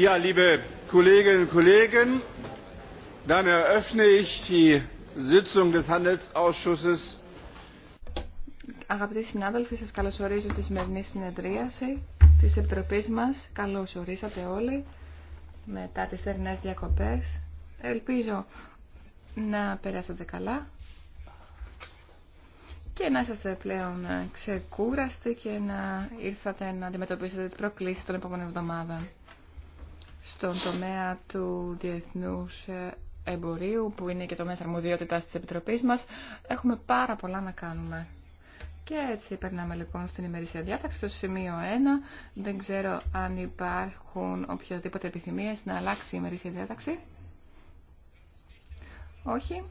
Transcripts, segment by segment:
Ja, liebe Kolleginnen und Kollegen, dann eröffne ich die Sitzung des Handelsausschusses. Αγαπητοί συνάδελφοι, σας καλωσορίζω στη σημερινή συνεδρίαση της Επιτροπής μας. Καλώς ορίσατε όλοι μετά τις θερινές διακοπές. Ελπίζω να περάσατε καλά και να είσαστε πλέον ξεκούραστοι και να ήρθατε να αντιμετωπίσετε τις προκλήσεις των επόμενων εβδομάδων στον τομέα του διεθνούς ε, εμπορίου, που είναι και το μέσα αρμοδιότητα της Επιτροπής μας, έχουμε πάρα πολλά να κάνουμε. Και έτσι περνάμε λοιπόν στην ημερήσια διάταξη, στο σημείο 1. Δεν ξέρω αν υπάρχουν οποιαδήποτε επιθυμίες να αλλάξει η ημερήσια διάταξη. Όχι.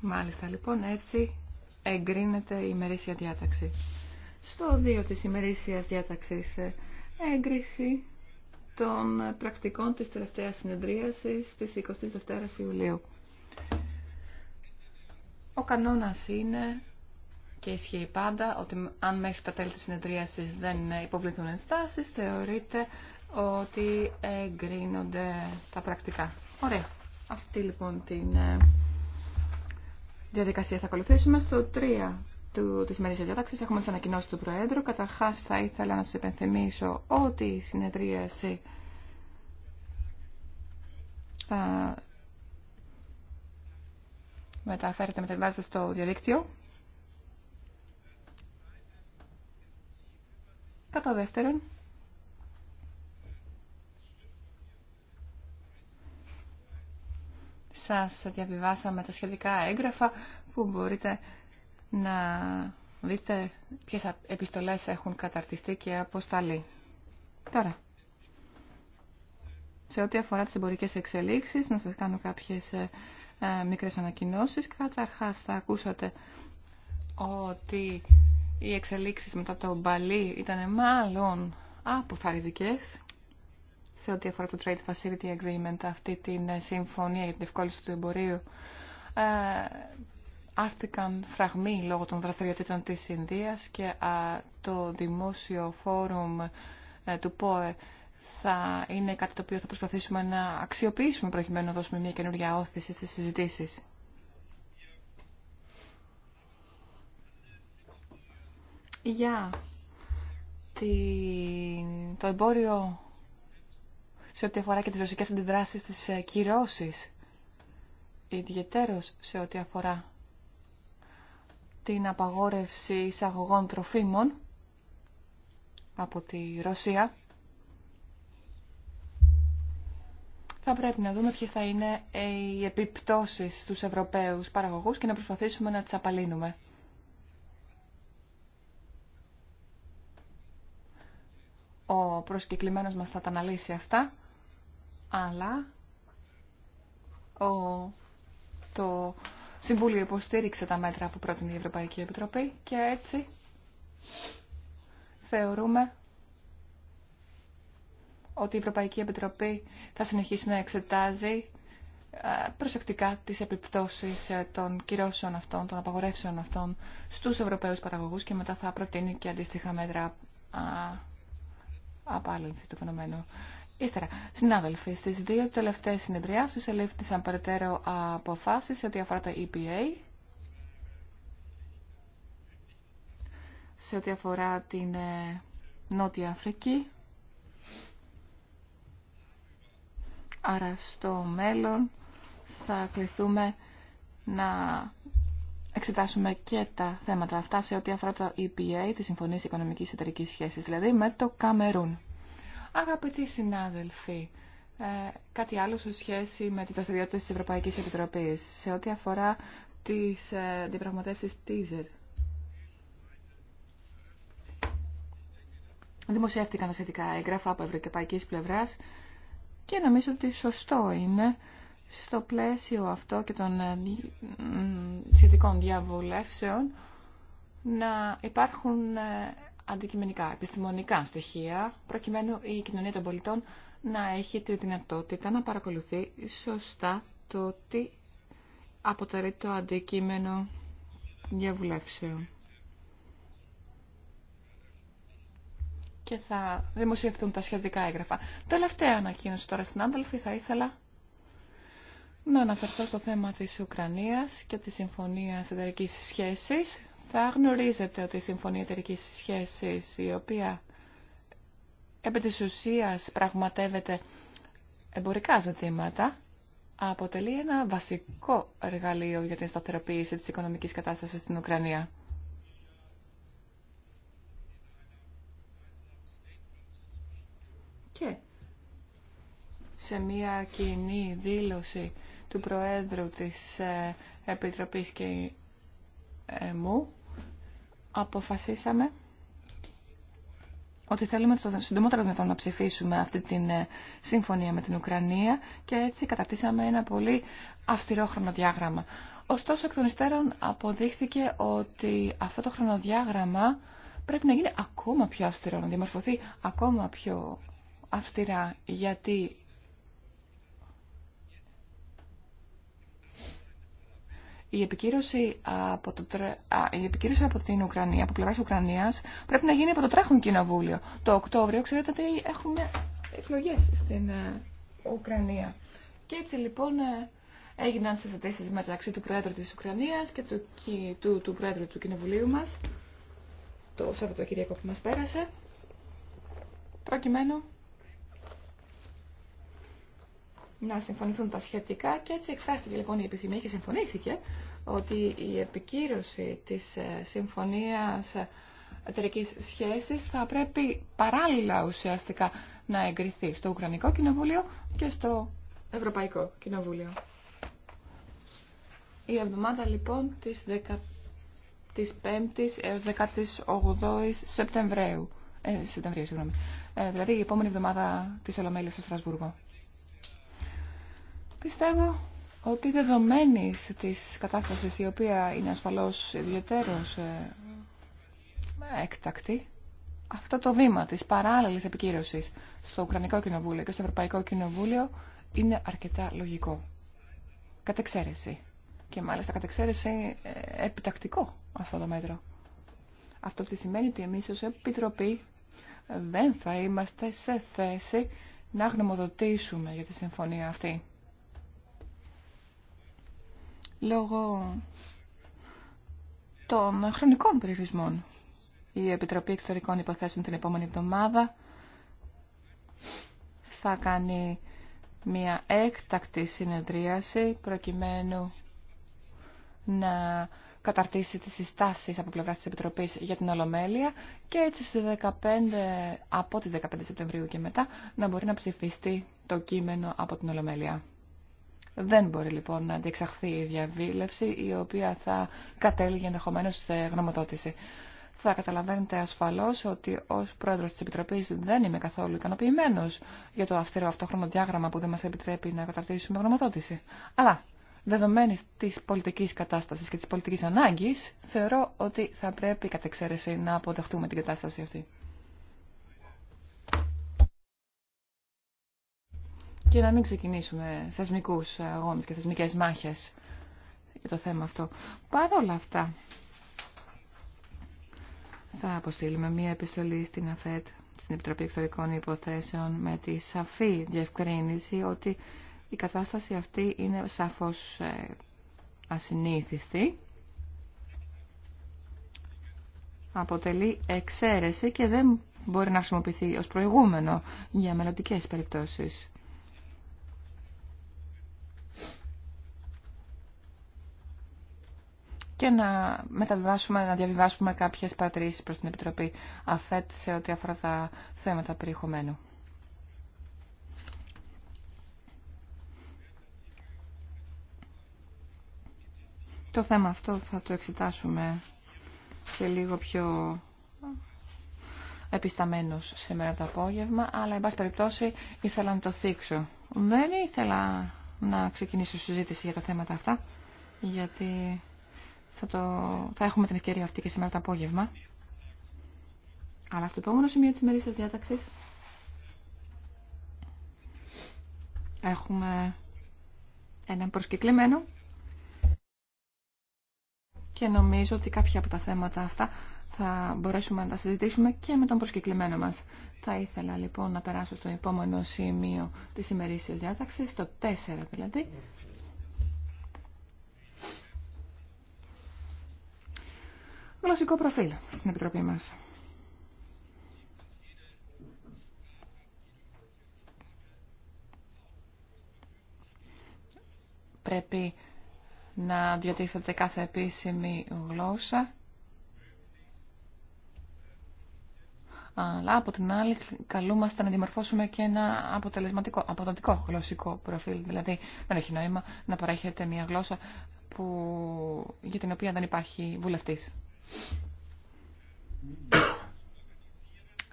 Μάλιστα λοιπόν έτσι εγκρίνεται η ημερήσια διάταξη. Στο 2 της ημερήσιας διάταξης ε, έγκριση των πρακτικών της τελευταίας συνεδρίασης της 22ης Ιουλίου. Ο κανόνας είναι και ισχύει πάντα ότι αν μέχρι τα τέλη της συνεδρίασης δεν υποβληθούν ενστάσεις, θεωρείται ότι εγκρίνονται τα πρακτικά. Ωραία. Αυτή λοιπόν την ε, διαδικασία θα ακολουθήσουμε στο 3 του, της σημερινής διάταξης έχουμε τις ανακοινώσει του Προέδρου. Καταρχάς θα ήθελα να σας επενθυμίσω ότι η συνεδρίαση θα μεταφέρεται, μεταβάζεται στο διαδίκτυο. Κατά δεύτερον, σας διαβιβάσαμε τα σχετικά έγγραφα που μπορείτε να δείτε ποιες επιστολές έχουν καταρτιστεί και αποσταλεί. Τώρα, σε ό,τι αφορά τις εμπορικέ εξελίξεις, να σας κάνω κάποιες ε, ε, μικρές ανακοινώσεις. Καταρχάς θα ακούσατε ότι οι εξελίξεις μετά το Μπαλί ήταν μάλλον αποθαρρυντικές σε ό,τι αφορά το Trade Facility Agreement, αυτή την ε, συμφωνία για την ευκόλυνση του εμπορίου άρθηκαν φραγμοί λόγω των δραστηριοτήτων της Ινδίας και το Δημόσιο Φόρουμ ε, του ΠΟΕ θα είναι κάτι το οποίο θα προσπαθήσουμε να αξιοποιήσουμε προκειμένου να δώσουμε μια καινούργια όθηση στις συζητήσεις. Για το εμπόριο σε ό,τι αφορά και τις ρωσικές αντιδράσεις, τις ε, κυρώσεις, ιδιαιτέρως σε ό,τι αφορά την απαγόρευση εισαγωγών τροφίμων από τη Ρωσία. Θα πρέπει να δούμε ποιες θα είναι οι επιπτώσεις στους Ευρωπαίους παραγωγούς και να προσπαθήσουμε να τις απαλύνουμε. Ο προσκεκλημένος μας θα τα αναλύσει αυτά, αλλά ο, το Συμβούλιο υποστήριξε τα μέτρα που πρότεινε η Ευρωπαϊκή Επιτροπή και έτσι θεωρούμε ότι η Ευρωπαϊκή Επιτροπή θα συνεχίσει να εξετάζει ε, προσεκτικά τις επιπτώσεις ε, των κυρώσεων αυτών, των απαγορεύσεων αυτών στους Ευρωπαίους παραγωγούς και μετά θα προτείνει και αντίστοιχα μέτρα απάλληλης του φαινομένου. Ύστερα, συνάδελφοι, στι δύο τελευταίε συνεδριάσει ελήφθησαν περαιτέρω αποφάσει σε ό,τι αφορά τα EPA, σε ό,τι αφορά την ε, Νότια Αφρική. Άρα στο μέλλον θα κληθούμε να εξετάσουμε και τα θέματα αυτά σε ό,τι αφορά το EPA, τη Συμφωνία Οικονομικής Εταιρικής Σχέσης, δηλαδή με το Καμερούν. Αγαπητοί συνάδελφοι, ε, κάτι άλλο σε σχέση με τις δραστηριότητες της Ευρωπαϊκής Επιτροπής σε ό,τι αφορά τις ε, διαπραγματεύσεις teaser. Δημοσιεύτηκαν σχετικά έγγραφα από ευρωπαϊκής πλευράς και νομίζω ότι σωστό είναι στο πλαίσιο αυτό και των ε, σχετικών διαβουλεύσεων να υπάρχουν ε, αντικειμενικά, επιστημονικά στοιχεία, προκειμένου η κοινωνία των πολιτών να έχει τη δυνατότητα να παρακολουθεί σωστά το τι αποτελεί το αντικείμενο διαβουλεύσεων. Και θα δημοσιευθούν τα σχετικά έγγραφα. Τελευταία ανακοίνωση τώρα στην άνταλφη θα ήθελα να αναφερθώ στο θέμα της Ουκρανίας και της Συμφωνίας Εταιρικής Σχέσης. Θα γνωρίζετε ότι η Συμφωνία Εταιρικής Σχέσης, η οποία επί της ουσίας πραγματεύεται εμπορικά ζητήματα, αποτελεί ένα βασικό εργαλείο για την σταθεροποίηση της οικονομικής κατάστασης στην Ουκρανία. Και σε μια κοινή δήλωση του Προέδρου της ε, Επιτροπής και ε, μου, αποφασίσαμε ότι θέλουμε το συντομότερο δυνατόν να ψηφίσουμε αυτή την ε, συμφωνία με την Ουκρανία και έτσι κατακτήσαμε ένα πολύ αυστηρό χρονοδιάγραμμα. Ωστόσο, εκ των υστέρων αποδείχθηκε ότι αυτό το χρονοδιάγραμμα πρέπει να γίνει ακόμα πιο αυστηρό, να διαμορφωθεί ακόμα πιο αυστηρά, γιατί η επικύρωση από, το, α, επικύρωση από την Ουκρανία, από πλευρά Ουκρανία, πρέπει να γίνει από το τρέχον κοινοβούλιο. Το Οκτώβριο, ξέρετε ότι έχουμε εκλογέ στην ε, Ουκρανία. Και έτσι λοιπόν ε, έγιναν συζητήσει μεταξύ του Προέδρου τη Ουκρανία και του, του, του Προέδρου του Κοινοβουλίου μα το Σαββατοκύριακο που μα πέρασε, προκειμένου να συμφωνηθούν τα σχετικά και έτσι εκφράστηκε λοιπόν η επιθυμία και συμφωνήθηκε ότι η επικύρωση της ε, συμφωνίας εταιρική σχέσης θα πρέπει παράλληλα ουσιαστικά να εγκριθεί στο Ουκρανικό Κοινοβούλιο και στο Ευρωπαϊκό Κοινοβούλιο. Η εβδομάδα λοιπόν της, 10... της 5ης έως 18ης Σεπτεμβρίου. Ε, Σεπτεμβρίου συγγνώμη. Ε, δηλαδή η επόμενη εβδομάδα της Ολομέλειας στο Στρασβούργο. Πιστεύω ότι δεδομένη της κατάσταση, η οποία είναι ασφαλώς ιδιαίτερο ε, έκτακτη, αυτό το βήμα τη παράλληλης επικύρωσης στο Ουκρανικό Κοινοβούλιο και στο Ευρωπαϊκό Κοινοβούλιο είναι αρκετά λογικό. εξαίρεση. Και μάλιστα κατεξαίρεση ε, επιτακτικό αυτό το μέτρο. Αυτό που σημαίνει ότι εμεί ως Επιτροπή ε, δεν θα είμαστε σε θέση να γνωμοδοτήσουμε για τη συμφωνία αυτή λόγω των χρονικών περιορισμών. Η Επιτροπή Εξωτερικών Υποθέσεων την επόμενη εβδομάδα θα κάνει μια έκτακτη συνεδρίαση προκειμένου να καταρτήσει τις συστάσεις από πλευρά της Επιτροπής για την Ολομέλεια και έτσι στις 15, από τις 15 Σεπτεμβρίου και μετά να μπορεί να ψηφιστεί το κείμενο από την Ολομέλεια. Δεν μπορεί λοιπόν να αντιεξαχθεί η διαβίλευση η οποία θα κατέληγε ενδεχομένω σε γνωμοδότηση. Θα καταλαβαίνετε ασφαλώς ότι ως πρόεδρος της Επιτροπής δεν είμαι καθόλου ικανοποιημένο για το αυστηρό αυτόχρονο διάγραμμα που δεν μας επιτρέπει να καταρτήσουμε γνωμοδότηση. Αλλά δεδομένη της πολιτικής κατάστασης και της πολιτικής ανάγκης θεωρώ ότι θα πρέπει κατ' εξαίρεση να αποδεχτούμε την κατάσταση αυτή. και να μην ξεκινήσουμε θεσμικούς αγώνες και θεσμικές μάχες για το θέμα αυτό. Παρ' όλα αυτά, θα αποστείλουμε μία επιστολή στην ΑΦΕΤ, στην Επιτροπή Εξωτερικών Υποθέσεων, με τη σαφή διευκρίνηση ότι η κατάσταση αυτή είναι σαφώς ε, ασυνήθιστη. Αποτελεί εξαίρεση και δεν μπορεί να χρησιμοποιηθεί ως προηγούμενο για μελλοντικέ περιπτώσεις. και να μεταβιβάσουμε, να διαβιβάσουμε κάποιες παρατηρήσεις προς την Επιτροπή ΑΦΕΤ σε ό,τι αφορά τα θέματα περιεχομένου. Το θέμα αυτό θα το εξετάσουμε και λίγο πιο επισταμένος σήμερα το απόγευμα, αλλά εν πάση περιπτώσει ήθελα να το θίξω. Δεν ήθελα να ξεκινήσω συζήτηση για τα θέματα αυτά, γιατί θα, θα έχουμε την ευκαιρία αυτή και σήμερα το απόγευμα. Αλλά στο επόμενο σημείο της ημερής της διάταξης έχουμε έναν προσκεκλημένο και νομίζω ότι κάποια από τα θέματα αυτά θα μπορέσουμε να τα συζητήσουμε και με τον προσκεκλημένο μας. Θα ήθελα λοιπόν να περάσω στο επόμενο σημείο της της διάταξης, το 4 δηλαδή, γλωσσικό προφίλ στην Επιτροπή μας. Πρέπει να διατίθεται κάθε επίσημη γλώσσα. Αλλά από την άλλη καλούμαστε να δημορφώσουμε και ένα αποτελεσματικό, αποδοτικό γλωσσικό προφίλ. Δηλαδή δεν έχει νόημα να παρέχετε μια γλώσσα που, για την οποία δεν υπάρχει βουλευτής.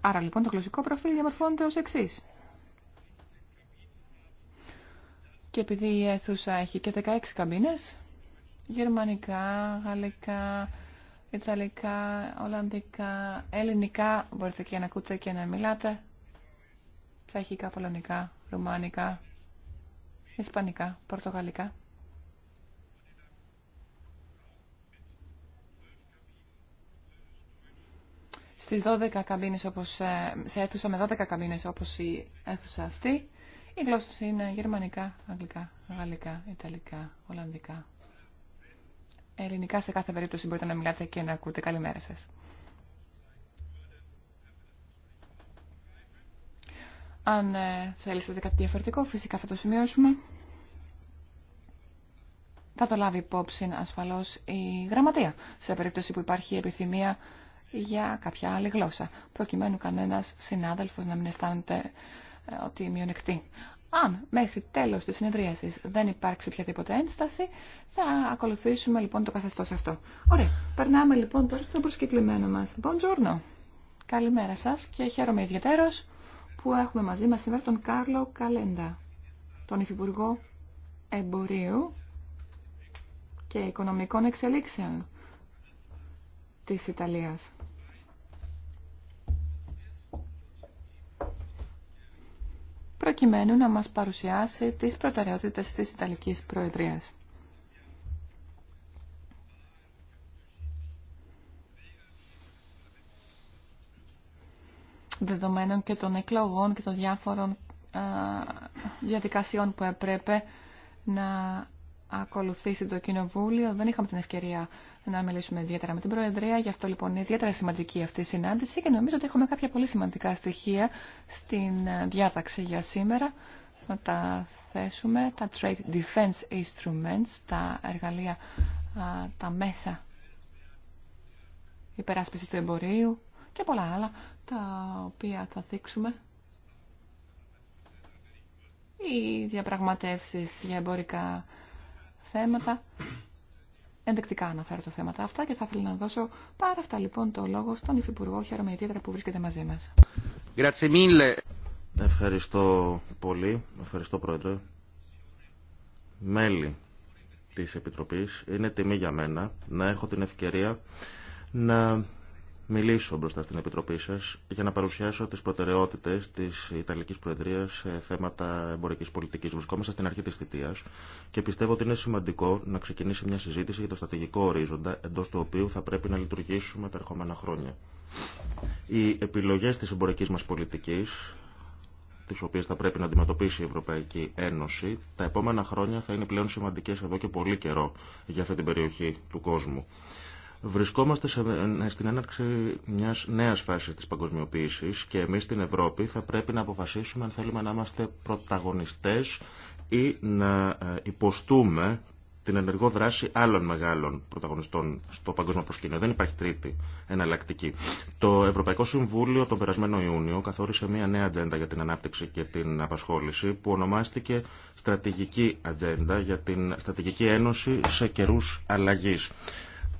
Άρα λοιπόν το γλωσσικό προφίλ διαμορφώνεται ως εξή. Και επειδή η αίθουσα έχει και 16 καμπίνες, γερμανικά, γαλλικά, ιταλικά, ολλανδικά, ελληνικά, μπορείτε και να ακούτε και να μιλάτε, τσαχικά, πολωνικά, ρουμάνικα, ισπανικά, πορτογαλικά. στις 12 καμπίνες όπως, ε, σε αίθουσα με 12 καμπίνες όπως η αίθουσα αυτή. Οι γλώσσες είναι γερμανικά, αγγλικά, γαλλικά, ιταλικά, ολλανδικά. Ελληνικά σε κάθε περίπτωση μπορείτε να μιλάτε και να ακούτε. Καλημέρα σας. Αν ε, θέλετε κάτι διαφορετικό, φυσικά θα το σημειώσουμε. Θα το λάβει υπόψη ασφαλώς η γραμματεία, σε περίπτωση που υπάρχει επιθυμία για κάποια άλλη γλώσσα, προκειμένου κανένας συνάδελφος να μην αισθάνεται ε, ότι μειονεκτεί. Αν μέχρι τέλος της συνεδρίασης δεν υπάρξει οποιαδήποτε ένσταση, θα ακολουθήσουμε λοιπόν το καθεστώς αυτό. Ωραία, περνάμε λοιπόν τώρα στο προσκεκλημένο μας. Buongiorno. Καλημέρα σας και χαίρομαι ιδιαίτερος που έχουμε μαζί μας σήμερα τον Κάρλο Καλέντα, τον Υφυπουργό Εμπορίου και Οικονομικών Εξελίξεων της Ιταλίας. προκειμένου να μας παρουσιάσει τις προτεραιότητες της Ιταλικής Προεδρίας. δεδομένων και των εκλογών και των διάφορων διαδικασιών που έπρεπε να ακολουθήσει το Κοινοβούλιο. Δεν είχαμε την ευκαιρία να μιλήσουμε ιδιαίτερα με την Προεδρία. Γι' αυτό λοιπόν είναι ιδιαίτερα σημαντική αυτή η συνάντηση και νομίζω ότι έχουμε κάποια πολύ σημαντικά στοιχεία στην ε, διάταξη για σήμερα. Να τα θέσουμε, τα Trade Defense Instruments, τα εργαλεία, τα μέσα υπεράσπιση του εμπορίου και πολλά άλλα, τα οποία θα δείξουμε. Οι διαπραγματεύσεις για εμπορικά θέματα. Ενδεκτικά αναφέρω τα θέματα αυτά και θα ήθελα να δώσω πάρα αυτά λοιπόν το λόγο στον Υφυπουργό. Χαίρομαι ιδιαίτερα που βρίσκεται μαζί μας. Ευχαριστώ πολύ. Ευχαριστώ Πρόεδρε. Μέλη της Επιτροπής. Είναι τιμή για μένα να έχω την ευκαιρία να μιλήσω μπροστά στην Επιτροπή σας για να παρουσιάσω τις προτεραιότητες της Ιταλικής Προεδρίας σε θέματα εμπορικής πολιτικής. Βρισκόμαστε στην αρχή της θητείας και πιστεύω ότι είναι σημαντικό να ξεκινήσει μια συζήτηση για το στρατηγικό ορίζοντα εντός του οποίου θα πρέπει να λειτουργήσουμε τα ερχόμενα χρόνια. Οι επιλογές της εμπορικής μας πολιτικής τις οποίες θα πρέπει να αντιμετωπίσει η Ευρωπαϊκή Ένωση, τα επόμενα χρόνια θα είναι πλέον σημαντικές εδώ και πολύ καιρό για αυτή την περιοχή του κόσμου. Βρισκόμαστε ε, στην έναρξη μια νέα φάση τη παγκοσμιοποίηση και εμεί στην Ευρώπη θα πρέπει να αποφασίσουμε αν θέλουμε να είμαστε πρωταγωνιστέ ή να ε, υποστούμε την ενεργό δράση άλλων μεγάλων πρωταγωνιστών στο παγκόσμιο προσκήνιο. Δεν υπάρχει τρίτη εναλλακτική. Το Ευρωπαϊκό Συμβούλιο τον περασμένο Ιούνιο καθόρισε μια νέα ατζέντα για την ανάπτυξη και την απασχόληση που ονομάστηκε Στρατηγική Ατζέντα για την Στρατηγική Ένωση σε καιρού αλλαγή.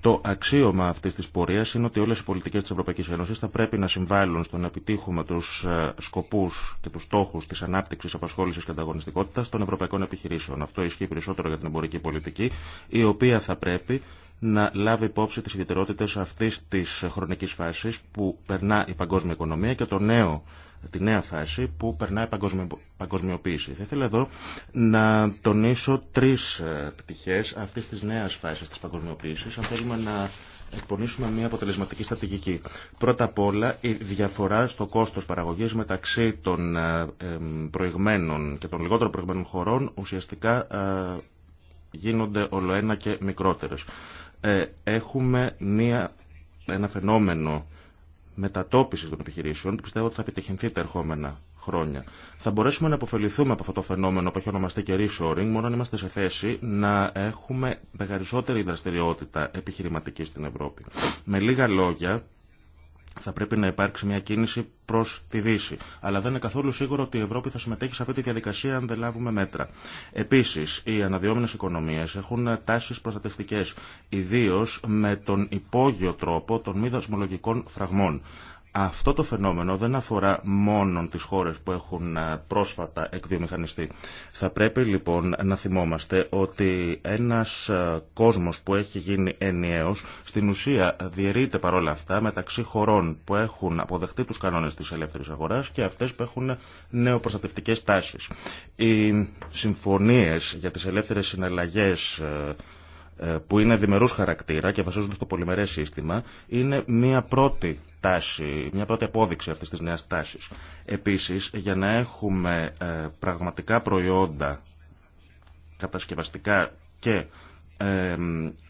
Το αξίωμα αυτή τη πορεία είναι ότι όλε οι πολιτικέ τη Ευρωπαϊκή Ένωση θα πρέπει να συμβάλλουν στο να επιτύχουμε του ε, σκοπού και του στόχου τη ανάπτυξη, απασχόληση και ανταγωνιστικότητα των ευρωπαϊκών επιχειρήσεων. Αυτό ισχύει περισσότερο για την εμπορική πολιτική, η οποία θα πρέπει να λάβει υπόψη τι ιδιαιτερότητε αυτή τη χρονική φάση που περνά η παγκόσμια οικονομία και το νέο τη νέα φάση που περνάει παγκοσμιοποίηση. Θα ήθελα εδώ να τονίσω τρεις ε, πτυχές αυτής της νέας φάσης της παγκοσμιοποίησης, αν θέλουμε να εκπονήσουμε μια αποτελεσματική στρατηγική. Πρώτα απ' όλα η διαφορά στο κόστος παραγωγής μεταξύ των ε, προηγμένων και των λιγότερων προηγμένων χωρών ουσιαστικά ε, γίνονται ολοένα και μικρότερες. Έχουμε μια, ένα φαινόμενο Μετατόπιση των επιχειρήσεων που πιστεύω ότι θα επιτυχηθεί τα ερχόμενα χρόνια. Θα μπορέσουμε να αποφεληθούμε από αυτό το φαινόμενο που έχει ονομαστεί και reshoring μόνο αν είμαστε σε θέση να έχουμε μεγαλύτερη δραστηριότητα επιχειρηματική στην Ευρώπη. Με λίγα λόγια, θα πρέπει να υπάρξει μια κίνηση προ τη Δύση. Αλλά δεν είναι καθόλου σίγουρο ότι η Ευρώπη θα συμμετέχει σε αυτή τη διαδικασία αν δεν λάβουμε μέτρα. Επίση, οι αναδυόμενε οικονομίε έχουν τάσει προστατευτικέ, ιδίω με τον υπόγειο τρόπο των μη δασμολογικών φραγμών. Αυτό το φαινόμενο δεν αφορά μόνο τις χώρες που έχουν ε, πρόσφατα εκβιομηχανιστεί. Θα πρέπει λοιπόν να θυμόμαστε ότι ένας ε, κόσμος που έχει γίνει ενιαίος στην ουσία διαιρείται παρόλα αυτά μεταξύ χωρών που έχουν αποδεχτεί τους κανόνες της ελεύθερης αγοράς και αυτές που έχουν νεοπροστατευτικές τάσεις. Οι συμφωνίες για τις ελεύθερες συναλλαγές ε, που είναι διμερούς χαρακτήρα και βασίζονται στο πολυμερέ σύστημα, είναι μία πρώτη τάση, μια πρώτη απόδειξη αυτής της νέας τάσης. Επίσης, για να έχουμε ε, πραγματικά προϊόντα κατασκευαστικά και ε,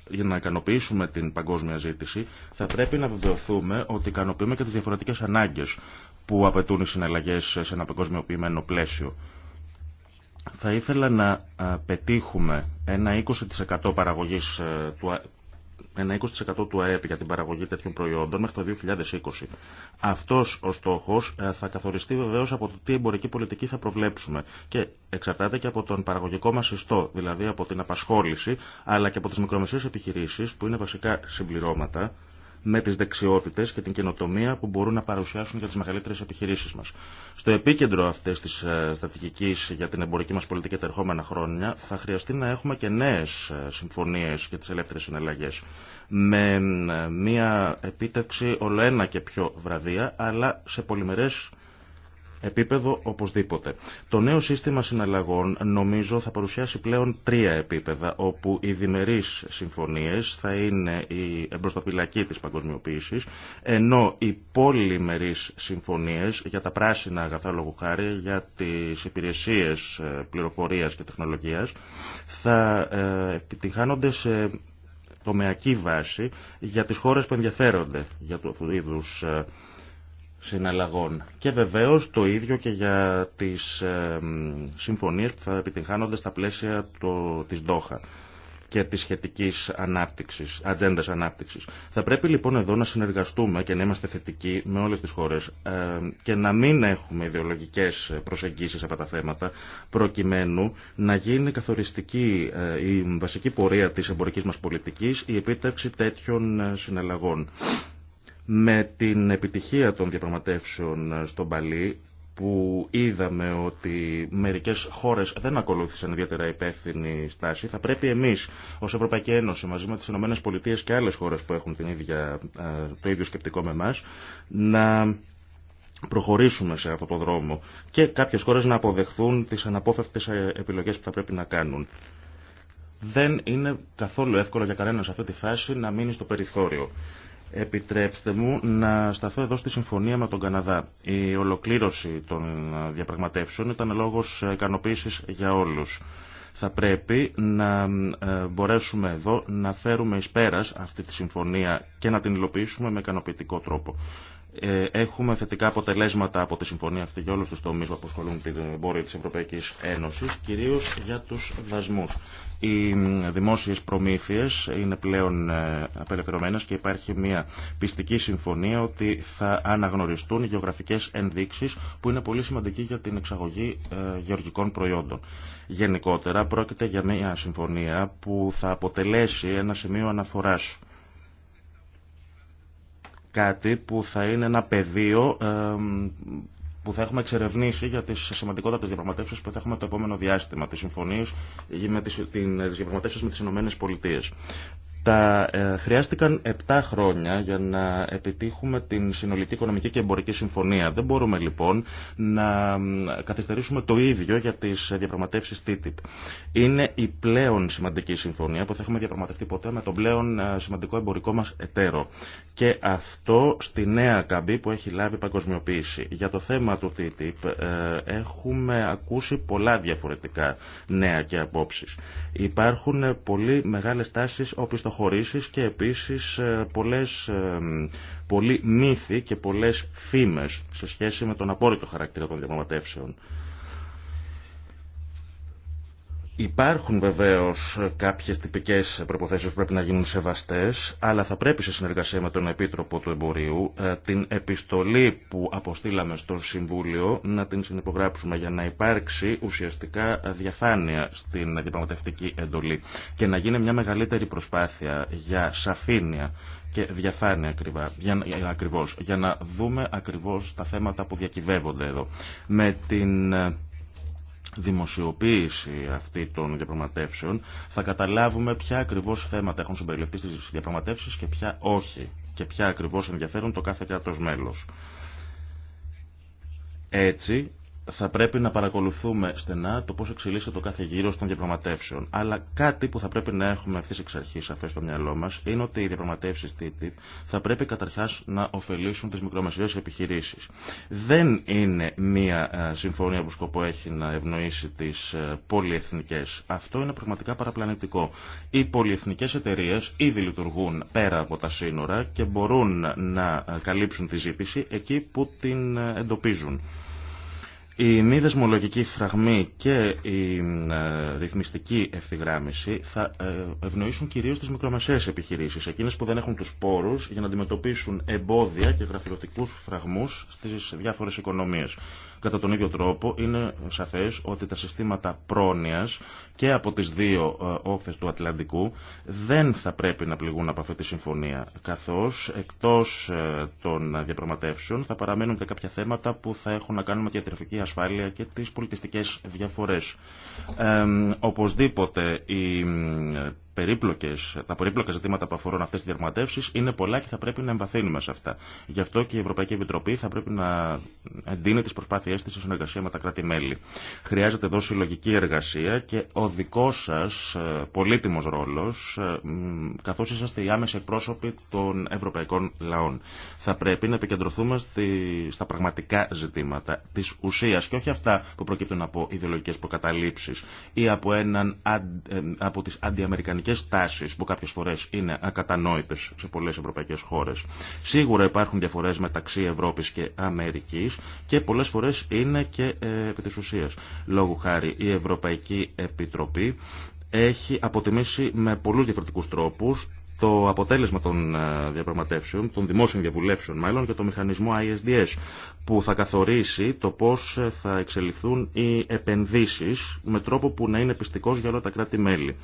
για να ικανοποιήσουμε την παγκόσμια ζήτηση, θα πρέπει να βεβαιωθούμε ότι ικανοποιούμε και τις διαφορετικές ανάγκες που απαιτούν οι συναλλαγές σε ένα παγκοσμιοποιημένο πλαίσιο. Θα ήθελα να ε, πετύχουμε ένα 20% παραγωγής του ένα 20% του ΑΕΠ για την παραγωγή τέτοιων προϊόντων μέχρι το 2020. Αυτός ο στόχος ε, θα καθοριστεί βεβαίως από το τι εμπορική πολιτική θα προβλέψουμε και εξαρτάται και από τον παραγωγικό μας ιστό, δηλαδή από την απασχόληση αλλά και από τις μικρομεσαίες επιχειρήσεις που είναι βασικά συμπληρώματα με τις δεξιότητες και την καινοτομία που μπορούν να παρουσιάσουν για τις μεγαλύτερε επιχειρήσει μας. Στο επίκεντρο αυτής της ε, στρατηγικής για την εμπορική μας πολιτική τα ερχόμενα χρόνια θα χρειαστεί να έχουμε και νέες ε, συμφωνίε και τις ελεύθερες συναλλαγέ με ε, μια επίτευξη ολοένα και πιο βραδία αλλά σε πολυμερές επίπεδο οπωσδήποτε. Το νέο σύστημα συναλλαγών νομίζω θα παρουσιάσει πλέον τρία επίπεδα, όπου οι διμερείς συμφωνίες θα είναι η εμπροστοφυλακή της παγκοσμιοποίησης, ενώ οι πολυμερείς συμφωνίες για τα πράσινα αγαθά λόγου για τις υπηρεσίες ε, πληροφορίας και τεχνολογίας, θα ε, επιτυχάνονται σε τομεακή βάση για τις χώρες που ενδιαφέρονται για του είδους ε, συναλλαγών. Και βεβαίως το ίδιο και για τις ε, συμφωνίες που θα επιτυγχάνονται στα πλαίσια το, της Ντόχα και της σχετικής ανάπτυξης, ατζέντα ανάπτυξης. Θα πρέπει λοιπόν εδώ να συνεργαστούμε και να είμαστε θετικοί με όλες τις χώρες ε, και να μην έχουμε ιδεολογικές προσεγγίσεις από τα θέματα προκειμένου να γίνει καθοριστική ε, η βασική πορεία της εμπορικής μας πολιτικής η επίτευξη τέτοιων συναλλαγών. Με την επιτυχία των διαπραγματεύσεων στον Παλί που είδαμε ότι μερικές χώρες δεν ακολούθησαν ιδιαίτερα υπεύθυνη στάση, θα πρέπει εμείς ως Ευρωπαϊκή Ένωση μαζί με τις ΗΠΑ και άλλες χώρες που έχουν την ίδια, ε, το ίδιο σκεπτικό με εμά να προχωρήσουμε σε αυτό το δρόμο και κάποιες χώρες να αποδεχθούν τις αναπόφευκτες ε, επιλογές που θα πρέπει να κάνουν. Δεν είναι καθόλου εύκολο για κανένα σε αυτή τη φάση να μείνει στο περιθώριο. Επιτρέψτε μου να σταθώ εδώ στη συμφωνία με τον Καναδά. Η ολοκλήρωση των διαπραγματεύσεων ήταν λόγος ικανοποίηση για όλους. Θα πρέπει να ε, μπορέσουμε εδώ να φέρουμε εις πέρας αυτή τη συμφωνία και να την υλοποιήσουμε με ικανοποιητικό τρόπο. Ε, έχουμε θετικά αποτελέσματα από τη συμφωνία αυτή για όλους τους τομείς που αποσχολούν την εμπόρια της Ευρωπαϊκής Ένωσης, κυρίως για τους δασμούς. Οι δημόσιες προμήθειες είναι πλέον ε, απελευθερωμένες και υπάρχει μια πιστική συμφωνία ότι θα αναγνωριστούν οι γεωγραφικές ενδείξεις που είναι πολύ σημαντική για την εξαγωγή ε, γεωργικών προϊόντων. Γενικότερα πρόκειται για μια συμφωνία που θα αποτελέσει ένα σημείο αναφοράς κάτι που θα είναι ένα πεδίο ε, που θα έχουμε εξερευνήσει για τις σημαντικότατες διαπραγματεύσεις που θα έχουμε το επόμενο διάστημα, τις συμφωνίες με τις, την, διαπραγματεύσεις με τις Ηνωμένες Πολιτείες. Τα, ε, χρειάστηκαν 7 χρόνια για να επιτύχουμε την συνολική οικονομική και εμπορική συμφωνία. Δεν μπορούμε λοιπόν να καθυστερήσουμε το ίδιο για τι διαπραγματεύσει TTIP. Είναι η πλέον σημαντική συμφωνία που θα έχουμε διαπραγματευτεί ποτέ με τον πλέον ε, σημαντικό εμπορικό μα εταίρο. Και αυτό στη νέα καμπή που έχει λάβει παγκοσμιοποίηση. Για το θέμα του TTIP ε, έχουμε ακούσει πολλά διαφορετικά νέα και απόψει. Υπάρχουν πολύ μεγάλε τάσει όπιστο και επίσης ε, πολλές, ε, πολλοί μύθοι και πολλές φήμες σε σχέση με τον απόρριτο χαρακτήρα των διαπραγματεύσεων. Υπάρχουν βεβαίω κάποιε τυπικέ προποθέσει που πρέπει να γίνουν σεβαστέ, αλλά θα πρέπει σε συνεργασία με τον Επίτροπο του Εμπορίου ε, την επιστολή που αποστήλαμε στο Συμβούλιο να την συνυπογράψουμε για να υπάρξει ουσιαστικά διαφάνεια στην διαπραγματευτική εντολή και να γίνει μια μεγαλύτερη προσπάθεια για σαφήνεια και διαφάνεια ακριβά, για, ε, ακριβώς, για να δούμε ακριβώς τα θέματα που διακυβεύονται εδώ. Με την ε, δημοσιοποίηση αυτή των διαπραγματεύσεων θα καταλάβουμε ποια ακριβώς θέματα έχουν συμπεριληφθεί στις διαπραγματεύσεις και ποια όχι και ποια ακριβώς ενδιαφέρουν το κάθε κράτος μέλος. Έτσι θα πρέπει να παρακολουθούμε στενά το πώ εξελίσσεται το κάθε γύρο των διαπραγματεύσεων. Αλλά κάτι που θα πρέπει να έχουμε ευθύ εξ αρχή σαφέ στο μυαλό μα είναι ότι οι διαπραγματεύσει TTIP θα πρέπει καταρχά να ωφελήσουν τι μικρομεσαίε επιχειρήσει. Δεν είναι μία ε, συμφωνία που σκοπό έχει να ευνοήσει τι ε, πολυεθνικέ. Αυτό είναι πραγματικά παραπλανητικό. Οι πολυεθνικέ εταιρείε ήδη λειτουργούν πέρα από τα σύνορα και μπορούν να ε, καλύψουν τη ζήτηση εκεί που την εντοπίζουν. Η μη δεσμολογική φραγμή και η ε, ρυθμιστική ευθυγράμμιση θα ε, ευνοήσουν κυρίως τις μικρομεσαίες επιχειρήσεις, εκείνες που δεν έχουν τους πόρους για να αντιμετωπίσουν εμπόδια και γραφειοτικούς φραγμούς στις διάφορες οικονομίες. Κατά τον ίδιο τρόπο είναι σαφές ότι τα συστήματα πρόνοιας και από τις δύο ε, όχθες του Ατλαντικού δεν θα πρέπει να πληγούν από αυτή τη συμφωνία, καθώς εκτός των διαπραγματεύσεων θα παραμένουν και κάποια θέματα που θα έχουν να κάνουν με διατροφική ασφάλεια και τις πολιτιστικές διαφορές. Ε, οπωσδήποτε η περίπλοκες, τα περίπλοκα ζητήματα που αφορούν αυτέ τι διαρματεύσει είναι πολλά και θα πρέπει να εμβαθύνουμε σε αυτά. Γι' αυτό και η Ευρωπαϊκή Επιτροπή θα πρέπει να εντείνει τι προσπάθειε τη σε συνεργασία με τα κράτη-μέλη. Χρειάζεται εδώ συλλογική εργασία και ο δικό σα ε, πολύτιμο ρόλο, ε, καθώ είσαστε οι άμεσοι εκπρόσωποι των ευρωπαϊκών λαών. Θα πρέπει να επικεντρωθούμε στα πραγματικά ζητήματα τη ουσία και όχι αυτά που προκύπτουν από ιδεολογικέ προκαταλήψει ή από, έναν, ε, από τις τάσει, που κάποιε φορέ είναι ακατανόητε σε πολλέ ευρωπαϊκέ χώρε. Σίγουρα υπάρχουν διαφορέ μεταξύ Ευρώπη και Αμερική και πολλέ φορέ είναι και ε, επί τη ουσία, Λόγου χάρη η Ευρωπαϊκή Επιτροπή έχει αποτιμήσει με πολλού διαφορετικού τρόπου το αποτέλεσμα των ε, διαπραγματεύσεων, των δημόσιων διαβουλεύσεων μάλλον και το μηχανισμό ISDS που θα καθορίσει το πώς θα εξελιχθούν οι επενδύσεις με τρόπο που να είναι πιστικός για όλα τα κράτη-μέλη.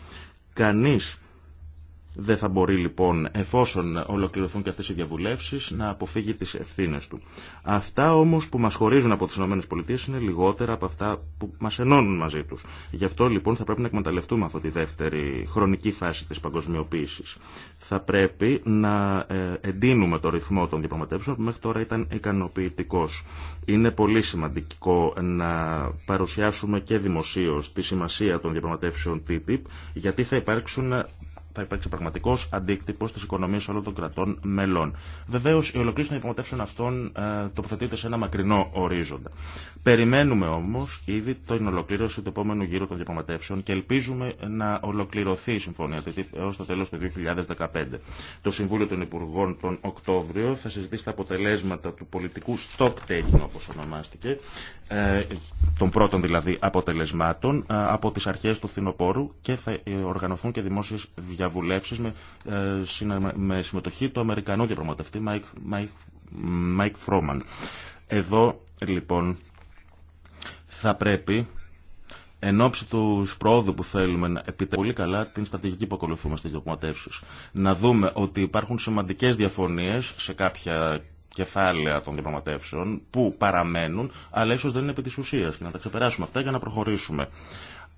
Κανείς δεν θα μπορεί λοιπόν, εφόσον ολοκληρωθούν και αυτές οι διαβουλεύσεις, να αποφύγει τις ευθύνε του. Αυτά όμως που μας χωρίζουν από τις ΗΠΑ είναι λιγότερα από αυτά που μας ενώνουν μαζί τους. Γι' αυτό λοιπόν θα πρέπει να εκμεταλλευτούμε αυτή τη δεύτερη χρονική φάση της παγκοσμιοποίησης. Θα πρέπει να ε, εντείνουμε το ρυθμό των διαπραγματεύσεων που μέχρι τώρα ήταν ικανοποιητικό. Είναι πολύ σημαντικό να παρουσιάσουμε και δημοσίω τη σημασία των διαπραγματεύσεων TTIP, γιατί θα υπάρξουν θα υπάρξει πραγματικό αντίκτυπο στι οικονομίε όλων των κρατών μελών. Βεβαίω, η ολοκλήρωση των διαπραγματεύσεων αυτών ε, τοποθετείται σε ένα μακρινό ορίζοντα. Περιμένουμε όμω ήδη την ολοκλήρωση του επόμενου γύρου των διαπραγματεύσεων και ελπίζουμε να ολοκληρωθεί η συμφωνία έως έω το τέλο του 2015. Το Συμβούλιο των Υπουργών τον Οκτώβριο θα συζητήσει τα αποτελέσματα του πολιτικού stock taking, όπω ονομάστηκε, ε, των πρώτων δηλαδή αποτελεσμάτων, ε, από τι αρχέ του φθινοπόρου και θα οργανωθούν και δημόσιε ε, με, συμμετοχή του Αμερικανού διαπραγματευτή Μάικ Φρόμαν. Εδώ λοιπόν θα πρέπει εν ώψη του πρόοδου που θέλουμε να επιτελούμε πολύ καλά την στρατηγική που ακολουθούμε στις διαπραγματεύσεις. Να δούμε ότι υπάρχουν σημαντικές διαφωνίες σε κάποια κεφάλαια των διαπραγματεύσεων που παραμένουν, αλλά ίσως δεν είναι επί της ουσίας και να τα ξεπεράσουμε αυτά για να προχωρήσουμε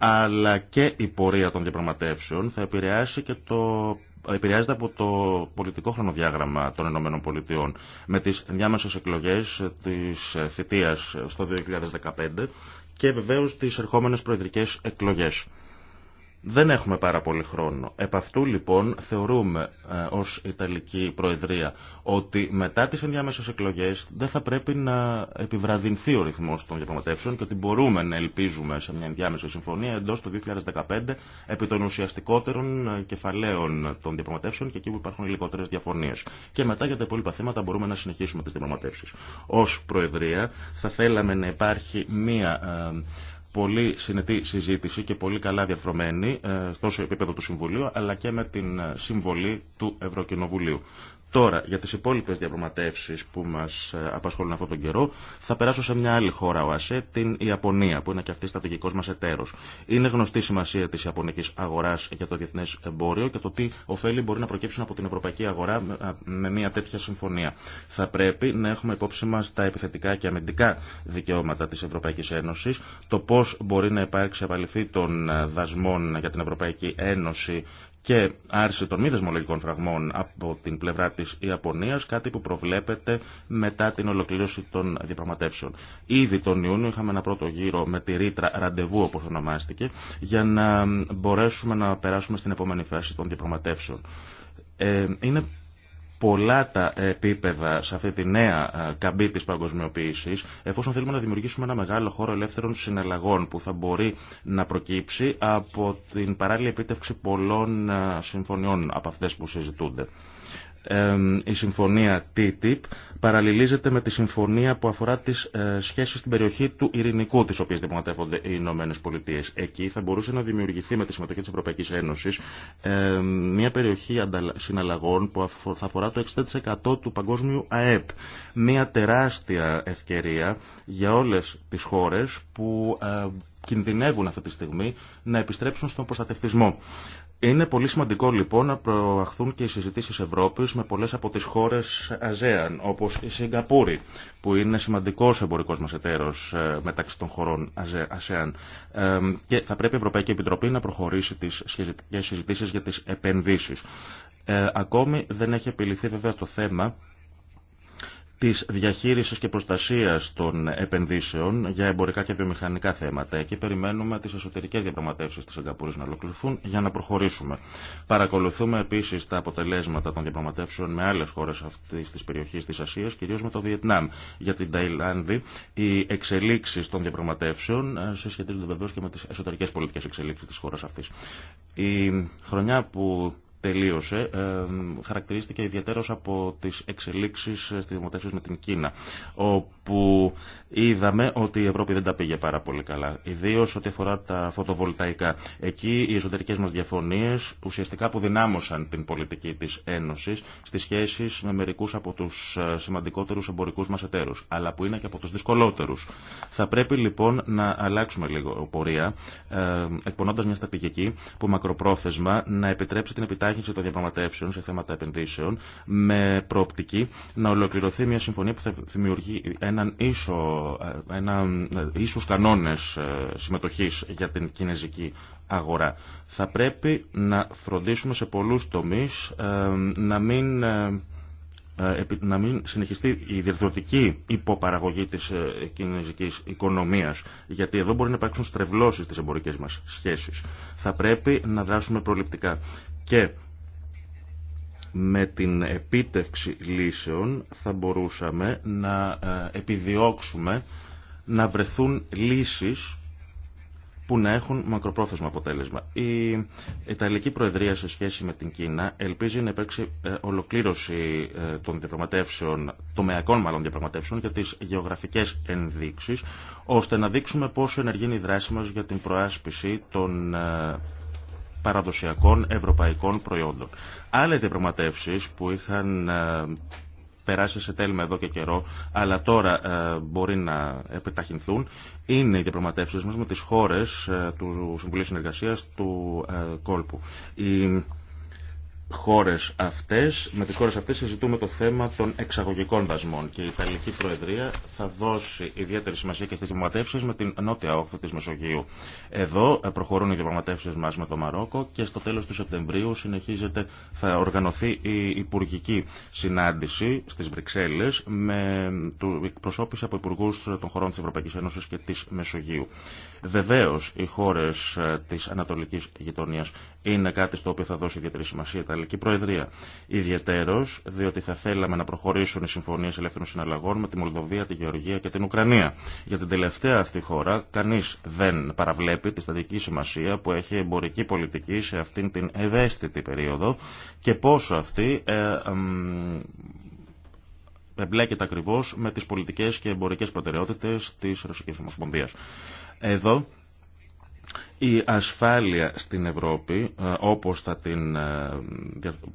αλλά και η πορεία των διαπραγματεύσεων θα επηρεάσει και το επηρεάζεται από το πολιτικό χρονοδιάγραμμα των Ηνωμένων Πολιτειών με τις διάμεσες εκλογές της θητείας στο 2015 και βεβαίως τις ερχόμενες προεδρικές εκλογές. Δεν έχουμε πάρα πολύ χρόνο. Επ' αυτού λοιπόν θεωρούμε ε, ως Ιταλική Προεδρία ότι μετά τις ενδιάμεσες εκλογές δεν θα πρέπει να επιβραδυνθεί ο ρυθμός των διαπραγματεύσεων και ότι μπορούμε να ελπίζουμε σε μια ενδιάμεση συμφωνία εντός του 2015 επί των ουσιαστικότερων ε, κεφαλαίων των διαπραγματεύσεων και εκεί που υπάρχουν λιγότερες διαφωνίες. Και μετά για τα υπόλοιπα θέματα μπορούμε να συνεχίσουμε τις διαπραγματεύσεις. Ως Προεδρία θα θέλαμε να υπάρχει μια... Ε, πολύ συνετή συζήτηση και πολύ καλά διαφρομένη ε, τόσο επίπεδο του Συμβουλίου αλλά και με την ε, συμβολή του Ευρωκοινοβουλίου. Τώρα, για τι υπόλοιπε διαπραγματεύσει που μα ε, απασχολούν αυτόν τον καιρό, θα περάσω σε μια άλλη χώρα, ο ΑΣΕ, την Ιαπωνία, που είναι και αυτή στρατηγικό μα εταίρο. Είναι γνωστή η σημασία τη Ιαπωνική Αγορά για το διεθνέ εμπόριο και το τι ωφέλη μπορεί να προκύψουν από την ευρωπαϊκή αγορά με μια τέτοια συμφωνία. Θα πρέπει να έχουμε υπόψη μα τα επιθετικά και αμυντικά δικαιώματα τη Ευρωπαϊκή Ένωση. το πώ μπορεί να υπάρξει απαλληφή των ε, δασμών για την Ευρωπαϊκή Ένωση και άρση των μη δεσμολογικών φραγμών από την πλευρά της Ιαπωνίας, κάτι που προβλέπεται μετά την ολοκλήρωση των διαπραγματεύσεων. Ήδη τον Ιούνιο είχαμε ένα πρώτο γύρο με τη ρήτρα ραντεβού όπως ονομάστηκε, για να μπορέσουμε να περάσουμε στην επόμενη φάση των διαπραγματεύσεων. Ε, πολλά τα επίπεδα σε αυτή τη νέα καμπή της παγκοσμιοποίησης, εφόσον θέλουμε να δημιουργήσουμε ένα μεγάλο χώρο ελεύθερων συναλλαγών που θα μπορεί να προκύψει από την παράλληλη επίτευξη πολλών συμφωνιών από αυτές που συζητούνται η συμφωνία TTIP παραλληλίζεται με τη συμφωνία που αφορά τις ε, σχέσεις στην περιοχή του Ειρηνικού, τις οποίες δημοκρατεύονται οι Ηνωμένε Πολιτείε. Εκεί θα μπορούσε να δημιουργηθεί με τη συμμετοχή της Ευρωπαϊκής Ένωσης μια περιοχή συναλλαγών που θα αφορά το 60% του παγκόσμιου ΑΕΠ. Μια τεράστια ευκαιρία για όλες τις χώρες που ε, κινδυνεύουν αυτή τη στιγμή να επιστρέψουν στον προστατευτισμό. Είναι πολύ σημαντικό λοιπόν να προαχθούν και οι συζητήσεις Ευρώπης με πολλές από τις χώρες ΑΖΕΑΝ, όπως η Σιγκαπούρη, που είναι σημαντικός εμπορικός μας εταίρος ε, μεταξύ των χωρών ΑΖΕΑΝ. Και θα πρέπει η Ευρωπαϊκή Επιτροπή να προχωρήσει τις συζητήσεις για τις επενδύσεις. Ε, ακόμη δεν έχει επιληθεί βέβαια το θέμα της διαχείρισης και προστασίας των επενδύσεων για εμπορικά και βιομηχανικά θέματα. Εκεί περιμένουμε τις εσωτερικές διαπραγματεύσεις της Σιγκαπούρης να ολοκληρωθούν για να προχωρήσουμε. Παρακολουθούμε επίσης τα αποτελέσματα των διαπραγματεύσεων με άλλες χώρες αυτής της περιοχής της Ασίας, κυρίως με το Βιετνάμ. Για την Ταϊλάνδη, οι εξελίξεις των διαπραγματεύσεων ε, σε σχετίζονται βεβαίως και με τις εσωτερικές πολιτικές εξελίξεις της χώρας αυτής. Η χρονιά που τελείωσε ε, χαρακτηρίστηκε ιδιαίτερως από τις εξελίξεις στις δημοτεύσεις με την Κίνα όπου είδαμε ότι η Ευρώπη δεν τα πήγε πάρα πολύ καλά ιδίως ό,τι αφορά τα φωτοβολταϊκά εκεί οι εσωτερικές μας διαφωνίες ουσιαστικά αποδυνάμωσαν την πολιτική της Ένωσης στις σχέσεις με μερικούς από τους ε, σημαντικότερους εμπορικούς μας εταίρους αλλά που είναι και από τους δυσκολότερους θα πρέπει λοιπόν να αλλάξουμε λίγο πορεία ε, εκπονώντας μια στρατηγική που μακροπρόθεσμα να επιτρέψει την επιτάξη σε των διαπραγματεύσεων σε θέματα επενδύσεων με προοπτική να ολοκληρωθεί μια συμφωνία που θα δημιουργεί έναν ίσο, ένα, ίσους κανόνες ε, συμμετοχής για την κινέζικη αγορά. Θα πρέπει να φροντίσουμε σε πολλούς τομείς ε, να μην ε, ε, να μην συνεχιστεί η διαρθρωτική υποπαραγωγή της ε, κινέζικης οικονομίας γιατί εδώ μπορεί να υπάρξουν στρεβλώσεις στις εμπορικές μας σχέσεις. Θα πρέπει να δράσουμε προληπτικά και με την επίτευξη λύσεων θα μπορούσαμε να ε, επιδιώξουμε να βρεθούν λύσεις που να έχουν μακροπρόθεσμα αποτέλεσμα. Η Ιταλική Προεδρία σε σχέση με την Κίνα ελπίζει να υπάρξει ε, ολοκλήρωση ε, των διαπραγματεύσεων, τομεακών μάλλον διαπραγματεύσεων για τις γεωγραφικές ενδείξεις, ώστε να δείξουμε πόσο ενεργεί είναι η δράση μας για την προάσπιση των ε, παραδοσιακών ευρωπαϊκών προϊόντων. Άλλες διαπραγματεύσεις που είχαν περάσει σε τέλμα εδώ και καιρό, αλλά τώρα ε, μπορεί να επιταχυνθούν, είναι οι διαπραγματεύσει μας με τι χώρε ε, του Συμβουλίου Συνεργασία του ε, Κόλπου. Η χώρες αυτές, με τις χώρες αυτές συζητούμε το θέμα των εξαγωγικών δασμών και η Ιταλική Προεδρία θα δώσει ιδιαίτερη σημασία και στις διαπραγματεύσεις με την νότια όχθη της Μεσογείου. Εδώ προχωρούν οι διαπραγματεύσεις μας με το Μαρόκο και στο τέλος του Σεπτεμβρίου συνεχίζεται, θα οργανωθεί η υπουργική συνάντηση στις Βρυξέλλες με εκπροσώπηση από υπουργού των χωρών της Ευρωπαϊκής Ένωσης και της Μεσογείου. Βεβαίως οι χώρες ε, της Ανατολικής Γειτονίας είναι κάτι στο οποίο θα δώσει ιδιαίτερη σημασία Γαλλική Προεδρία. Ιδιαιτέρω, διότι θα θέλαμε να προχωρήσουν οι συμφωνίε ελεύθερων συναλλαγών με τη Μολδοβία, τη Γεωργία και την Ουκρανία. Για την τελευταία αυτή χώρα, κανεί δεν παραβλέπει τη στατική σημασία που έχει εμπορική πολιτική σε αυτήν την ευαίσθητη περίοδο και πόσο αυτή ε, ε, εμπλέκεται ακριβώ με τι πολιτικέ και εμπορικέ προτεραιότητε τη Ρωσική Ομοσπονδία. Εδώ η ασφάλεια στην Ευρώπη, ε, όπως ε,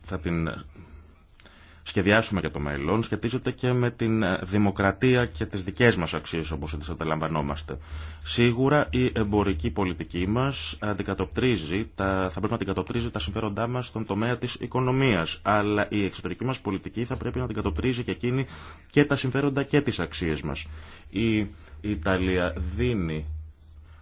θα την, σχεδιάσουμε για το μέλλον, σχετίζεται και με την ε, δημοκρατία και τις δικές μας αξίες, όπως τις ανταλαμβανόμαστε. Σίγουρα η εμπορική πολιτική μας αντικατοπτρίζει, θα πρέπει να αντικατοπτρίζει τα συμφέροντά μας στον τομέα της οικονομίας, αλλά η εξωτερική μας πολιτική θα πρέπει να αντικατοπτρίζει και εκείνη και τα συμφέροντα και τις αξίες μας. Η Ιταλία δίνει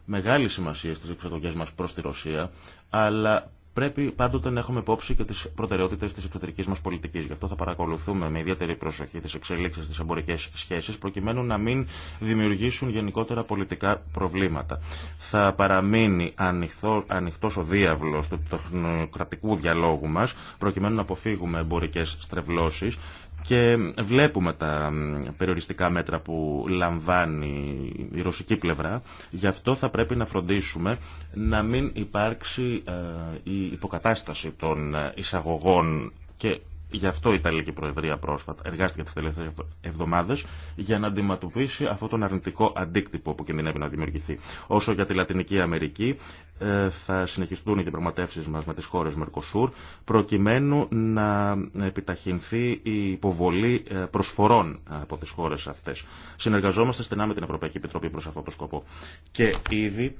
μεγάλη σημασία στις εξωτερικές μας προς τη Ρωσία, αλλά πρέπει πάντοτε να έχουμε υπόψη και τις προτεραιότητες της εξωτερικής μας πολιτικής. Γι' αυτό θα παρακολουθούμε με ιδιαίτερη προσοχή τις εξελίξεις στις εμπορικές σχέσεις, προκειμένου να μην δημιουργήσουν γενικότερα πολιτικά προβλήματα. Θα παραμείνει ανοιχτό, ανοιχτός ο διάβλος του τεχνοκρατικού διαλόγου μας, προκειμένου να αποφύγουμε εμπορικές στρεβλώσεις και βλέπουμε τα περιοριστικά μέτρα που λαμβάνει η ρωσική πλευρά. Γι' αυτό θα πρέπει να φροντίσουμε να μην υπάρξει ε, η υποκατάσταση των ε, εισαγωγών και Γι' αυτό η Ιταλική Προεδρία πρόσφατα εργάστηκε τι τελευταίε εβδομάδε για να αντιμετωπίσει αυτόν τον αρνητικό αντίκτυπο που κινδυνεύει να δημιουργηθεί. Όσο για τη Λατινική Αμερική, ε, θα συνεχιστούν οι διαπραγματεύσει μα με τι χώρε Μερκοσούρ, προκειμένου να επιταχυνθεί η υποβολή ε, προσφορών από τι χώρε αυτέ. Συνεργαζόμαστε στενά με την Ευρωπαϊκή Επιτροπή προ αυτό το σκοπό. Και ήδη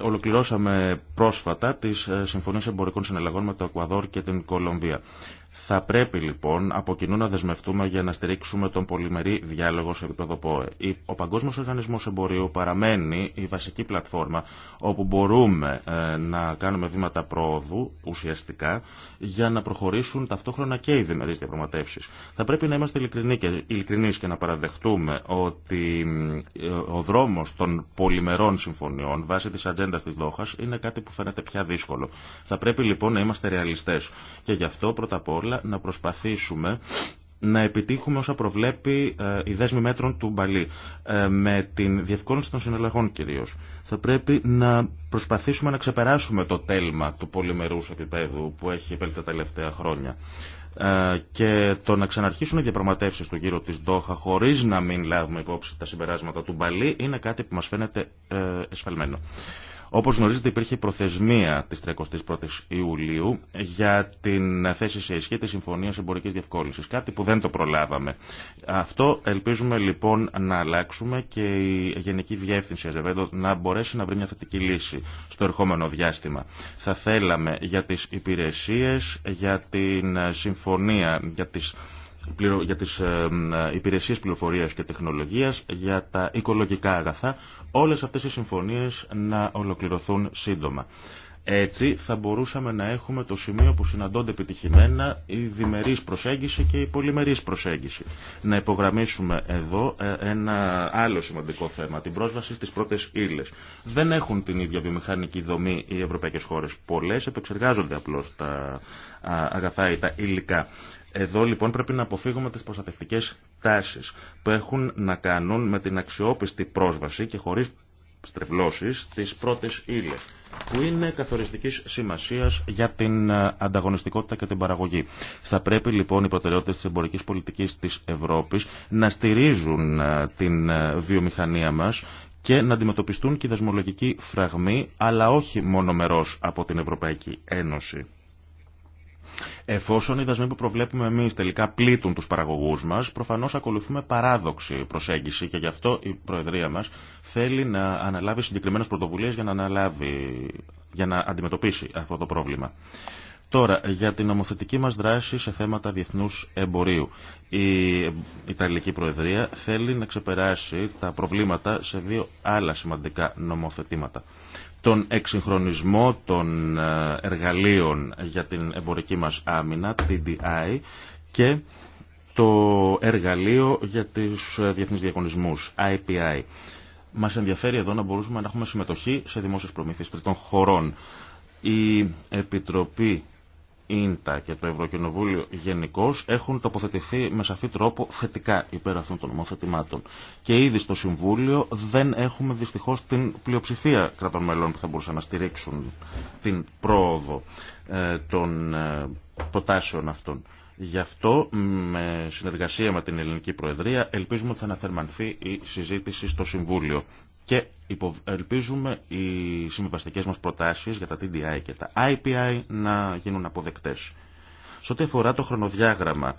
ολοκληρώσαμε πρόσφατα τις ε, συμφωνίε εμπορικών συναλλαγών με το Εκουαδόρ και την Κολομβία. Θα πρέπει λοιπόν από κοινού να δεσμευτούμε για να στηρίξουμε τον πολυμερή διάλογο σε επίπεδο ΠΟΕ. Ο Παγκόσμιο Οργανισμό Εμπορίου παραμένει η βασική πλατφόρμα όπου μπορούμε ε, να κάνουμε βήματα πρόοδου ουσιαστικά για να προχωρήσουν ταυτόχρονα και οι διμερεί διαπραγματεύσει. Θα πρέπει να είμαστε ειλικρινεί και να παραδεχτούμε ότι ε, ο δρόμο των πολυμερών συμφωνιών βάσει τη ατζέντα τη Δόχα είναι κάτι που φαίνεται πια δύσκολο. Θα πρέπει λοιπόν να είμαστε ρεαλιστέ και γι' αυτό πρώτα απ' όλα να προσπαθήσουμε να επιτύχουμε όσα προβλέπει ε, η δέσμη μέτρων του Μπαλί. Ε, με την διευκόλυνση των συναλλαγών κυρίω. Θα πρέπει να προσπαθήσουμε να ξεπεράσουμε το τέλμα του πολυμερού επίπεδου που έχει επέλθει τα τελευταία χρόνια. Ε, και το να ξαναρχίσουν οι διαπραγματεύσει του γύρω τη Ντόχα χωρί να μην λάβουμε υπόψη τα συμπεράσματα του Μπαλί είναι κάτι που μα φαίνεται εσφαλμένο. Όπως γνωρίζετε υπήρχε προθεσμία της 31ης Ιουλίου για την θέση σε ισχύ της Συμφωνίας Εμπορικής Διευκόλυνσης, κάτι που δεν το προλάβαμε. Αυτό ελπίζουμε λοιπόν να αλλάξουμε και η Γενική Διεύθυνση Αζεβέντο να μπορέσει να βρει μια θετική λύση στο ερχόμενο διάστημα. Θα θέλαμε για τις υπηρεσίες, για την συμφωνία, για τις για τις ε, ε, υπηρεσίες πληροφορίας και τεχνολογίας, για τα οικολογικά αγαθά, όλες αυτές οι συμφωνίες να ολοκληρωθούν σύντομα. Έτσι θα μπορούσαμε να έχουμε το σημείο που συναντώνται επιτυχημένα η διμερής προσέγγιση και η πολυμερής προσέγγιση. Να υπογραμμίσουμε εδώ ε, ένα άλλο σημαντικό θέμα, την πρόσβαση στις πρώτες ύλες. Δεν έχουν την ίδια βιομηχανική δομή οι ευρωπαϊκές χώρες. Πολλές επεξεργάζονται απλώς τα αγαθά ή τα υλικά. Εδώ λοιπόν πρέπει να αποφύγουμε τις προστατευτικές τάσεις που έχουν να κάνουν με την αξιόπιστη πρόσβαση και χωρίς στρεβλώσεις της πρώτης ύλη που είναι καθοριστικής σημασίας για την ε, ανταγωνιστικότητα και την παραγωγή. Θα πρέπει λοιπόν οι προτεραιότητες της εμπορικής πολιτικής της Ευρώπης να στηρίζουν ε, την ε, βιομηχανία μας και να αντιμετωπιστούν και οι δεσμολογικοί φραγμοί αλλά όχι μονομερός από την Ευρωπαϊκή Ένωση. Εφόσον οι δασμοί που προβλέπουμε εμεί τελικά πλήττουν του παραγωγού μα, προφανώ ακολουθούμε παράδοξη προσέγγιση και γι' αυτό η Προεδρία μα θέλει να αναλάβει συγκεκριμένε πρωτοβουλίε για, να για να αντιμετωπίσει αυτό το πρόβλημα. Τώρα, για την νομοθετική μας δράση σε θέματα διεθνούς εμπορίου. Η Ιταλική Προεδρία θέλει να ξεπεράσει τα προβλήματα σε δύο άλλα σημαντικά νομοθετήματα τον εξυγχρονισμό των ε, εργαλείων για την εμπορική μας άμυνα, TDI, και το εργαλείο για τους ε, διεθνείς διακονισμούς, IPI. Μας ενδιαφέρει εδώ να μπορούμε να έχουμε συμμετοχή σε δημόσιες προμήθειες τριτών χωρών. Η Επιτροπή ΙΝΤΑ και το Ευρωκοινοβούλιο γενικώ έχουν τοποθετηθεί με σαφή τρόπο θετικά υπέρ αυτών των νομοθετημάτων. Και ήδη στο Συμβούλιο δεν έχουμε δυστυχώ την πλειοψηφία κρατών μελών που θα μπορούσαν να στηρίξουν την πρόοδο ε, των ε, προτάσεων αυτών. Γι' αυτό, με συνεργασία με την Ελληνική Προεδρία, ελπίζουμε ότι θα αναθερμανθεί η συζήτηση στο Συμβούλιο και ελπίζουμε οι συμβιβαστικές μας προτάσεις για τα TDI και τα IPI να γίνουν αποδεκτές. Σε ό,τι αφορά το χρονοδιάγραμμα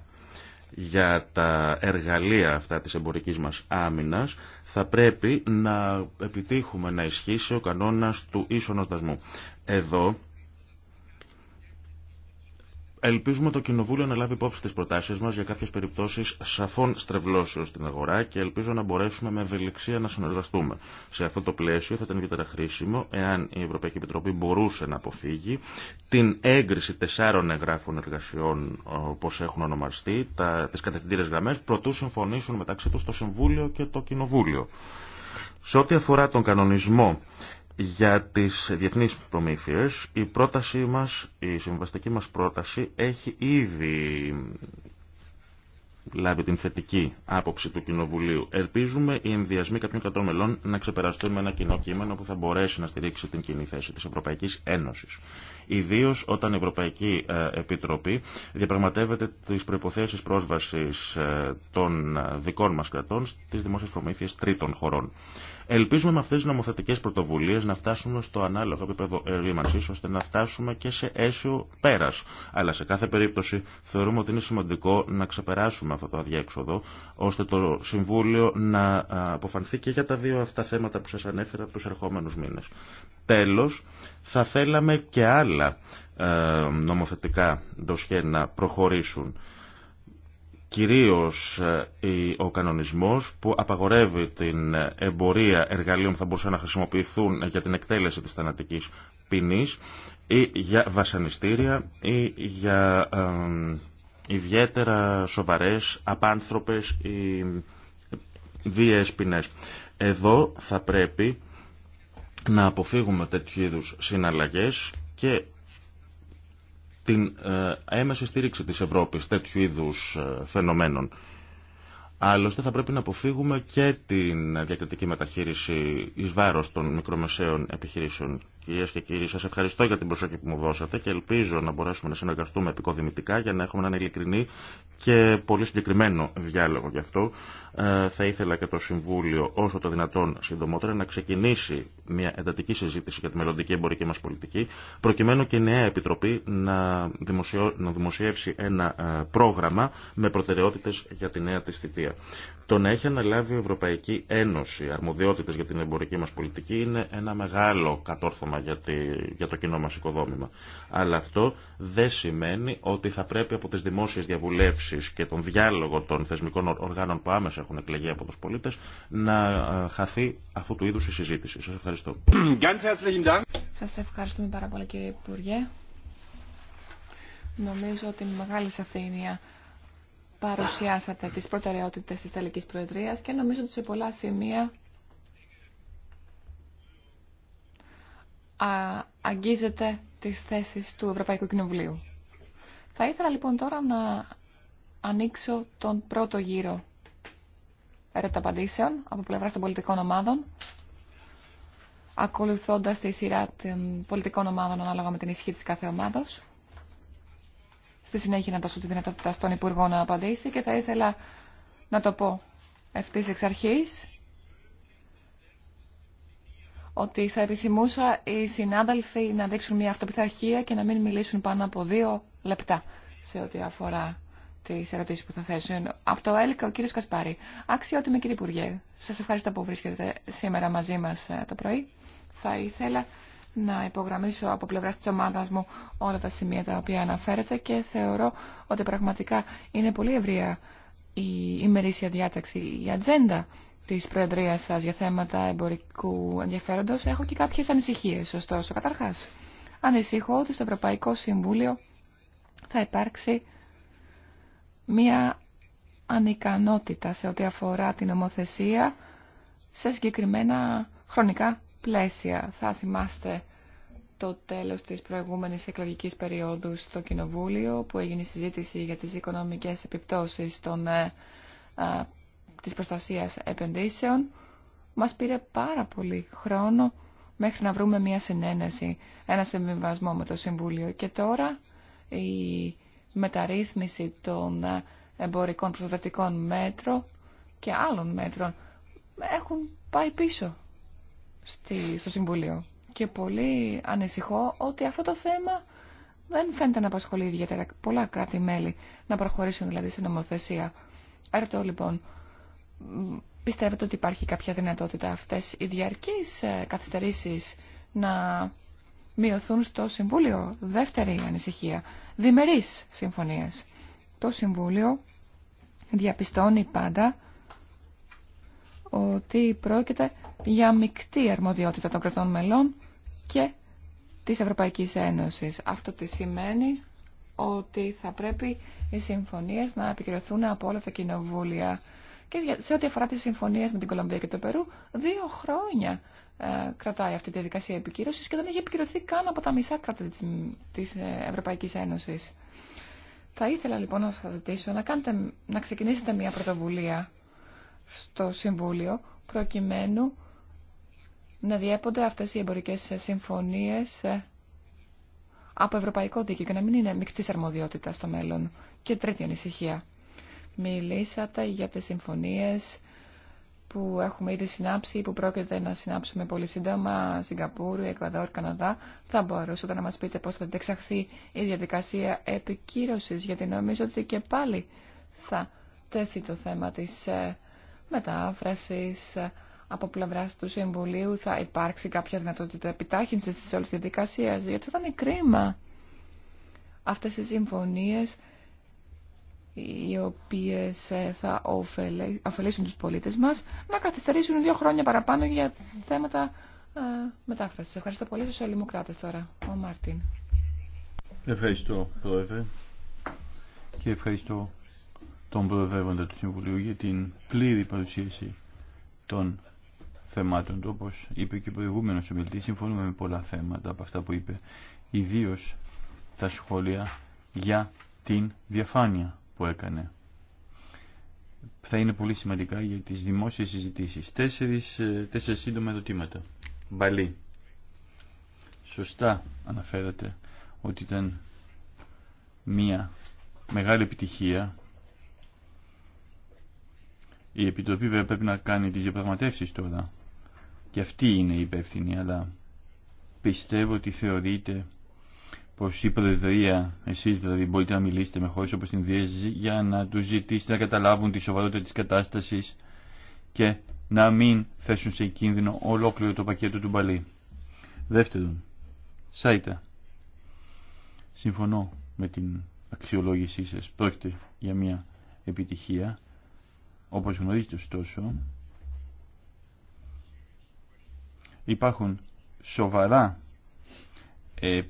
για τα εργαλεία αυτά της εμπορικής μας άμυνας θα πρέπει να επιτύχουμε να ισχύσει ο κανόνας του ίσονος δασμού. Εδώ Ελπίζουμε το Κοινοβούλιο να λάβει υπόψη τι προτάσει μα για κάποιε περιπτώσει σαφών στρεβλώσεων στην αγορά και ελπίζω να μπορέσουμε με ευελιξία να συνεργαστούμε. Σε αυτό το πλαίσιο θα ήταν ιδιαίτερα χρήσιμο εάν η Ευρωπαϊκή Επιτροπή μπορούσε να αποφύγει την έγκριση τεσσάρων εγγράφων εργασιών όπως έχουν ονομαστεί, τι τις γραμμέ, προτού συμφωνήσουν μεταξύ του το Συμβούλιο και το Κοινοβούλιο. Σε ό,τι αφορά τον κανονισμό για τις διεθνείς προμήθειες, η πρότασή μας, η συμβαστική μας πρόταση έχει ήδη λάβει την θετική άποψη του Κοινοβουλίου. Ελπίζουμε οι ενδιασμοί κάποιων κρατών μελών να ξεπεραστούν με ένα κοινό κείμενο που θα μπορέσει να στηρίξει την κοινή θέση της Ευρωπαϊκής Ένωσης. Ιδίω όταν η Ευρωπαϊκή ε, Επιτροπή διαπραγματεύεται τι προποθέσει πρόσβαση ε, των δικών μα κρατών στι δημόσιε προμήθειε τρίτων χωρών. Ελπίζουμε με αυτέ τι νομοθετικέ πρωτοβουλίε να φτάσουμε στο ανάλογο επίπεδο ερήμανση, ώστε να φτάσουμε και σε αίσιο πέρα. Αλλά σε κάθε περίπτωση θεωρούμε ότι είναι σημαντικό να ξεπεράσουμε αυτό το αδιέξοδο, ώστε το Συμβούλιο να αποφανθεί και για τα δύο αυτά θέματα που σα ανέφερα από του ερχόμενου μήνε. Τέλο, θα θέλαμε και άλλα ε, νομοθετικά ντοσχέ να προχωρήσουν κυρίως ε, ο κανονισμός που απαγορεύει την εμπορία εργαλείων που θα μπορούσαν να χρησιμοποιηθούν για την εκτέλεση της θανατικής ποινής ή για βασανιστήρια ή για ιδιαίτερα σοβαρές, απάνθρωπες ή πίνες. Εδώ θα πρέπει να αποφύγουμε τέτοιου είδου συναλλαγές και την ε, έμεση στήριξη της Ευρώπης τέτοιου είδους ε, φαινομένων. Άλλωστε θα πρέπει να αποφύγουμε και την διακριτική μεταχείριση εις βάρος των μικρομεσαίων επιχειρήσεων. Κυρίες και κύριοι, σας ευχαριστώ για την προσοχή που μου δώσατε και ελπίζω να μπορέσουμε να συνεργαστούμε επικοδημητικά για να έχουμε έναν ειλικρινή και πολύ συγκεκριμένο διάλογο γι' αυτό, ε, θα ήθελα και το Συμβούλιο όσο το δυνατόν συντομότερα να ξεκινήσει μια εντατική συζήτηση για τη μελλοντική εμπορική μας πολιτική, προκειμένου και η νέα Επιτροπή να, δημοσιεύσει ένα ε, πρόγραμμα με προτεραιότητες για τη νέα της θητεία. Το να έχει αναλάβει η Ευρωπαϊκή Ένωση αρμοδιότητες για την εμπορική μας πολιτική είναι ένα μεγάλο κατόρθωμα για, τη, για το κοινό μας οικοδόμημα. Αλλά αυτό δεν σημαίνει ότι θα πρέπει από τι δημόσιες διαβουλεύσεις και τον διάλογο των θεσμικών οργάνων που άμεσα έχουν εκλεγεί από τους πολίτες να ε, χαθεί αυτού του είδους η συζήτηση. Σας ευχαριστώ. Σας ευχαριστούμε πάρα πολύ κύριε Υπουργέ. Νομίζω ότι με μεγάλη σαφήνεια παρουσιάσατε τις προτεραιότητες της Τελικής Προεδρίας και νομίζω ότι σε πολλά σημεία αγγίζετε τις θέσεις του Ευρωπαϊκού Κοινοβουλίου. Θα ήθελα λοιπόν τώρα να ανοίξω τον πρώτο γύρο απαντήσεων από πλευρά των πολιτικών ομάδων, ακολουθώντα τη σειρά των πολιτικών ομάδων ανάλογα με την ισχύ τη κάθε ομάδο. Στη συνέχεια να δώσω τη δυνατότητα στον Υπουργό να απαντήσει και θα ήθελα να το πω ευθύ εξ αρχή ότι θα επιθυμούσα οι συνάδελφοι να δείξουν μια αυτοπιθαρχία και να μην μιλήσουν πάνω από δύο λεπτά σε ό,τι αφορά τι ερωτήσει που θα θέσουν. Από το ΕΛΚΑ, ο κύριο Κασπάρη. Αξιότιμη κύριε Υπουργέ, σα ευχαριστώ που βρίσκετε σήμερα μαζί μα ε, το πρωί. Θα ήθελα να υπογραμμίσω από πλευρά τη ομάδα μου όλα τα σημεία τα οποία αναφέρετε και θεωρώ ότι πραγματικά είναι πολύ ευρεία η ημερήσια διάταξη, η ατζέντα τη Προεδρία σα για θέματα εμπορικού ενδιαφέροντο. Έχω και κάποιε ανησυχίε, ωστόσο. Καταρχά, ανησυχώ ότι στο Ευρωπαϊκό Συμβούλιο θα υπάρξει μία ανικανότητα σε ό,τι αφορά την ομοθεσία σε συγκεκριμένα χρονικά πλαίσια. Θα θυμάστε το τέλος της προηγούμενης εκλογικής περίοδου στο Κοινοβούλιο που έγινε η συζήτηση για τις οικονομικές επιπτώσεις των, ε, της προστασίας επενδύσεων. Μας πήρε πάρα πολύ χρόνο μέχρι να βρούμε μια συνένεση, ένα συμβιβασμό με το Συμβούλιο. Και τώρα η μεταρρύθμιση των εμπορικών προστατευτικών μέτρων και άλλων μέτρων έχουν πάει πίσω στη, στο Συμβουλίο. Και πολύ ανησυχώ ότι αυτό το θέμα δεν φαίνεται να απασχολεί ιδιαίτερα πολλά κράτη-μέλη να προχωρήσουν δηλαδή στην νομοθεσία. Ρωτώ λοιπόν, πιστεύετε ότι υπάρχει κάποια δυνατότητα αυτές οι διαρκείς ε, καθυστερήσεις να μειωθούν στο Συμβούλιο. Δεύτερη ανησυχία. Διμερείς συμφωνίες. Το Συμβούλιο διαπιστώνει πάντα ότι πρόκειται για μεικτή αρμοδιότητα των κρατών μελών και της Ευρωπαϊκής Ένωσης. Αυτό τι σημαίνει ότι θα πρέπει οι συμφωνίες να επικυρωθούν από όλα τα κοινοβούλια. Και σε ό,τι αφορά τις συμφωνίες με την Κολομβία και το Περού, δύο χρόνια ε, κρατάει αυτή τη διαδικασία επικύρωσης και δεν έχει επικυρωθεί καν από τα μισά κράτη της ε, Ευρωπαϊκής Ένωσης. Θα ήθελα λοιπόν να σας ζητήσω να, κάνετε, να ξεκινήσετε μια πρωτοβουλία στο Συμβούλιο προκειμένου να διέπονται αυτές οι εμπορικές συμφωνίες ε, από ευρωπαϊκό δίκαιο και να μην είναι μεικτής αρμοδιότητα στο μέλλον. Και τρίτη ανησυχία. Μιλήσατε για τις συμφωνίες που έχουμε ήδη συνάψει ή που πρόκειται να συνάψουμε πολύ σύντομα, Σιγκαπούρου, Εκβαδόρ, Καναδά, θα μπορούσατε να μας πείτε πώς θα διεξαχθεί η διαδικασία επικύρωσης, γιατί νομίζω ότι και πάλι θα τέθει το θέμα της ε, μετάφρασης ε, από πλευρά του Συμβουλίου, θα υπάρξει κάποια δυνατότητα επιτάχυνσης της όλης διαδικασίας, γιατί θα είναι κρίμα αυτές οι συμφωνίες οι οποίες ε, θα ωφελήσουν τους πολίτες μας, να καθυστερήσουν δύο χρόνια παραπάνω για θέματα ε, μετάφρασης. Ευχαριστώ πολύ στους ελληνικράτες τώρα, ο Μάρτιν. Ευχαριστώ, Πρόεδρε, και ευχαριστώ τον Προεδρεύοντα του Συμβουλίου για την πλήρη παρουσίαση των θεμάτων του. Όπως είπε και ο προηγούμενος ομιλητής, συμφωνούμε με πολλά θέματα από αυτά που είπε, ιδίω τα σχόλια για την διαφάνεια που έκανε. Θα είναι πολύ σημαντικά για τις δημόσιες συζητήσεις. Τέσσερις, ε, τέσσερις σύντομα ερωτήματα. Μπαλή. Σωστά αναφέρατε ότι ήταν μία μεγάλη επιτυχία. Η Επιτροπή βέβαια πρέπει να κάνει τις διαπραγματεύσεις τώρα. Και αυτή είναι η υπεύθυνη, αλλά πιστεύω ότι θεωρείται πω η Προεδρία, εσεί δηλαδή μπορείτε να μιλήσετε με χώρε όπω την διέζη για να του ζητήσετε να καταλάβουν τη σοβαρότητα τη κατάσταση και να μην θέσουν σε κίνδυνο ολόκληρο το πακέτο του Μπαλί. Δεύτερον, Σάιτα. Συμφωνώ με την αξιολόγησή σας. Πρόκειται για μια επιτυχία. Όπως γνωρίζετε ωστόσο, υπάρχουν σοβαρά ε,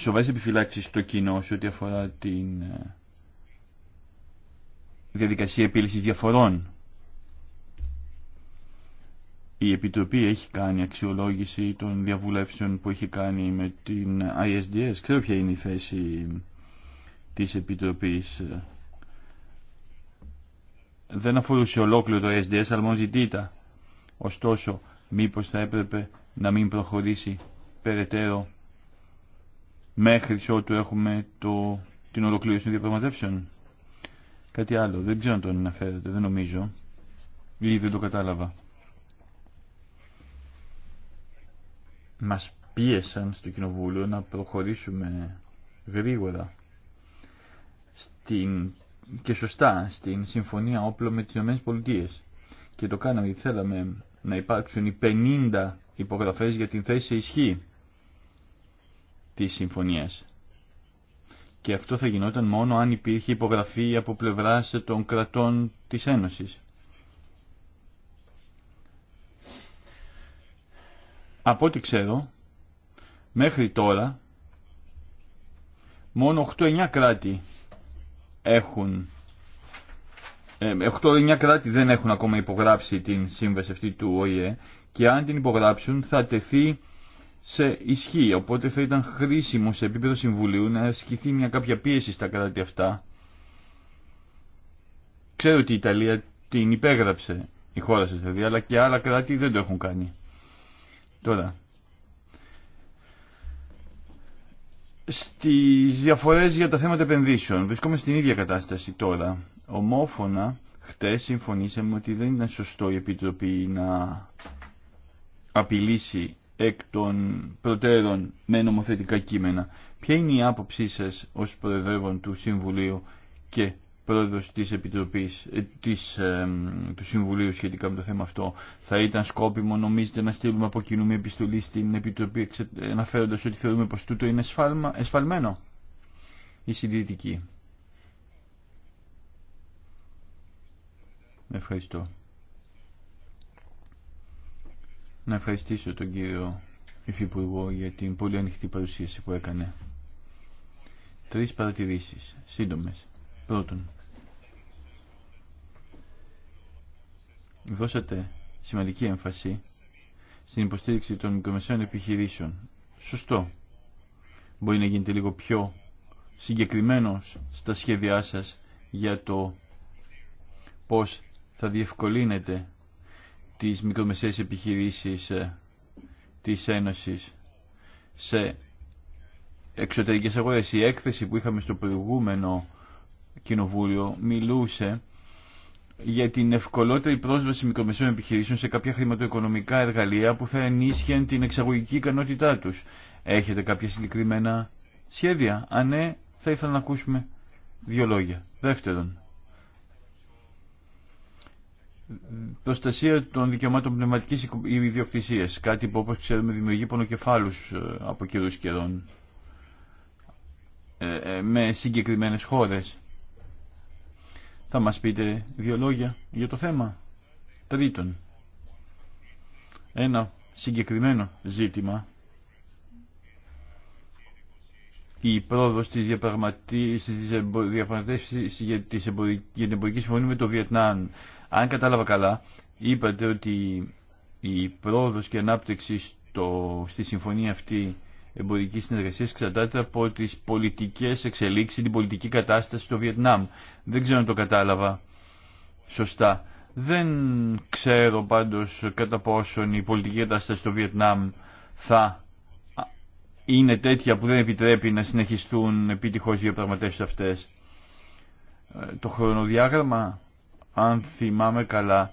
σοβαρέ επιφυλάξει στο κοινό σε ό,τι αφορά τη ε, διαδικασία επίλυσης διαφορών. Η Επιτροπή έχει κάνει αξιολόγηση των διαβουλεύσεων που έχει κάνει με την ISDS. Ξέρω ποια είναι η θέση της Επιτροπής. Δεν αφορούσε ολόκληρο το ISDS, αλλά μόνο ζητήτα. Ωστόσο, μήπως θα έπρεπε να μην προχωρήσει περαιτέρω μέχρι ότου έχουμε το, την ολοκλήρωση των διαπραγματεύσεων. Κάτι άλλο, δεν ξέρω αν το αναφέρετε, δεν νομίζω. Ή δεν το κατάλαβα. Μας πίεσαν στο Κοινοβούλιο να προχωρήσουμε γρήγορα στην, και σωστά στην Συμφωνία Όπλων με τις ΗΠΑ. Και το κάναμε, θέλαμε να υπάρξουν οι 50 υπογραφές για την θέση ισχύ της συμφωνίας. Και αυτό θα γινόταν μόνο αν υπήρχε υπογραφή από πλευράς των κρατών της Ένωσης. Από ό,τι ξέρω, μέχρι τώρα, μόνο 8-9 κράτη έχουν 8-9 ε, κράτη δεν έχουν ακόμα υπογράψει την σύμβαση αυτή του ΟΗΕ και αν την υπογράψουν θα τεθεί σε ισχύ. Οπότε θα ήταν χρήσιμο σε επίπεδο Συμβουλίου να ασκηθεί μια κάποια πίεση στα κράτη αυτά. Ξέρω ότι η Ιταλία την υπέγραψε η χώρα σας δηλαδή, αλλά και άλλα κράτη δεν το έχουν κάνει. Τώρα, στις διαφορές για τα θέματα επενδύσεων, βρισκόμαστε στην ίδια κατάσταση τώρα. Ομόφωνα, χτες συμφωνήσαμε ότι δεν ήταν σωστό η Επιτροπή να απειλήσει εκ των προτέρων με νομοθετικά κείμενα. Ποια είναι η άποψή σας ως Προεδρεύων του Συμβουλίου και Πρόεδρος της Επιτροπής ε, της, του Συμβουλίου σχετικά με το θέμα αυτό. Θα ήταν σκόπιμο νομίζετε να στείλουμε από κοινού μια επιστολή στην Επιτροπή αναφέροντας ότι θεωρούμε πως τούτο είναι εσφάλμα, εσφαλμένο ή συντηρητική. Ευχαριστώ. να ευχαριστήσω τον κύριο Υφυπουργό για την πολύ ανοιχτή παρουσίαση που έκανε. Τρεις παρατηρήσεις, σύντομες. Πρώτον, δώσατε σημαντική έμφαση στην υποστήριξη των μικρομεσαίων επιχειρήσεων. Σωστό. Μπορεί να γίνετε λίγο πιο συγκεκριμένος στα σχέδιά σας για το πώς θα διευκολύνετε τις μικρομεσαίες επιχειρήσεις ε, της Ένωσης σε εξωτερικές αγορές. Η έκθεση που είχαμε στο προηγούμενο κοινοβούλιο μιλούσε για την ευκολότερη πρόσβαση μικρομεσαίων επιχειρήσεων σε κάποια χρηματοοικονομικά εργαλεία που θα ενίσχυαν την εξαγωγική ικανότητά τους. Έχετε κάποια συγκεκριμένα σχέδια. Αν ναι, θα ήθελα να ακούσουμε δύο λόγια. Δεύτερον, προστασία των δικαιωμάτων πνευματικής ιδιοκτησίας, κάτι που όπω ξέρουμε δημιουργεί πονοκεφάλου ε, από καιρού καιρών ε, ε, με συγκεκριμένε χώρες. Θα μας πείτε δύο λόγια για το θέμα. Τρίτον, ένα συγκεκριμένο ζήτημα η πρόοδο τη διαπραγματεύση για, την εμπορική συμφωνία με το Βιετνάμ. Αν κατάλαβα καλά, είπατε ότι η πρόοδος και η ανάπτυξη στη συμφωνία αυτή εμπορικής συνεργασίας εξαρτάται από τις πολιτικές εξελίξεις, την πολιτική κατάσταση στο Βιετνάμ. Δεν ξέρω αν το κατάλαβα σωστά. Δεν ξέρω πάντως κατά πόσον η πολιτική κατάσταση στο Βιετνάμ θα είναι τέτοια που δεν επιτρέπει να συνεχιστούν επιτυχώς οι διαπραγματεύσεις αυτές. Ε, το χρονοδιάγραμμα αν θυμάμαι καλά,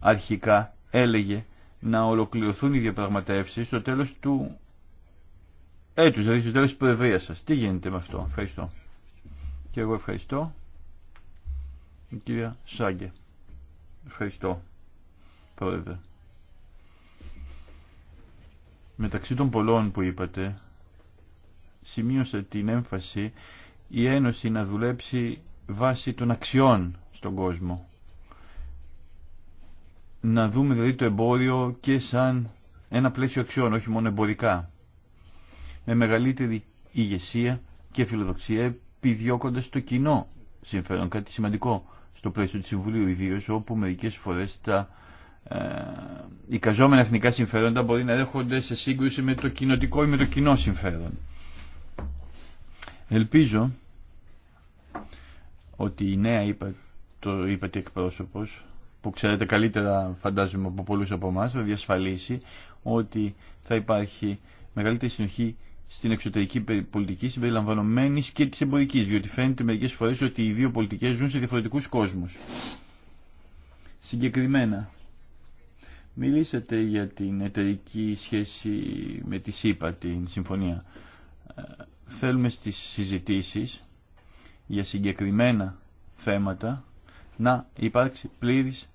αρχικά έλεγε να ολοκληρωθούν οι διαπραγματεύσεις στο τέλος του έτους, δηλαδή στο τέλος της προεδρίας σας. Τι γίνεται με αυτό. Ευχαριστώ. Και εγώ ευχαριστώ. Η κυρία Σάγκε. Ευχαριστώ, πρόεδρε. Μεταξύ των πολλών που είπατε, σημείωσα την έμφαση η Ένωση να δουλέψει βάσει των αξιών στον κόσμο να δούμε δηλαδή το εμπόριο και σαν ένα πλαίσιο αξιών, όχι μόνο εμπορικά. Με μεγαλύτερη ηγεσία και φιλοδοξία επιδιώκοντας το κοινό συμφέρον, κάτι σημαντικό στο πλαίσιο του Συμβουλίου ιδίω, όπου μερικές φορές τα ε, εθνικά συμφέροντα μπορεί να έρχονται σε σύγκρουση με το κοινοτικό ή με το κοινό συμφέρον. Ελπίζω ότι η νέα είπα, το είπατε εκπρόσωπος που ξέρετε καλύτερα φαντάζομαι από πολλούς από εμά, θα διασφαλίσει ότι θα υπάρχει μεγαλύτερη συνοχή στην εξωτερική πολιτική συμπεριλαμβανομένη και τη εμπορική, διότι φαίνεται μερικέ φορέ ότι οι δύο πολιτικέ ζουν σε διαφορετικού κόσμου. Συγκεκριμένα, μιλήσατε για την εταιρική σχέση με τη ΣΥΠΑ, την συμφωνία. Ε, θέλουμε στις συζητήσεις για συγκεκριμένα θέματα να υπάρξει πλήρης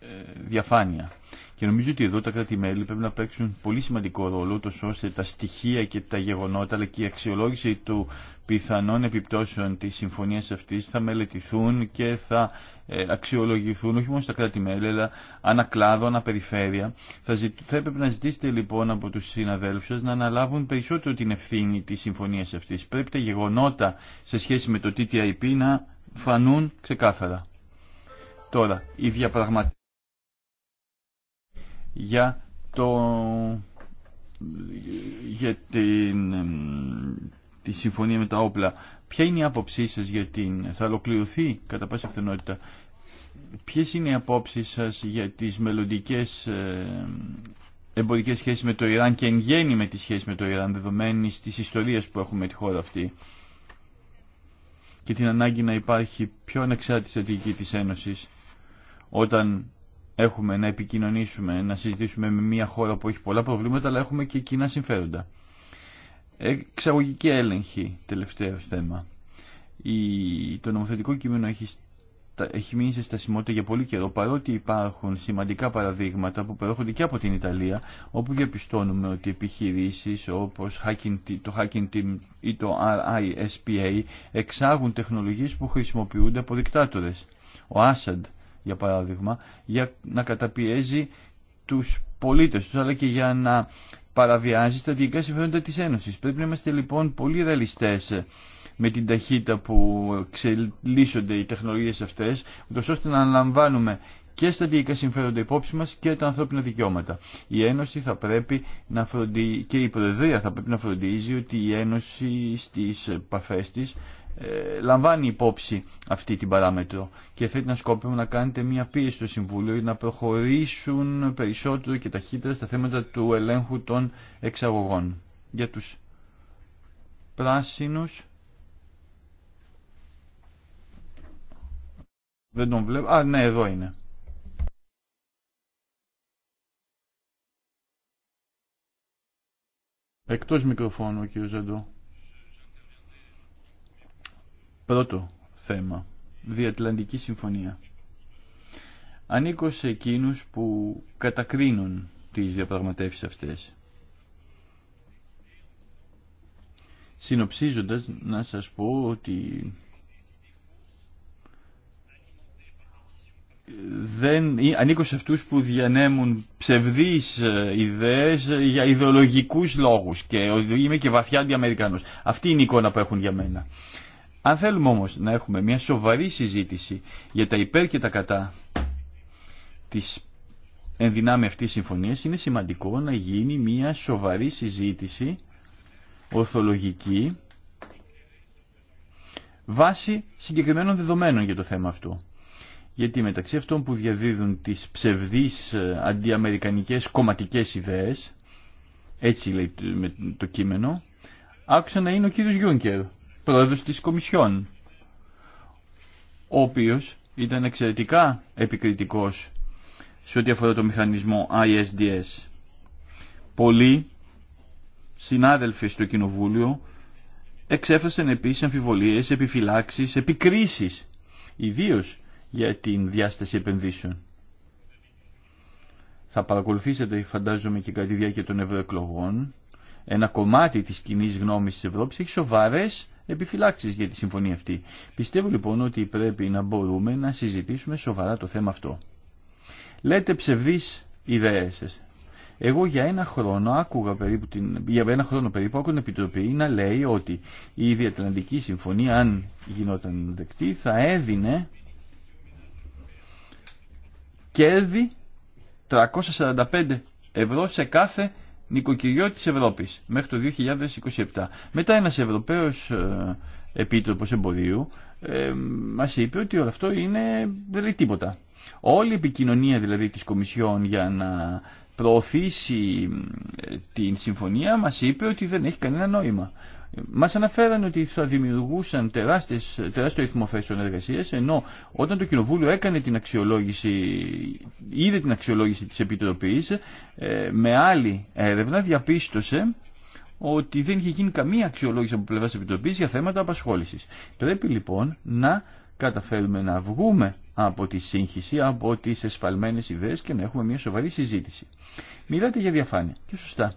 ε, διαφάνεια. Και νομίζω ότι εδώ τα κράτη-μέλη πρέπει να παίξουν πολύ σημαντικό ρόλο, τόσο ώστε τα στοιχεία και τα γεγονότα, αλλά και η αξιολόγηση του πιθανών επιπτώσεων τη συμφωνία αυτής θα μελετηθούν και θα ε, αξιολογηθούν όχι μόνο στα κράτη-μέλη, αλλά ανακλάδο, αναπεριφέρεια. Θα, ζητ... θα έπρεπε να ζητήσετε λοιπόν από τους συναδέλφους σας να αναλάβουν περισσότερο την ευθύνη της συμφωνίας αυτής. Πρέπει τα γεγονότα σε σχέση με το TTIP να φανούν ξεκάθαρα. Τώρα, η διαπραγματεύση για το για την, τη συμφωνία με τα όπλα. Ποια είναι η άποψή σας για την... θα ολοκληρωθεί κατά πάσα πιθανότητα. Ποιες είναι οι απόψεις σας για τις μελλοντικές εμπορικές σχέσεις με το Ιράν και εν γέννη με τις σχέσεις με το Ιράν δεδομένη της ιστορίας που έχουμε τη χώρα αυτή και την ανάγκη να υπάρχει πιο ανεξάρτητη στρατηγική της Ένωσης όταν έχουμε να επικοινωνήσουμε, να συζητήσουμε με μια χώρα που έχει πολλά προβλήματα αλλά έχουμε και κοινά συμφέροντα. Εξαγωγική έλεγχη, τελευταίο θέμα. Η... Το νομοθετικό κείμενο έχει έχει μείνει σε στασιμότητα για πολύ καιρό, παρότι υπάρχουν σημαντικά παραδείγματα που προέρχονται και από την Ιταλία, όπου διαπιστώνουμε ότι επιχειρήσεις όπως το Hacking Team ή το RISPA εξάγουν τεχνολογίες που χρησιμοποιούνται από δικτάτορες. Ο Assad για παράδειγμα, για να καταπιέζει τους πολίτες τους, αλλά και για να παραβιάζει στρατηγικά συμφέροντα της Ένωσης. Πρέπει να είμαστε λοιπόν πολύ ρεαλιστές με την ταχύτητα που εξελίσσονται οι τεχνολογίες αυτές, ούτω ώστε να αναλαμβάνουμε και στα διοικά συμφέροντα υπόψη μας και τα ανθρώπινα δικαιώματα. Η Ένωση θα πρέπει να φροντίζει, και η Προεδρία θα πρέπει να φροντίζει ότι η Ένωση στις επαφές της ε, λαμβάνει υπόψη αυτή την παράμετρο και θέλει να σκόπιμο να κάνετε μια πίεση στο Συμβούλιο για να προχωρήσουν περισσότερο και ταχύτερα στα θέματα του ελέγχου των εξαγωγών. Για τους πράσινους Δεν τον βλέπω. Α, ναι, εδώ είναι. Εκτός μικροφώνου, κύριο Ζαντό. Πρώτο θέμα. Διατλαντική Συμφωνία. Ανήκω σε εκείνους που κατακρίνουν τις διαπραγματεύσεις αυτές. Συνοψίζοντας, να σας πω ότι δεν, ανήκω σε αυτούς που διανέμουν ψευδείς ε, ιδέες ε, για ιδεολογικούς λόγους και είμαι και βαθιά αντιαμερικανός. Αυτή είναι η εικόνα που έχουν για μένα. Αν θέλουμε όμως να έχουμε μια σοβαρή συζήτηση για τα υπέρ και τα κατά της ενδυνάμει αυτής συμφωνίας, είναι σημαντικό να γίνει μια σοβαρή συζήτηση ορθολογική βάσει συγκεκριμένων δεδομένων για το θέμα αυτό γιατί μεταξύ αυτών που διαδίδουν τις ψευδείς ε, αντιαμερικανικές κομματικές ιδέες, έτσι λέει το κείμενο, άκουσα να είναι ο κύριος Γιούνκερ, πρόεδρος της Κομισιόν, ο οποίος ήταν εξαιρετικά επικριτικός σε ό,τι αφορά το μηχανισμό ISDS. Πολλοί συνάδελφοι στο Κοινοβούλιο εξέφρασαν επίσης αμφιβολίες, επιφυλάξεις, επικρίσεις, ιδίως για την διάσταση επενδύσεων. Θα παρακολουθήσετε, φαντάζομαι, και κατά τη διάρκεια των ευρωεκλογών, ένα κομμάτι της κοινή γνώμης της Ευρώπης έχει σοβαρές επιφυλάξεις για τη συμφωνία αυτή. Πιστεύω λοιπόν ότι πρέπει να μπορούμε να συζητήσουμε σοβαρά το θέμα αυτό. Λέτε ψευδείς ιδέες σας. Εγώ για ένα χρόνο άκουγα περίπου την, για ένα χρόνο περίπου άκουγα την Επιτροπή να λέει ότι η Διατλαντική Συμφωνία αν γινόταν δεκτή θα έδινε κέρδη 345 ευρώ σε κάθε νοικοκυριό της Ευρώπης μέχρι το 2027. Μετά ένας Ευρωπαίος ε, Επίτροπος Εμπορίου ε, μας είπε ότι όλο αυτό είναι, δεν λέει τίποτα. Όλη η επικοινωνία δηλαδή της Κομισιόν για να προωθήσει την συμφωνία μας είπε ότι δεν έχει κανένα νόημα. Μας αναφέραν ότι θα δημιουργούσαν τεράστιες, τεράστιο ρυθμό θέσεων εργασία, ενώ όταν το Κοινοβούλιο έκανε την αξιολόγηση, είδε την αξιολόγηση της Επιτροπής, ε, με άλλη έρευνα διαπίστωσε ότι δεν είχε γίνει καμία αξιολόγηση από πλευρά τη Επιτροπή για θέματα απασχόληση. Πρέπει λοιπόν να καταφέρουμε να βγούμε από τη σύγχυση, από τις εσφαλμένες ιδέε και να έχουμε μια σοβαρή συζήτηση. Μιλάτε για διαφάνεια και σωστά.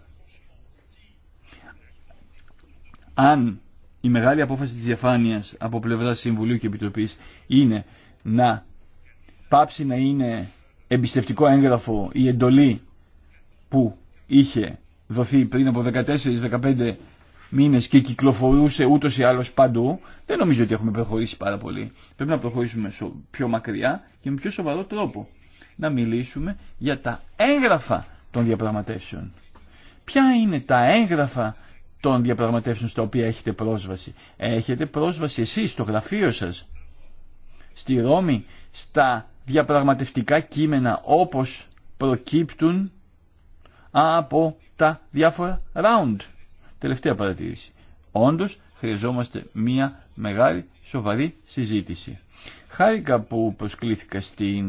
Αν η μεγάλη απόφαση της διαφάνειας από πλευρά Συμβουλίου και Επιτροπή είναι να πάψει να είναι εμπιστευτικό έγγραφο η εντολή που είχε δοθεί πριν από 14-15 μήνες και κυκλοφορούσε ούτως ή άλλως παντού, δεν νομίζω ότι έχουμε προχωρήσει πάρα πολύ. Πρέπει να προχωρήσουμε πιο μακριά και με πιο σοβαρό τρόπο. Να μιλήσουμε για τα έγγραφα των διαπραγματεύσεων. Ποια είναι τα έγγραφα των διαπραγματεύσεων στα οποία έχετε πρόσβαση. Έχετε πρόσβαση εσείς στο γραφείο σας, στη Ρώμη, στα διαπραγματευτικά κείμενα όπως προκύπτουν από τα διάφορα round. Τελευταία παρατήρηση. Όντως χρειαζόμαστε μία μεγάλη σοβαρή συζήτηση. Χάρηκα που προσκλήθηκα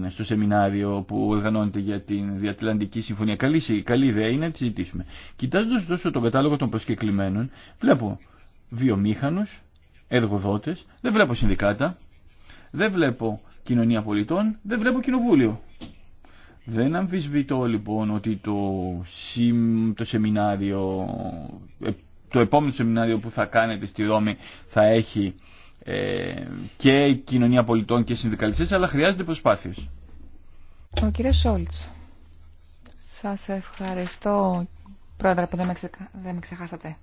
στο σεμινάριο που οργανώνεται για την Διατλαντική Συμφωνία. Καλή, καλή ιδέα είναι να τη συζητήσουμε. Κοιτάζοντα τόσο τον κατάλογο των προσκεκλημένων, βλέπω βιομήχανου, εργοδότε, δεν βλέπω συνδικάτα, δεν βλέπω κοινωνία πολιτών, δεν βλέπω κοινοβούλιο. Δεν αμφισβητώ λοιπόν ότι το, το σεμινάριο, ε, το επόμενο σεμινάριο που θα κάνετε στη Ρώμη θα έχει ε, και κοινωνία πολιτών και συνδικαλιστές, αλλά χρειάζεται προσπάθειες. Ο κύριος Σόλτς, σας ευχαριστώ πρόεδρε που δεν με, δεν ξεχάσατε.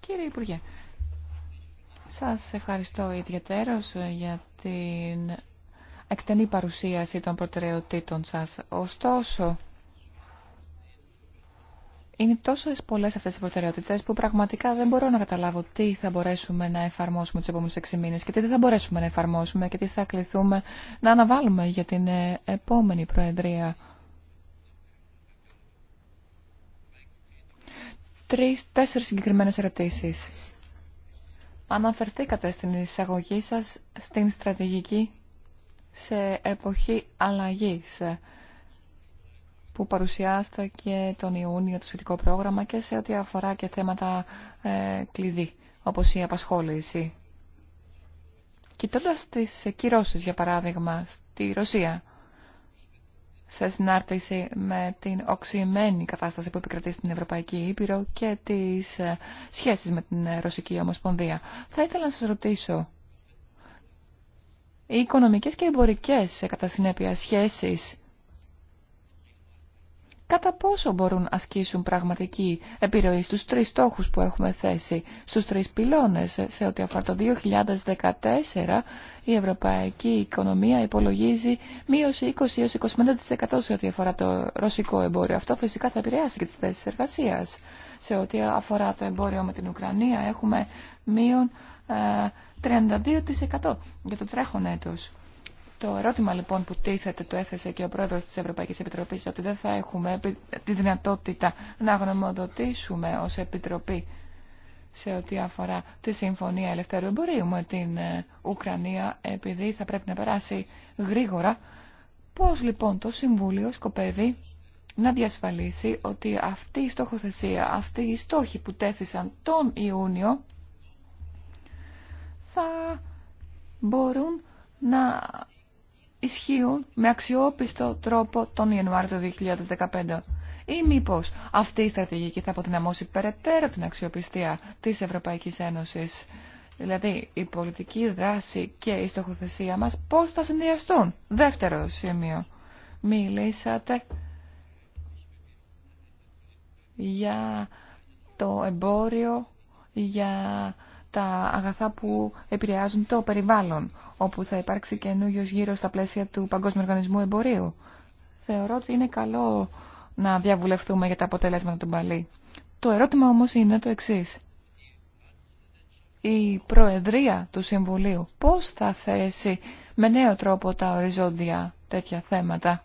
Κύριε Υπουργέ, σας ευχαριστώ ιδιαίτερος ε, για την εκτενή παρουσίαση των προτεραιοτήτων σας. Ωστόσο, είναι τόσο πολλές αυτές οι προτεραιότητες που πραγματικά δεν μπορώ να καταλάβω τι θα μπορέσουμε να εφαρμόσουμε τους επόμενους 6 μήνες και τι δεν θα μπορέσουμε να εφαρμόσουμε και τι θα κληθούμε να αναβάλουμε για την ε, επόμενη Προεδρία. Τρεις-τέσσερις συγκεκριμένες ερωτήσεις. Αναφερθήκατε στην εισαγωγή σας στην στρατηγική σε εποχή αλλαγής ε, που παρουσιάστηκε τον Ιούνιο το σχετικό πρόγραμμα και σε ό,τι αφορά και θέματα ε, κλειδί, όπως η απασχόληση. Κοιτώντας τις κυρώσεις, για παράδειγμα, στη Ρωσία, σε συνάρτηση με την οξυμένη κατάσταση που επικρατεί στην Ευρωπαϊκή Ήπειρο και τις ε, σχέσεις με την Ρωσική Ομοσπονδία. Θα ήθελα να σας ρωτήσω, οι οικονομικές και εμπορικές ε, κατά συνέπεια σχέσεις κατά πόσο μπορούν να ασκήσουν πραγματική επιρροή στους τρεις στόχους που έχουμε θέσει, στους τρεις πυλώνες ε, σε ό,τι αφορά το 2014 η ευρωπαϊκή οικονομία υπολογίζει μείωση 20-25% σε ό,τι αφορά το ρωσικό εμπόριο. Αυτό φυσικά θα επηρεάσει και τις θέσεις εργασίας. Σε ό,τι αφορά το εμπόριο με την Ουκρανία έχουμε μείον ε, 32% για το τρέχον έτος. Το ερώτημα λοιπόν που τίθεται το έθεσε και ο πρόεδρος της Ευρωπαϊκής Επιτροπής ότι δεν θα έχουμε τη δυνατότητα να γνωμοδοτήσουμε ως Επιτροπή σε ό,τι αφορά τη Συμφωνία Ελευθερού Εμπορίου με την ε, Ουκρανία επειδή θα πρέπει να περάσει γρήγορα. Πώς λοιπόν το Συμβούλιο σκοπεύει να διασφαλίσει ότι αυτή η στόχοθεσία, αυτή οι στόχοι που τέθησαν τον Ιούνιο θα μπορούν να ισχύουν με αξιόπιστο τρόπο τον Ιανουάριο του 2015. Ή μήπω αυτή η στρατηγική θα αποδυναμώσει περαιτέρω την αξιοπιστία της Ευρωπαϊκής Ένωσης. Δηλαδή, η πολιτική δράση και η στοχοθεσία μας πώς θα συνδυαστούν. Δεύτερο σημείο. Μιλήσατε για το εμπόριο, για τα αγαθά που επηρεάζουν το περιβάλλον, όπου θα υπάρξει καινούριο γύρω στα πλαίσια του Παγκόσμιου Οργανισμού Εμπορίου. Θεωρώ ότι είναι καλό να διαβουλευτούμε για τα αποτελέσματα του Μπαλί. Το ερώτημα όμως είναι το εξής. Η Προεδρία του Συμβουλίου πώς θα θέσει με νέο τρόπο τα οριζόντια τέτοια θέματα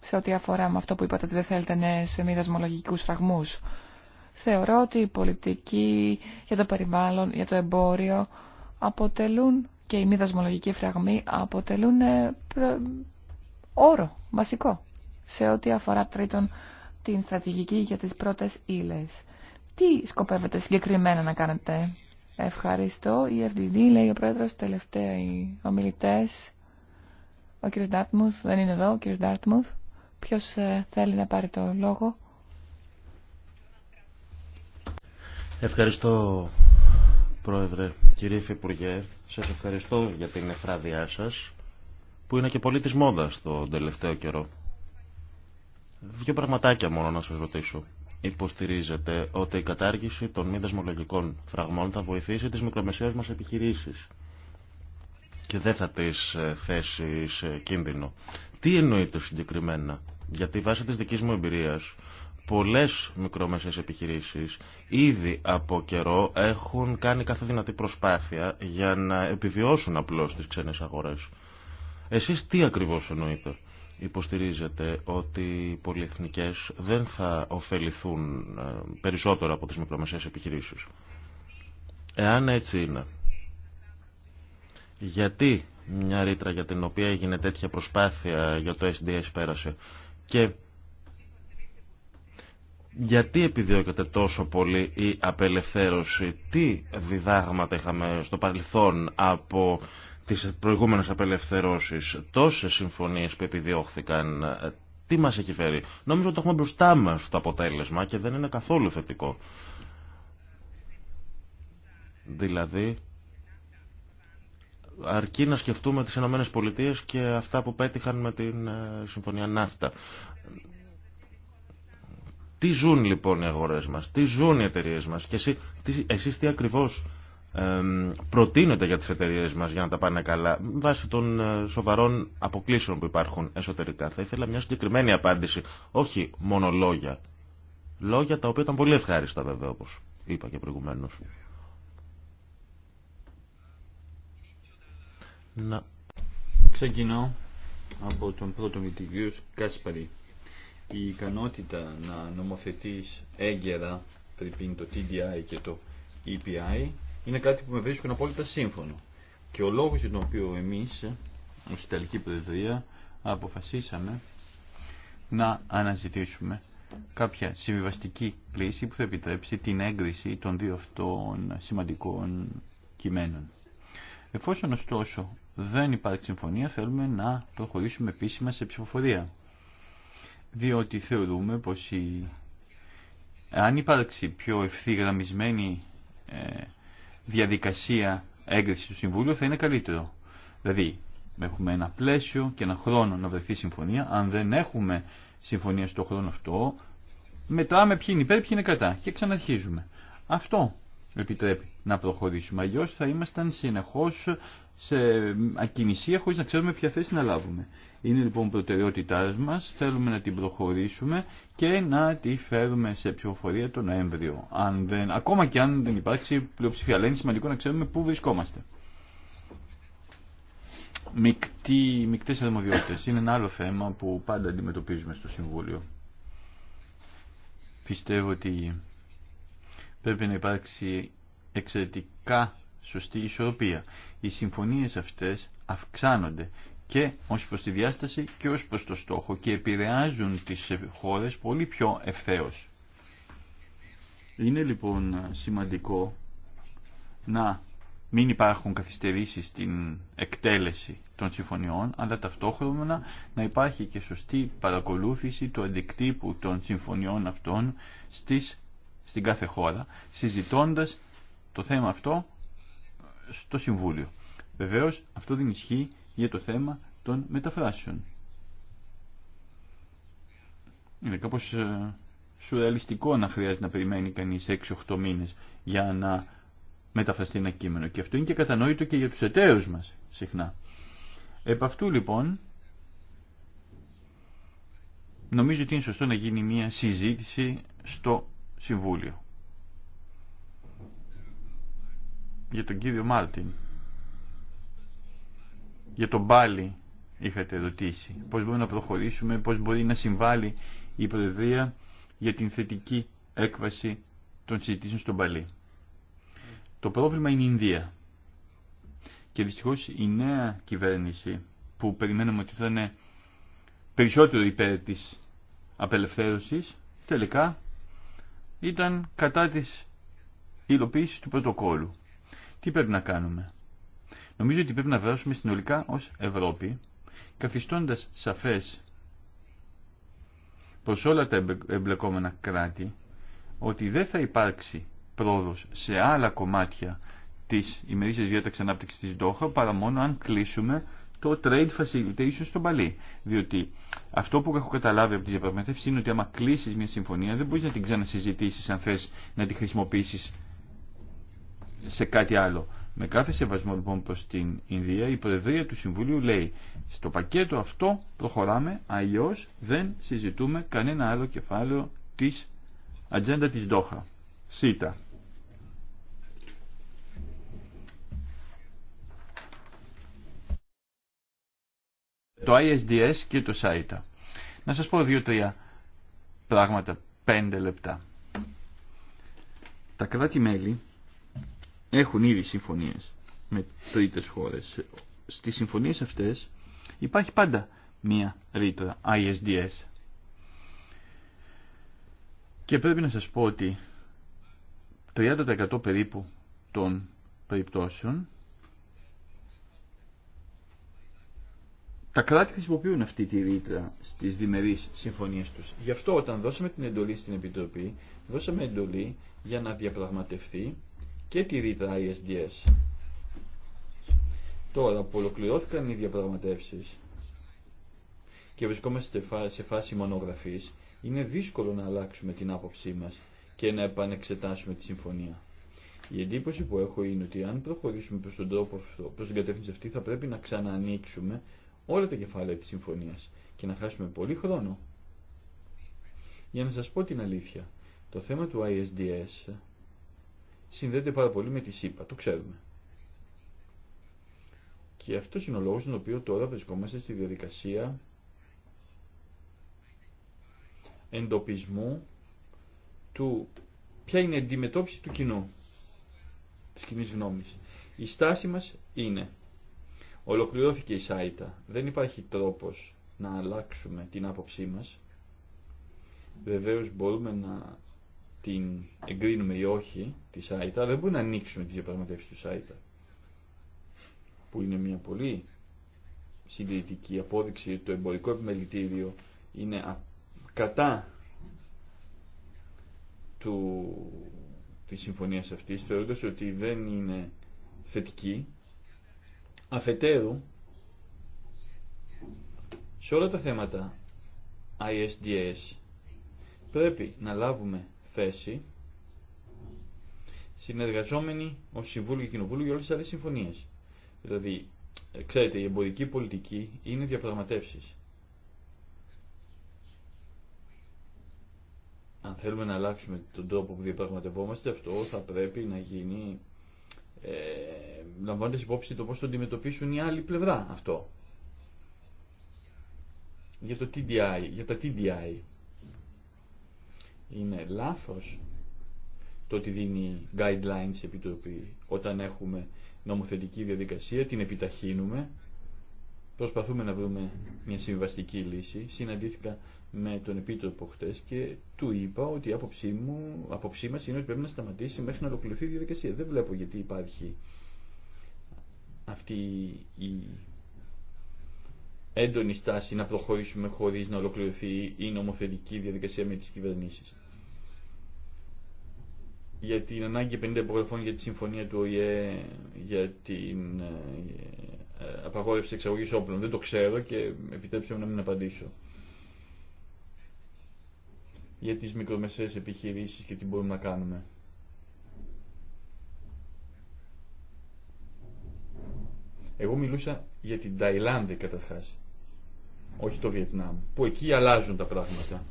σε ό,τι αφορά με αυτό που είπατε ότι δεν θέλετε σε μη δασμολογικού φραγμούς. Θεωρώ ότι η πολιτική για το περιβάλλον, για το εμπόριο αποτελούν και οι μη δασμολογικοί φραγμοί αποτελούν ε, όρο βασικό σε ό,τι αφορά τρίτον την στρατηγική για τις πρώτες ύλες. Τι σκοπεύετε συγκεκριμένα να κάνετε. Ευχαριστώ. Η FDD λέει ο πρόεδρος, τελευταία ομιλητές. Ο κύριος Ντάρτμουθ δεν είναι εδώ, ο κύριος Ντάρτμουθ. Ποιος ε, θέλει να πάρει το λόγο. Ευχαριστώ Πρόεδρε, κύριε Υφυπουργέ. Σας ευχαριστώ για την εφράδειά σας που είναι και πολύ της μόδας το τελευταίο καιρό. Δύο πραγματάκια μόνο να σας ρωτήσω. Υποστηρίζετε ότι η κατάργηση των μη δεσμολογικών φραγμών θα βοηθήσει τις μικρομεσαίες μας επιχειρήσεις και δεν θα τις ε, θέσει σε κίνδυνο. Τι εννοείτε συγκεκριμένα. Γιατί βάσει της δικής μου εμπειρίας πολλές μικρομεσαίες επιχειρήσεις ήδη από καιρό έχουν κάνει κάθε δυνατή προσπάθεια για να επιβιώσουν απλώς τις ξένες αγορές. Εσείς τι ακριβώς εννοείτε. Υποστηρίζετε ότι οι πολυεθνικές δεν θα ωφεληθούν ε, περισσότερο από τις μικρομεσαίες επιχειρήσεις. Εάν έτσι είναι, γιατί μια ρήτρα για την οποία έγινε τέτοια προσπάθεια για το SDS πέρασε. Και γιατί επιδιώκεται τόσο πολύ η απελευθέρωση, τι διδάγματα είχαμε στο παρελθόν από τις προηγούμενες απελευθερώσεις, τόσες συμφωνίες που επιδιώχθηκαν, τι μας έχει φέρει. Νομίζω ότι έχουμε μπροστά μας το αποτέλεσμα και δεν είναι καθόλου θετικό. Δηλαδή, αρκεί να σκεφτούμε τις Ηνωμένες Πολιτείες και αυτά που πέτυχαν με την ε, Συμφωνία Ναύτα. Τι ζουν λοιπόν οι αγορές μας, τι ζουν οι εταιρείε μας και εσύ, τι, εσείς τι ακριβώς ε, προτείνετε για τις εταιρείε μας για να τα πάνε καλά βάσει των ε, σοβαρών αποκλήσεων που υπάρχουν εσωτερικά. Θα ήθελα μια συγκεκριμένη απάντηση, όχι μόνο λόγια. Λόγια τα οποία ήταν πολύ ευχάριστα βέβαια όπως είπα και προηγουμένως. Να. Ξεκινώ από τον πρώτο με Κάσπαρη. Η ικανότητα να νομοθετείς έγκαιρα, πριν το TDI και το EPI, είναι κάτι που με βρίσκουν απόλυτα σύμφωνο. Και ο λόγος για τον οποίο εμείς, ως Ιταλική Προεδρία, αποφασίσαμε να αναζητήσουμε κάποια συμβιβαστική λύση που θα επιτρέψει την έγκριση των δύο αυτών σημαντικών κειμένων. Εφόσον ωστόσο δεν υπάρχει συμφωνία θέλουμε να προχωρήσουμε επίσημα σε ψηφοφορία. Διότι θεωρούμε πως η... αν υπάρξει πιο ευθυγραμμισμένη ε, διαδικασία έγκριση του Συμβούλου θα είναι καλύτερο. Δηλαδή έχουμε ένα πλαίσιο και ένα χρόνο να βρεθεί συμφωνία. Αν δεν έχουμε συμφωνία στο χρόνο αυτό με ποιοι είναι υπέρ, ποιοι είναι κατά και ξαναρχίζουμε. Αυτό επιτρέπει να προχωρήσουμε. Αλλιώ θα ήμασταν συνεχώ σε ακινησία χωρί να ξέρουμε ποια θέση να λάβουμε. Είναι λοιπόν προτεραιότητά μα θέλουμε να την προχωρήσουμε και να τη φέρουμε σε ψηφοφορία το Νοέμβριο. Αν δεν, ακόμα και αν δεν υπάρξει πλειοψηφία, αλλά είναι σημαντικό να ξέρουμε πού βρισκόμαστε. Μικτή, μικτές αρμοδιότητες είναι ένα άλλο θέμα που βρισκομαστε μικτη ειναι ενα αντιμετωπίζουμε στο Συμβούλιο. Πιστεύω ότι Πρέπει να υπάρξει εξαιρετικά σωστή ισορροπία. Οι συμφωνίες αυτές αυξάνονται και ως προς τη διάσταση και ως προς το στόχο και επηρεάζουν τις χώρες πολύ πιο ευθέως. Είναι λοιπόν σημαντικό να μην υπάρχουν καθυστερήσεις στην εκτέλεση των συμφωνιών, αλλά ταυτόχρονα να υπάρχει και σωστή παρακολούθηση του αντικτύπου των συμφωνιών αυτών στις στην κάθε χώρα, συζητώντας το θέμα αυτό στο Συμβούλιο. Βεβαίως αυτό δεν ισχύει για το θέμα των μεταφράσεων. Είναι κάπως ε, σουρεαλιστικό να χρειάζεται να περιμένει κανείς 6-8 μήνες για να μεταφραστεί ένα κείμενο. Και αυτό είναι και κατανόητο και για τους εταίρους μας συχνά. Επ' αυτού λοιπόν νομίζω ότι είναι σωστό να γίνει μια συζήτηση στο Συμβούλιο. Για τον κύριο Μάρτιν. Για τον Πάλι είχατε ρωτήσει. Πώς μπορούμε να προχωρήσουμε, πώς μπορεί να συμβάλλει η Προεδρία για την θετική έκβαση των συζητήσεων στον Παλί. Το πρόβλημα είναι η Ινδία. Και δυστυχώς η νέα κυβέρνηση που περιμένουμε ότι θα είναι περισσότερο υπέρ της απελευθέρωσης, τελικά ήταν κατά της υλοποίησης του πρωτοκόλου. Τι πρέπει να κάνουμε. Νομίζω ότι πρέπει να δράσουμε συνολικά ως Ευρώπη, καθιστώντας σαφές προς όλα τα εμπλεκόμενα κράτη ότι δεν θα υπάρξει πρόοδος σε άλλα κομμάτια της ημερήσιας διάταξης ανάπτυξης της δόχα παρά μόνο αν κλείσουμε το trade facilitation στον Μπαλί. Διότι αυτό που έχω καταλάβει από τι διαπραγματεύσει είναι ότι άμα κλείσει μια συμφωνία δεν μπορεί να την ξανασυζητήσει αν θε να τη χρησιμοποιήσει σε κάτι άλλο. Με κάθε σεβασμό λοιπόν προ την Ινδία, η Προεδρία του Συμβουλίου λέει στο πακέτο αυτό προχωράμε, αλλιώ δεν συζητούμε κανένα άλλο κεφάλαιο τη ατζέντα τη Δόχα, ΣΥΤΑ. το ISDS και το ΣΑΙΤΑ. Να σας πω δύο-τρία πράγματα, πέντε λεπτά. Τα κράτη-μέλη έχουν ήδη συμφωνίες με τρίτες χώρες. Στις συμφωνίες αυτές υπάρχει πάντα μία ρήτρα ISDS. Και πρέπει να σας πω ότι 30% περίπου των περιπτώσεων τα κράτη χρησιμοποιούν αυτή τη ρήτρα στις διμερεί συμφωνίες του. Γι' αυτό όταν δώσαμε την εντολή στην Επιτροπή, δώσαμε εντολή για να διαπραγματευτεί και τη ρήτρα ISDS. Τώρα που ολοκληρώθηκαν οι διαπραγματεύσει και βρισκόμαστε σε φάση μονογραφής, είναι δύσκολο να αλλάξουμε την άποψή μας και να επανεξετάσουμε τη συμφωνία. Η εντύπωση που έχω είναι ότι αν προχωρήσουμε προς τον, τρόπο, προς την κατεύθυνση αυτή θα πρέπει να ξανανοίξουμε όλα τα κεφάλαια της συμφωνίας και να χάσουμε πολύ χρόνο. Για να σας πω την αλήθεια, το θέμα του ISDS συνδέεται πάρα πολύ με τη ΣΥΠΑ, το ξέρουμε. Και αυτό είναι ο λόγος τον οποίο τώρα βρισκόμαστε στη διαδικασία εντοπισμού του ποια είναι η αντιμετώπιση του κοινού, της κοινή γνώμης. Η στάση μας είναι Ολοκληρώθηκε η Σάιτα. Δεν υπάρχει τρόπος να αλλάξουμε την άποψή μας. Βεβαίως μπορούμε να την εγκρίνουμε ή όχι τη Σάιτα, δεν μπορούμε να ανοίξουμε τις διαπραγματεύση του Σάιτα. Που είναι μια πολύ συντηρητική απόδειξη ότι το εμπορικό επιμελητήριο είναι κατά του, της συμφωνίας αυτής, θεωρώντας ότι δεν είναι θετική Αφετέρου, σε όλα τα θέματα ISDS πρέπει να λάβουμε θέση συνεργαζόμενοι ως Συμβούλιο και Κοινοβούλιο για όλες τις άλλες συμφωνίες. Δηλαδή, ξέρετε, η εμπορική πολιτική είναι διαπραγματεύσεις. Αν θέλουμε να αλλάξουμε τον τρόπο που διαπραγματευόμαστε, αυτό θα πρέπει να γίνει ε, λαμβάνοντας υπόψη το πώς το αντιμετωπίσουν η άλλη πλευρά αυτό. Για, το TDI, για τα TDI. Είναι λάθος το ότι δίνει guidelines η Επιτροπή όταν έχουμε νομοθετική διαδικασία, την επιταχύνουμε, προσπαθούμε να βρούμε μια συμβαστική λύση. Συναντήθηκα με τον Επίτροπο χτε και του είπα ότι η άποψή, μου, άποψή μας είναι ότι πρέπει να σταματήσει μέχρι να ολοκληρωθεί η διαδικασία. Δεν βλέπω γιατί υπάρχει αυτή η έντονη στάση να προχωρήσουμε χωρίς να ολοκληρωθεί η νομοθετική διαδικασία με τις κυβερνήσεις. Για την ανάγκη 50 υπογραφών για τη συμφωνία του ΟΗΕ για την ε, ε, απαγόρευση εξαγωγής όπλων. Δεν το ξέρω και επιτρέψτε μου να μην απαντήσω για τις μικρομεσαίες επιχειρήσεις και τι μπορούμε να κάνουμε. Εγώ μιλούσα για την Ταϊλάνδη καταρχάς, όχι το Βιετνάμ, που εκεί αλλάζουν τα πράγματα.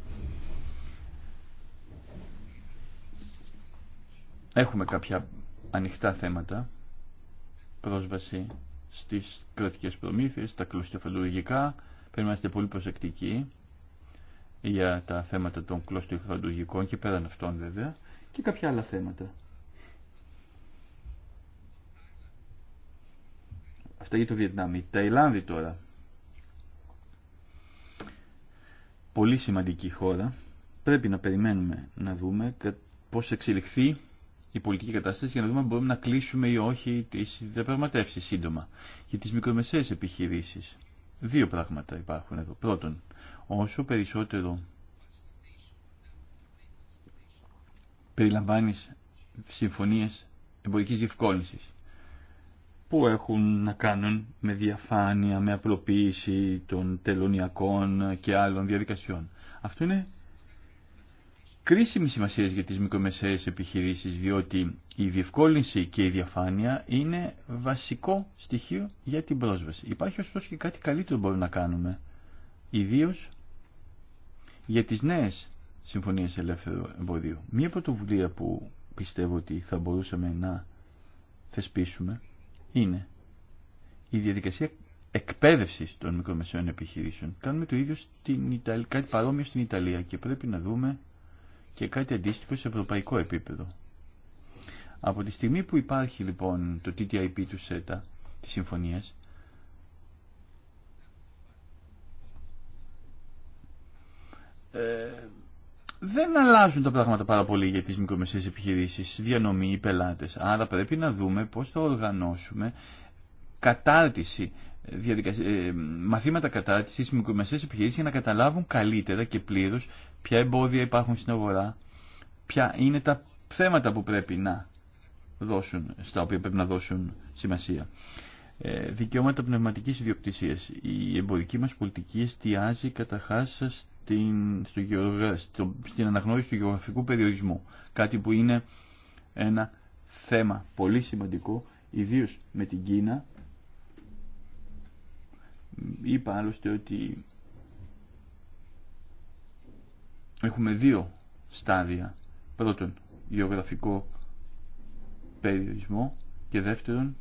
Έχουμε κάποια ανοιχτά θέματα, πρόσβαση στις κρατικές προμήθειες, τα κλωστοφελουργικά, πρέπει να είστε πολύ προσεκτικοί για τα θέματα των κλωστοϊφθοντουργικών και πέραν αυτών βέβαια και κάποια άλλα θέματα. Αυτά για το Βιετνάμ. Η Ταϊλάνδη τώρα. Πολύ σημαντική χώρα. Πρέπει να περιμένουμε να δούμε πώς εξελιχθεί η πολιτική κατάσταση για να δούμε αν μπορούμε να κλείσουμε ή όχι τις διαπραγματεύσεις σύντομα. Για τις μικρομεσαίες επιχειρήσεις. Δύο πράγματα υπάρχουν εδώ. Πρώτον, όσο περισσότερο περιλαμβάνεις συμφωνίες εμπορικής διευκόλυνσης που έχουν να κάνουν με διαφάνεια, με απλοποίηση των τελωνιακών και άλλων διαδικασιών. Αυτό είναι κρίσιμη σημασία για τις μικρομεσαίες επιχειρήσεις, διότι η διευκόλυνση και η διαφάνεια είναι βασικό στοιχείο για την πρόσβαση. Υπάρχει ωστόσο και κάτι καλύτερο που μπορούμε να κάνουμε, ιδίως για τις νέες συμφωνίες ελεύθερου εμποδίου. Μία πρωτοβουλία που πιστεύω ότι θα μπορούσαμε να θεσπίσουμε είναι η διαδικασία εκπαίδευση των μικρομεσαίων επιχειρήσεων. Κάνουμε το ίδιο στην κάτι παρόμοιο στην Ιταλία και πρέπει να δούμε και κάτι αντίστοιχο σε ευρωπαϊκό επίπεδο. Από τη στιγμή που υπάρχει λοιπόν το TTIP του ΣΕΤΑ, της συμφωνίας, ε, δεν αλλάζουν τα πράγματα πάρα πολύ για τις μικρομεσαίες επιχειρήσεις, διανομή, πελάτες. Άρα πρέπει να δούμε πώς θα οργανώσουμε κατάρτιση, ε, μαθήματα κατάρτισης στις μικρομεσαίες επιχειρήσεις για να καταλάβουν καλύτερα και πλήρως ποια εμπόδια υπάρχουν στην αγορά, ποια είναι τα θέματα που πρέπει να δώσουν, στα οποία πρέπει να δώσουν σημασία. Ε, δικαιώματα πνευματικής ιδιοκτησίας. Η εμπορική μας πολιτική εστιάζει καταρχάς στην, στο, αναγνώριση του γεωγραφικού περιορισμού. Κάτι που είναι ένα θέμα πολύ σημαντικό, ιδίως με την Κίνα. Είπα άλλωστε ότι έχουμε δύο στάδια. Πρώτον, γεωγραφικό περιορισμό και δεύτερον,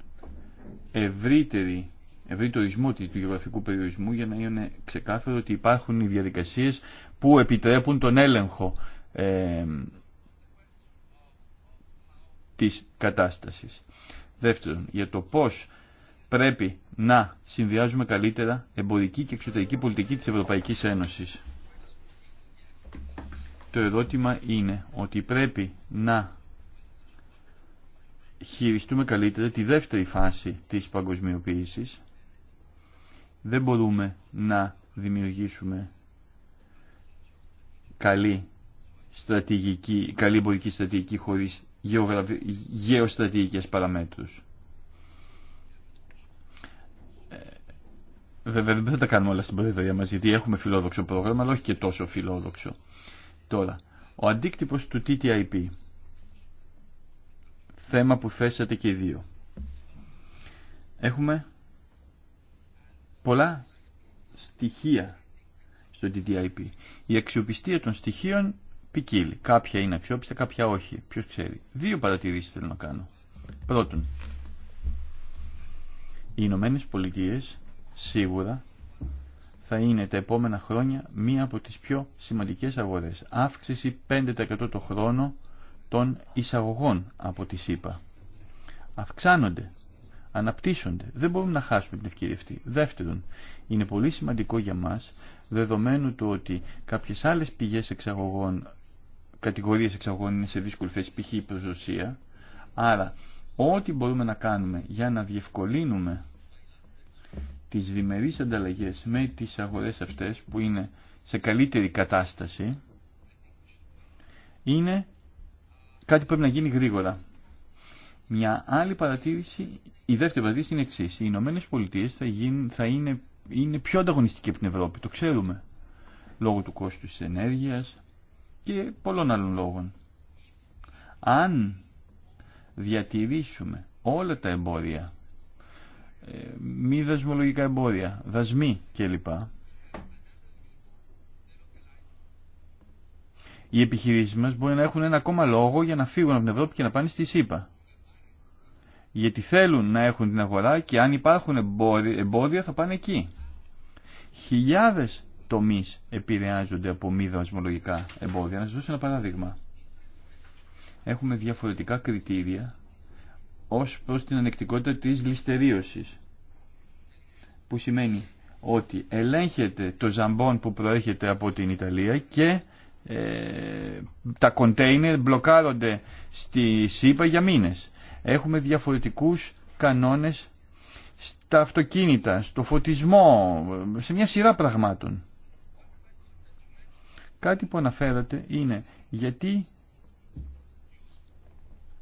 ευρύτερη ορισμό του γεωγραφικού περιορισμού για να είναι ξεκάθαρο ότι υπάρχουν οι διαδικασίες που επιτρέπουν τον έλεγχο της κατάστασης. Δεύτερον, για το πώς πρέπει να συνδυάζουμε καλύτερα εμπορική και εξωτερική πολιτική της Ευρωπαϊκής Ένωσης. Το ερώτημα είναι ότι πρέπει να χειριστούμε καλύτερα τη δεύτερη φάση της παγκοσμιοποίησης δεν μπορούμε να δημιουργήσουμε καλή στρατηγική, καλή εμπορική στρατηγική χωρίς γεωστρατηγικές παραμέτρους. Ε, βέβαια δεν θα τα κάνουμε όλα στην Προεδρία μας γιατί έχουμε φιλόδοξο πρόγραμμα αλλά όχι και τόσο φιλόδοξο. Τώρα, ο αντίκτυπος του TTIP, θέμα που θέσατε και οι δύο. Έχουμε πολλά στοιχεία στο DDIP. Η αξιοπιστία των στοιχείων ποικίλει. Κάποια είναι αξιόπιστα, κάποια όχι. Ποιος ξέρει. Δύο παρατηρήσεις θέλω να κάνω. Πρώτον, οι Ηνωμένε Πολιτείε σίγουρα θα είναι τα επόμενα χρόνια μία από τις πιο σημαντικές αγορές. Αύξηση 5% το χρόνο των εισαγωγών από τη ΣΥΠΑ. Αυξάνονται αναπτύσσονται. Δεν μπορούμε να χάσουμε την ευκαιρία αυτή. Δεύτερον, είναι πολύ σημαντικό για μας, δεδομένου του ότι κάποιες άλλες πηγές εξαγωγών, κατηγορίες εξαγωγών είναι σε δύσκολη θέση, π.χ. η προσδοσία. Άρα, ό,τι μπορούμε να κάνουμε για να διευκολύνουμε τις διμερείς ανταλλαγές με τις αγορές αυτές που είναι σε καλύτερη κατάσταση, είναι κάτι που πρέπει να γίνει γρήγορα. Μια άλλη παρατήρηση, η δεύτερη παρατήρηση είναι εξή. Οι Ηνωμένε Πολιτείε θα, θα είναι, είναι πιο ανταγωνιστικοί από την Ευρώπη, το ξέρουμε. Λόγω του κόστου τη ενέργεια και πολλών άλλων λόγων. Αν διατηρήσουμε όλα τα εμπόδια, ε, μη δασμολογικά εμπόδια, δασμοί κλπ. Οι επιχειρήσεις μας μπορεί να έχουν ένα ακόμα λόγο για να φύγουν από την Ευρώπη και να πάνε στη ΣΥΠΑ γιατί θέλουν να έχουν την αγορά και αν υπάρχουν εμπόδια θα πάνε εκεί. Χιλιάδες τομείς επηρεάζονται από μη δοσμολογικά εμπόδια. Να σας δώσω ένα παράδειγμα. Έχουμε διαφορετικά κριτήρια ως προς την ανεκτικότητα της ληστερίωσης. Που σημαίνει ότι ελέγχεται το ζαμπόν που προέρχεται από την Ιταλία και ε, τα κοντέινερ μπλοκάρονται στη ΣΥΠΑ για μήνες. Έχουμε διαφορετικούς κανόνες στα αυτοκίνητα, στο φωτισμό, σε μια σειρά πραγμάτων. Κάτι που αναφέρατε είναι γιατί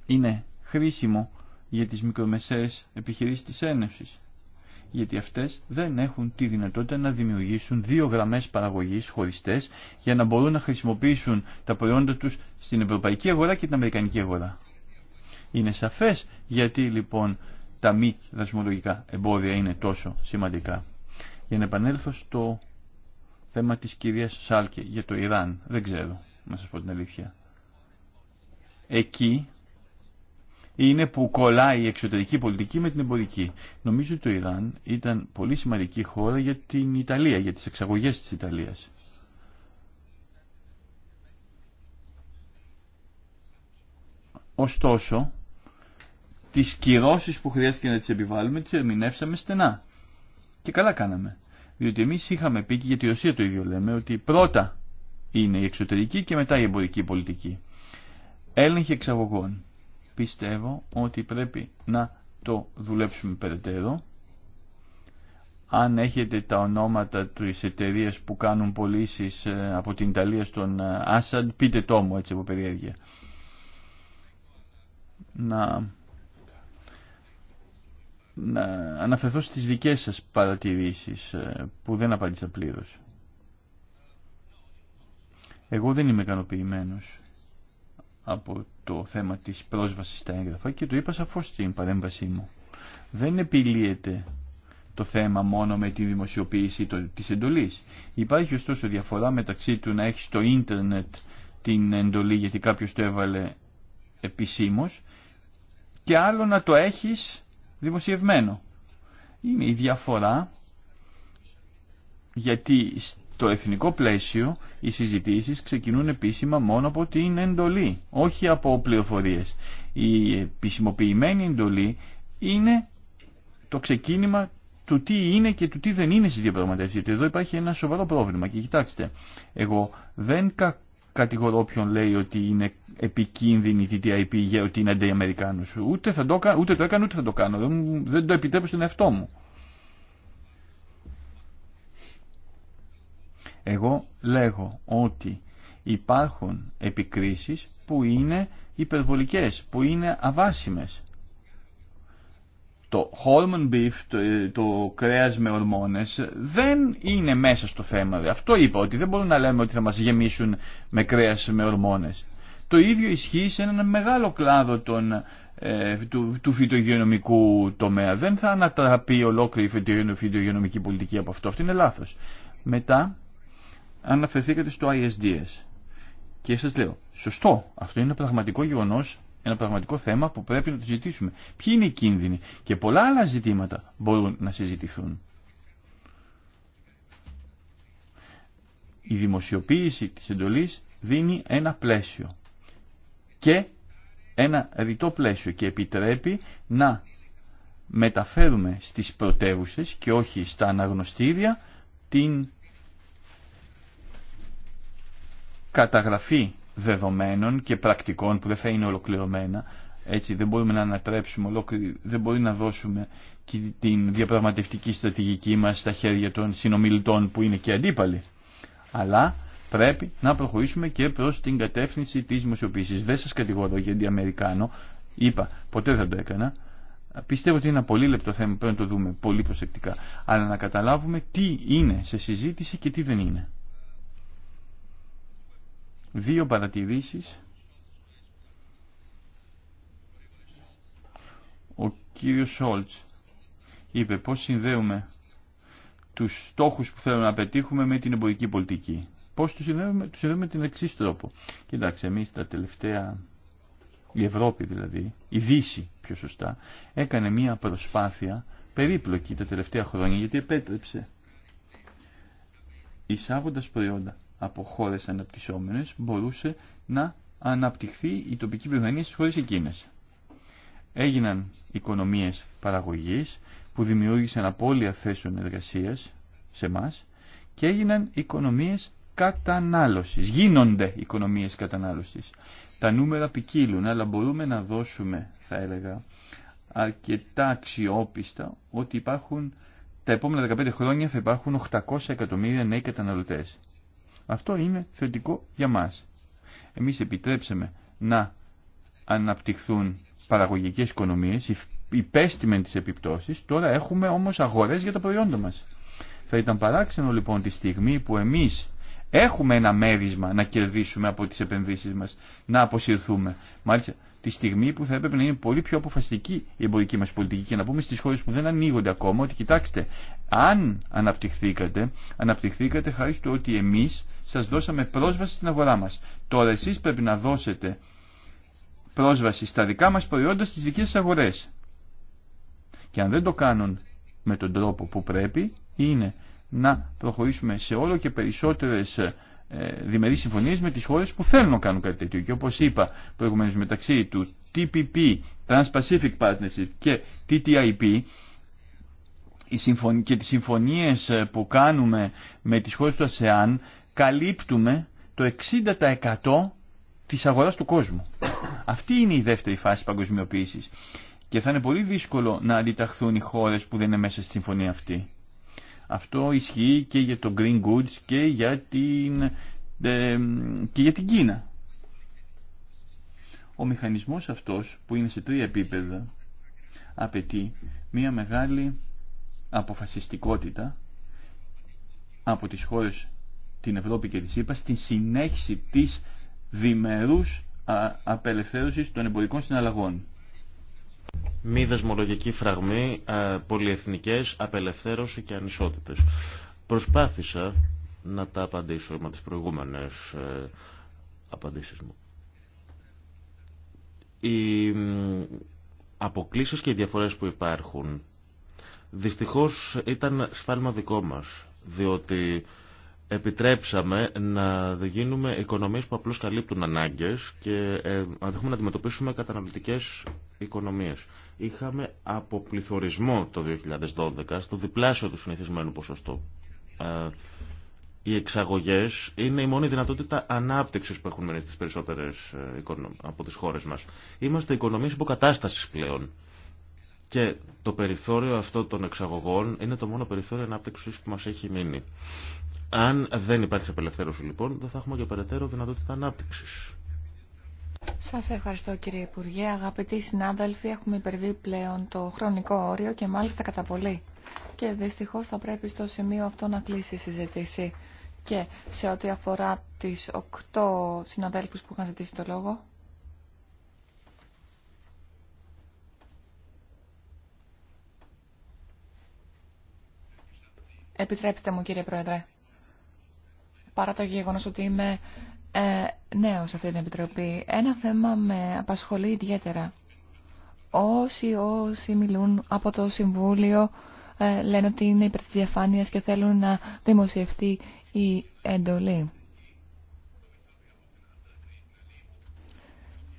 είναι χρήσιμο για τις μικρομεσαίες επιχειρήσεις της Ένωσης. Γιατί αυτές δεν έχουν τη δυνατότητα να δημιουργήσουν δύο γραμμές παραγωγής χωριστές για να μπορούν να χρησιμοποιήσουν τα προϊόντα τους στην ευρωπαϊκή αγορά και την αμερικανική αγορά. Είναι σαφές γιατί λοιπόν τα μη δασμολογικά εμπόδια είναι τόσο σημαντικά. Για να επανέλθω στο θέμα της κυρίας Σάλκε για το Ιράν. Δεν ξέρω, να σας πω την αλήθεια. Εκεί είναι που κολλάει η εξωτερική πολιτική με την εμπορική. Νομίζω ότι το Ιράν ήταν πολύ σημαντική χώρα για την Ιταλία, για τις εξαγωγές της Ιταλίας. Ωστόσο, τις κυρώσεις που χρειάστηκε να τις επιβάλλουμε τις ερμηνεύσαμε στενά. Και καλά κάναμε. Διότι εμείς είχαμε πει και για τη Ρωσία το ίδιο λέμε ότι πρώτα είναι η εξωτερική και μετά η εμπορική πολιτική. Έλεγχη εξαγωγών. Πιστεύω ότι πρέπει να το δουλέψουμε περαιτέρω. Αν έχετε τα ονόματα τη εταιρεία που κάνουν πωλήσει ε, από την Ιταλία στον ε, Άσαντ, πείτε το μου έτσι από περιέργεια. Να να αναφερθώ στις δικές σας παρατηρήσεις ε, που δεν απάντησα πλήρως. Εγώ δεν είμαι ικανοποιημένο από το θέμα της πρόσβασης στα έγγραφα και το είπα σαφώς στην παρέμβασή μου. Δεν επιλύεται το θέμα μόνο με τη δημοσιοποίηση της εντολής. Υπάρχει ωστόσο διαφορά μεταξύ του να έχει στο ίντερνετ την εντολή γιατί κάποιος το έβαλε επισήμως και άλλο να το έχεις δημοσιευμένο. Είναι η διαφορά γιατί στο εθνικό πλαίσιο οι συζητήσεις ξεκινούν επίσημα μόνο από την εντολή, όχι από πληροφορίες. Η επισημοποιημένη εντολή είναι το ξεκίνημα του τι είναι και του τι δεν είναι στις διαπραγματεύσεις. Εδώ υπάρχει ένα σοβαρό πρόβλημα και κοιτάξτε, εγώ δεν, κα, κατηγορώ όποιον λέει ότι είναι επικίνδυνη η TTIP για ότι είναι αντιαμερικάνους. Ούτε, θα το, ούτε το έκανα ούτε θα το κάνω. Δεν, δεν το επιτρέπω στον εαυτό μου. Εγώ λέγω ότι υπάρχουν επικρίσεις που είναι υπερβολικές, που είναι αβάσιμες το hormone beef, το, το κρέας με ορμόνες, δεν είναι μέσα στο θέμα. Αυτό είπα, ότι δεν μπορούμε να λέμε ότι θα μας γεμίσουν με κρέας με ορμόνες. Το ίδιο ισχύει σε έναν μεγάλο κλάδο των, ε, του, του φυτογειονομικού τομέα. Δεν θα ανατραπεί ολόκληρη η φυτογειονομική πολιτική από αυτό. Αυτό είναι λάθος. Μετά αναφερθήκατε στο ISDS. Και σας λέω, σωστό, αυτό είναι πραγματικό γεγονός ένα πραγματικό θέμα που πρέπει να το συζητήσουμε. Ποιοι είναι οι κίνδυνοι και πολλά άλλα ζητήματα μπορούν να συζητηθούν. Η δημοσιοποίηση της εντολής δίνει ένα πλαίσιο και ένα ρητό πλαίσιο και επιτρέπει να μεταφέρουμε στις πρωτεύουσε και όχι στα αναγνωστήρια την καταγραφή δεδομένων και πρακτικών που δεν θα είναι ολοκληρωμένα. Έτσι δεν μπορούμε να ανατρέψουμε, ολόκληρη, δεν μπορεί να δώσουμε και την διαπραγματευτική στρατηγική μας στα χέρια των συνομιλητών που είναι και αντίπαλοι. Αλλά πρέπει να προχωρήσουμε και προς την κατεύθυνση της δημοσιοποίησης. Δεν σας κατηγορώ γιατί Αμερικάνο, είπα, ποτέ δεν το έκανα. Πιστεύω ότι είναι ένα πολύ λεπτό θέμα, πρέπει να το δούμε πολύ προσεκτικά. Αλλά να καταλάβουμε τι είναι σε συζήτηση και τι δεν είναι. Δύο παρατηρήσεις. Ο κύριος Σόλτς είπε πώς συνδέουμε τους στόχους που θέλουμε να πετύχουμε με την εμπορική πολιτική. Πώς τους συνδέουμε, τους συνδέουμε με την εξή τρόπο. Κοιτάξτε, εμείς τα τελευταία, η Ευρώπη δηλαδή, η Δύση πιο σωστά, έκανε μία προσπάθεια περίπλοκη τα τελευταία χρόνια γιατί επέτρεψε εισάγοντας προϊόντα από χώρες αναπτυσσόμενες μπορούσε να αναπτυχθεί η τοπική βιομηχανία στις χώρες εκείνες. Έγιναν οικονομίες παραγωγής που δημιούργησαν απώλεια θέσεων εργασίας σε εμά και έγιναν οικονομίες κατανάλωσης. Γίνονται οικονομίες κατανάλωσης. Τα νούμερα ποικίλουν, αλλά μπορούμε να δώσουμε, θα έλεγα, αρκετά αξιόπιστα ότι υπάρχουν τα επόμενα 15 χρόνια θα υπάρχουν 800 εκατομμύρια νέοι καταναλωτές. Αυτό είναι θετικό για μας. Εμείς επιτρέψαμε να αναπτυχθούν παραγωγικές οικονομίες, υπέστημεν τις επιπτώσεις, τώρα έχουμε όμως αγορές για τα προϊόντα μας. Θα ήταν παράξενο λοιπόν τη στιγμή που εμείς έχουμε ένα μέρισμα να κερδίσουμε από τις επενδύσεις μας, να αποσυρθούμε. Μάλιστα τη στιγμή που θα έπρεπε να είναι πολύ πιο αποφασιστική η εμπορική μας πολιτική και να πούμε στις χώρες που δεν ανοίγονται ακόμα ότι κοιτάξτε, αν αναπτυχθήκατε, αναπτυχθήκατε χάρη στο ότι εμείς σας δώσαμε πρόσβαση στην αγορά μας. Τώρα εσεί πρέπει να δώσετε πρόσβαση στα δικά μας προϊόντα στι δικέ σας αγορές. Και αν δεν το κάνουν με τον τρόπο που πρέπει, είναι να προχωρήσουμε σε όλο και περισσότερες ε, διμερεί συμφωνίες με τις χώρες που θέλουν να κάνουν κάτι τέτοιο. Και όπω είπα προηγουμένω μεταξύ του TPP, Trans-Pacific Partnership και TTIP και τις συμφωνίες ε, που κάνουμε με τις χώρες του ΑΣΕΑΝ καλύπτουμε το 60% της αγοράς του κόσμου. Αυτή είναι η δεύτερη φάση παγκοσμιοποίησης. Και θα είναι πολύ δύσκολο να αντιταχθούν οι χώρες που δεν είναι μέσα στη συμφωνία αυτή. Αυτό ισχύει και για το Green Goods και για την, ε, και για την Κίνα. Ο μηχανισμός αυτός που είναι σε τρία επίπεδα απαιτεί μια μεγάλη αποφασιστικότητα από τις χώρες την Ευρώπη και τη ΣΥΠΑ στην συνέχιση της διμερούς απελευθέρωσης των εμπορικών συναλλαγών. Μη δεσμολογική φραγμή, ε, πολυεθνικές, απελευθέρωση και ανισότητες. Προσπάθησα να τα απαντήσω με τις προηγούμενες ε, απαντήσεις μου. Οι αποκλήσεις και οι διαφορές που υπάρχουν δυστυχώς ήταν σφάλμα δικό μας, διότι επιτρέψαμε να γίνουμε οικονομίες που απλώς καλύπτουν ανάγκες και ε, να αντιμετωπίσουμε καταναλωτικές οικονομίες. Είχαμε αποπληθωρισμό το 2012 στο διπλάσιο του συνηθισμένου ποσοστού. Ε, οι εξαγωγές είναι η μόνη δυνατότητα ανάπτυξης που έχουν μείνει στις περισσότερες ε, από τις χώρες μας. Είμαστε οικονομίες υποκατάστασης πλέον. Και το περιθώριο αυτό των εξαγωγών είναι το μόνο περιθώριο ανάπτυξη που μας έχει μείνει. Αν δεν υπάρχει απελευθέρωση λοιπόν, δεν θα έχουμε και περαιτέρω δυνατότητα ανάπτυξη. Σας ευχαριστώ κύριε Υπουργέ. Αγαπητοί συνάδελφοι, έχουμε υπερβεί πλέον το χρονικό όριο και μάλιστα κατά πολύ. Και δυστυχώς θα πρέπει στο σημείο αυτό να κλείσει η συζήτηση. Και σε ό,τι αφορά τις οκτώ συναδέλφου που είχαν ζητήσει το λόγο. Επιτρέψτε μου κύριε Πρόεδρε παρά το γεγονός ότι είμαι ε, νέος σε αυτή την Επιτροπή. Ένα θέμα με απασχολεί ιδιαίτερα. Όσοι, όσοι μιλούν από το Συμβούλιο ε, λένε ότι είναι υπέρ της διαφάνειας και θέλουν να δημοσιευτεί η εντολή.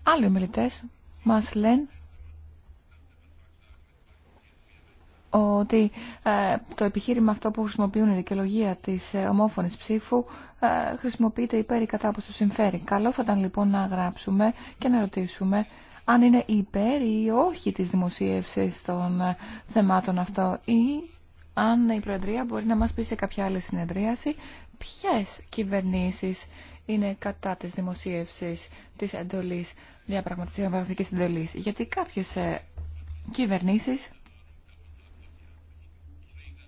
Άλλοι ομιλητέ μας λένε ότι ε, το επιχείρημα αυτό που χρησιμοποιούν η δικαιολογία της ε, ομόφωνης ψήφου ε, χρησιμοποιείται υπέρ ή κατά όπως το συμφέρει. Καλό θα ήταν λοιπόν να γράψουμε και να ρωτήσουμε αν είναι υπέρ ή όχι της δημοσίευσης των θεμάτων αυτό ή αν η Προεδρία μπορεί να μας πει σε κάποια άλλη συνεδρίαση ποιες κυβερνήσεις είναι κατά της δημοσίευσης της εντολής διαπραγματικής εντολής. Γιατί κάποιες κυβερνήσεις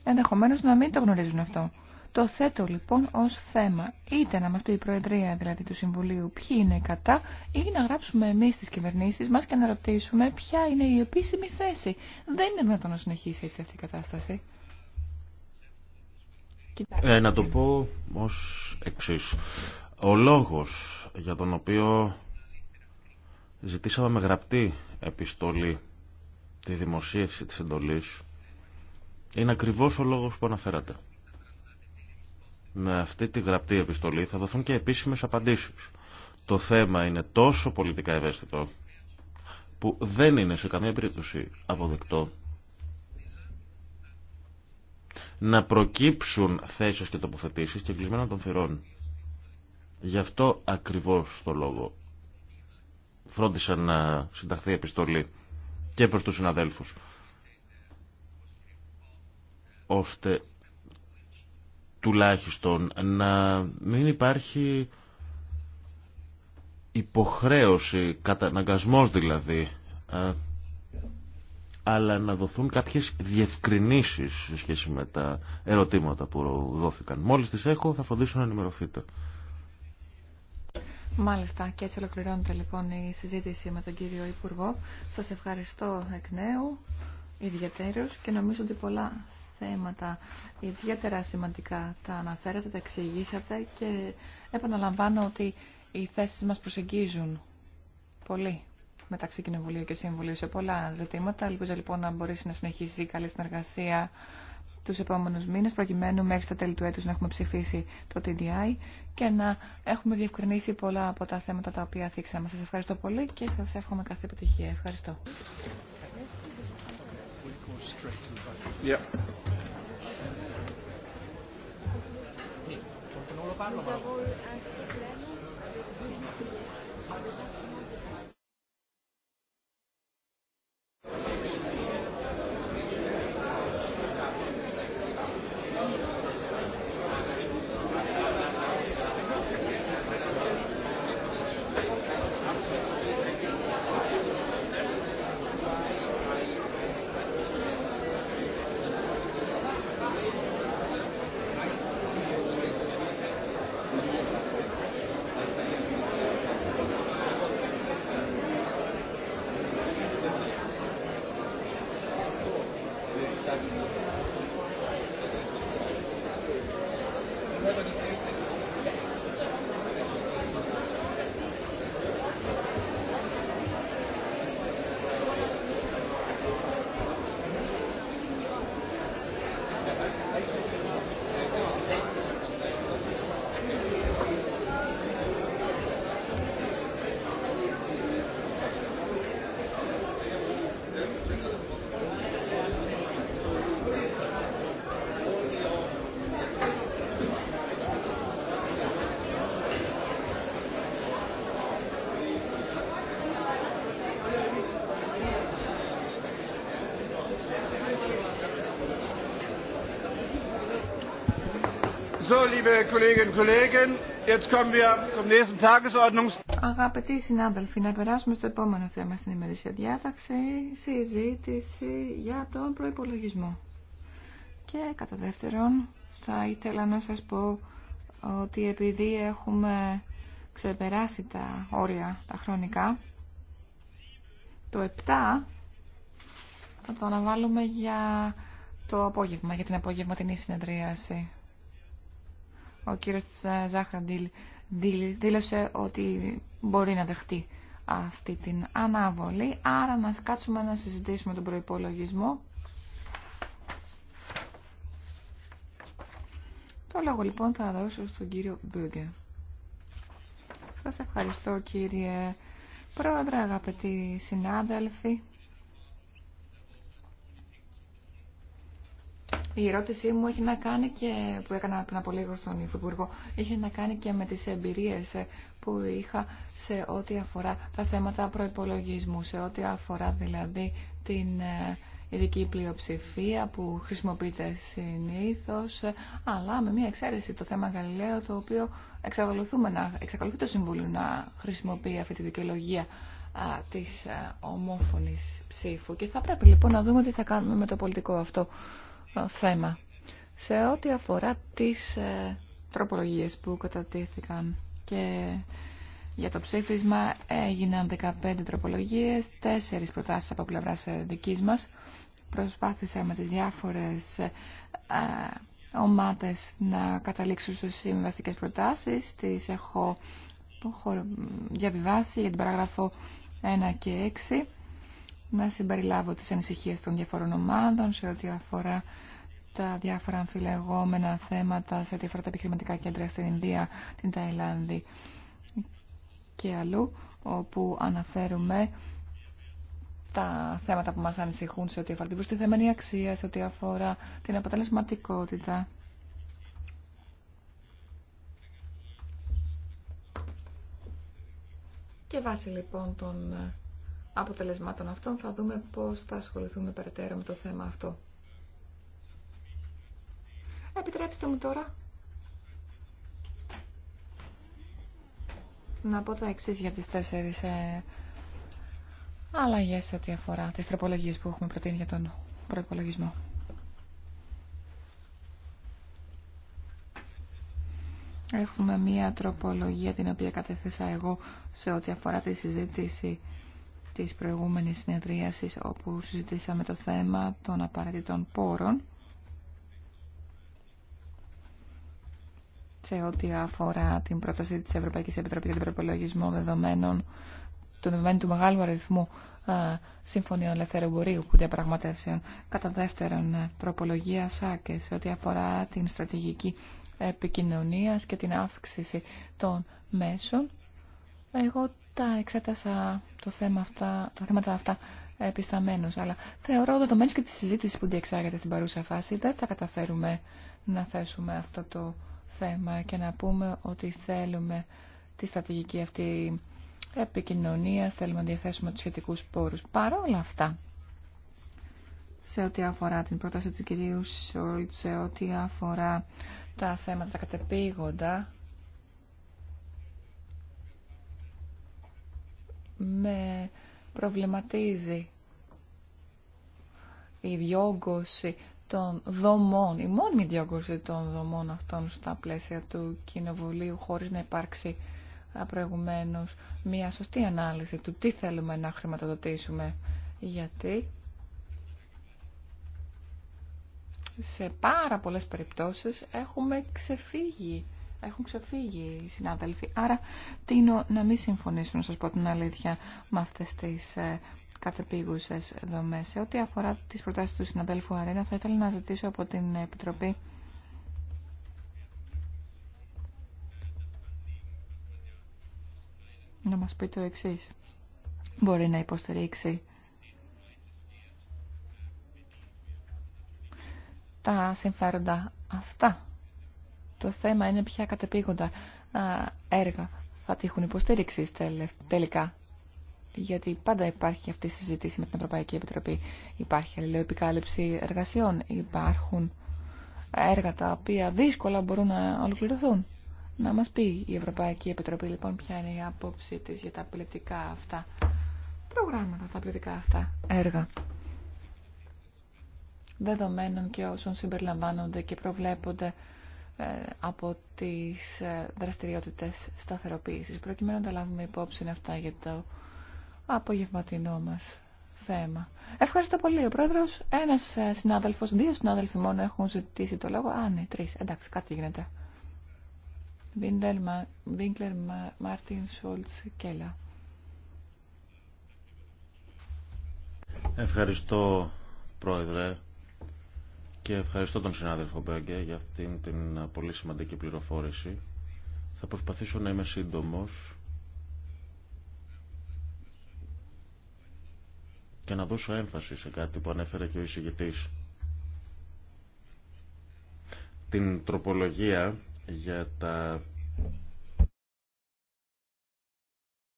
ενδεχομένως να μην το γνωρίζουν αυτό. Το θέτω λοιπόν ως θέμα είτε να μας πει η Προεδρία δηλαδή του Συμβουλίου ποιοι είναι κατά ή να γράψουμε εμείς τις κυβερνήσεις μας και να ρωτήσουμε ποια είναι η επίσημη θέση. Δεν είναι δυνατόν να συνεχίσει έτσι αυτή η κατάσταση. Ε, να το πω ως εξή. Ο λόγος για τον οποίο ζητήσαμε με γραπτή επιστολή τη δημοσίευση της εντολής είναι ακριβώς ο λόγος που αναφέρατε. Με αυτή τη γραπτή επιστολή θα δοθούν και επίσημες απαντήσεις. Το θέμα είναι τόσο πολιτικά ευαίσθητο που δεν είναι σε καμία περίπτωση αποδεκτό να προκύψουν θέσεις και τοποθετήσεις και κλεισμένα των θυρών. Γι' αυτό ακριβώς το λόγο φρόντισα να συνταχθεί επιστολή και προς του συναδέλφους ώστε τουλάχιστον να μην υπάρχει υποχρέωση, καταναγκασμός δηλαδή, αλλά να δοθούν κάποιες διευκρινήσεις σε σχέση με τα ερωτήματα που δόθηκαν. Μόλις τις έχω θα φροντίσω να ενημερωθείτε. Μάλιστα και έτσι ολοκληρώνεται λοιπόν η συζήτηση με τον κύριο Υπουργό. Σας ευχαριστώ εκ νέου ιδιαίτερως και νομίζω ότι πολλά θέματα ιδιαίτερα σημαντικά τα αναφέρατε, τα εξηγήσατε και επαναλαμβάνω ότι οι θέσεις μας προσεγγίζουν πολύ μεταξύ Κοινοβουλίου και Συμβουλίου σε πολλά ζητήματα. Ελπίζω λοιπόν να μπορέσει να συνεχίσει η καλή συνεργασία του επόμενου μήνε, προκειμένου μέχρι τα τέλη του έτου να έχουμε ψηφίσει το TDI και να έχουμε διευκρινίσει πολλά από τα θέματα τα οποία θίξαμε. Σα ευχαριστώ πολύ και σα εύχομαι κάθε επιτυχία. Ευχαριστώ. Yeah. μας Αγαπητοί συνάδελφοι, να περάσουμε στο επόμενο θέμα στην ημερήσια διάταξη, συζήτηση για τον προϋπολογισμό. Και κατά δεύτερον, θα ήθελα να σας πω ότι επειδή έχουμε ξεπεράσει τα όρια τα χρονικά, το 7 θα το αναβάλουμε για το απόγευμα, για την απόγευμα την συνεδρίαση. Ο κύριος Ζάχραντιλ δήλωσε ότι μπορεί να δεχτεί αυτή την αναβολή, άρα να κάτσουμε να συζητήσουμε τον προϋπολογισμό. Το λόγο λοιπόν θα δώσω στον κύριο Μπούγκε. Σας ευχαριστώ κύριε Πρόεδρε, αγαπητοί συνάδελφοι. Η ερώτησή μου έχει να κάνει και, που έκανα πριν από λίγο στον Υφυπουργό, είχε να κάνει και με τις εμπειρίες που είχα σε ό,τι αφορά τα θέματα προϋπολογισμού, σε ό,τι αφορά δηλαδή την ε, ειδική πλειοψηφία που χρησιμοποιείται συνήθως, αλλά με μια εξαίρεση το θέμα Γαλιλαίο, το οποίο εξακολουθούμε να, εξακολουθεί το Συμβούλιο να χρησιμοποιεί αυτή τη δικαιολογία της ε, ομόφωνης ψήφου. Και θα πρέπει λοιπόν να δούμε τι θα κάνουμε με το πολιτικό αυτό θέμα. Σε ό,τι αφορά τις ε, τροπολογίες που κατατίθηκαν και για το ψήφισμα έγιναν 15 τροπολογίες, 4 προτάσεις από πλευρά ε, δικής μας. Προσπάθησα με τις διάφορες ε, ομάδες να καταλήξω στις συμβαστικές προτάσεις. Τις έχω διαβιβάσει για την παράγραφο 1 και 6 να συμπεριλάβω τις ανησυχίες των διαφορών ομάδων σε ό,τι αφορά τα διάφορα αμφιλεγόμενα θέματα, σε ό,τι αφορά τα επιχειρηματικά κέντρα στην Ινδία, την Ταϊλάνδη και αλλού, όπου αναφέρουμε τα θέματα που μας ανησυχούν σε ό,τι αφορά την προστιθέμενη αξία, σε ό,τι αφορά την αποτελεσματικότητα. Και βάσει λοιπόν των αποτελεσμάτων αυτών θα δούμε πώς θα ασχοληθούμε περαιτέρω με το θέμα αυτό. Επιτρέψτε μου τώρα να πω το εξή για τις τέσσερις ε, αλλαγές ό,τι αφορά τις τροπολογίες που έχουμε προτείνει για τον προϋπολογισμό. Έχουμε μία τροπολογία την οποία κατέθεσα εγώ σε ό,τι αφορά τη συζήτηση της προηγούμενης συνεδρίασης όπου συζητήσαμε το θέμα των απαραίτητων πόρων σε ό,τι αφορά την πρόταση της Ευρωπαϊκής Επιτροπής για τον προπολογισμό δεδομένων του δεδομένου του μεγάλου αριθμού ε, συμφωνίων ελευθερου που διαπραγματεύσεων. Κατά δεύτερον, ε, τροπολογία ΣΑΚΕ σε ό,τι αφορά την στρατηγική επικοινωνία και την αύξηση των μέσων. Εγώ τα εξέτασα το θέμα αυτά, τα θέματα αυτά επισταμένως, αλλά θεωρώ δεδομένως και τη συζήτηση που διεξάγεται στην παρούσα φάση δεν θα καταφέρουμε να θέσουμε αυτό το θέμα και να πούμε ότι θέλουμε τη στρατηγική αυτή επικοινωνία, θέλουμε να διαθέσουμε τους σχετικούς πόρους. Παρ' όλα αυτά, σε ό,τι αφορά την πρόταση του κυρίου Σόλτ, σε ό,τι αφορά τα θέματα τα κατεπήγοντα, με προβληματίζει η διόγκωση των δομών, η μόνιμη διόγκωση των δομών αυτών στα πλαίσια του Κοινοβουλίου χωρίς να υπάρξει προηγουμένω μια σωστή ανάλυση του τι θέλουμε να χρηματοδοτήσουμε. Γιατί σε πάρα πολλές περιπτώσεις έχουμε ξεφύγει έχουν ξεφύγει οι συνάδελφοι. Άρα τίνω να μην συμφωνήσουν, να σας πω την αλήθεια, με αυτές τις ε, καθεπίγουσες δομές. Σε ό,τι αφορά τις προτάσεις του συναδέλφου Αρένα, θα ήθελα να ζητήσω από την Επιτροπή να μας πει το εξής. Μπορεί να υποστηρίξει τα συμφέροντα αυτά το θέμα είναι ποια κατεπήγοντα έργα θα τύχουν υποστήριξη τελικά. Γιατί πάντα υπάρχει αυτή η συζήτηση με την Ευρωπαϊκή Επιτροπή. Υπάρχει αλληλεοεπικάλυψη εργασιών, υπάρχουν έργα τα οποία δύσκολα μπορούν να ολοκληρωθούν. Να μας πει η Ευρωπαϊκή Επιτροπή λοιπόν ποια είναι η άποψή της για τα πολιτικά αυτά προγράμματα, τα πολιτικά αυτά έργα. Δεδομένων και όσων συμπεριλαμβάνονται και προβλέπονται ε, από τις ε, δραστηριότητες σταθεροποίησης προκειμένου να τα λάβουμε υπόψη αυτά για το απογευματινό μας θέμα. Ευχαριστώ πολύ. Ο πρόεδρος, ένας ε, συνάδελφος, δύο συνάδελφοι μόνο έχουν ζητήσει το λόγο. Α, ναι, τρεις. Εντάξει, κάτι γίνεται. Βίνκλερ, Μάρτιν, Σόλτς, Κέλλα. Ευχαριστώ, πρόεδρε και ευχαριστώ τον συνάδελφο Μπέγκε για αυτήν την πολύ σημαντική πληροφόρηση. Θα προσπαθήσω να είμαι σύντομος και να δώσω έμφαση σε κάτι που ανέφερε και ο εισηγητής. Την τροπολογία για τα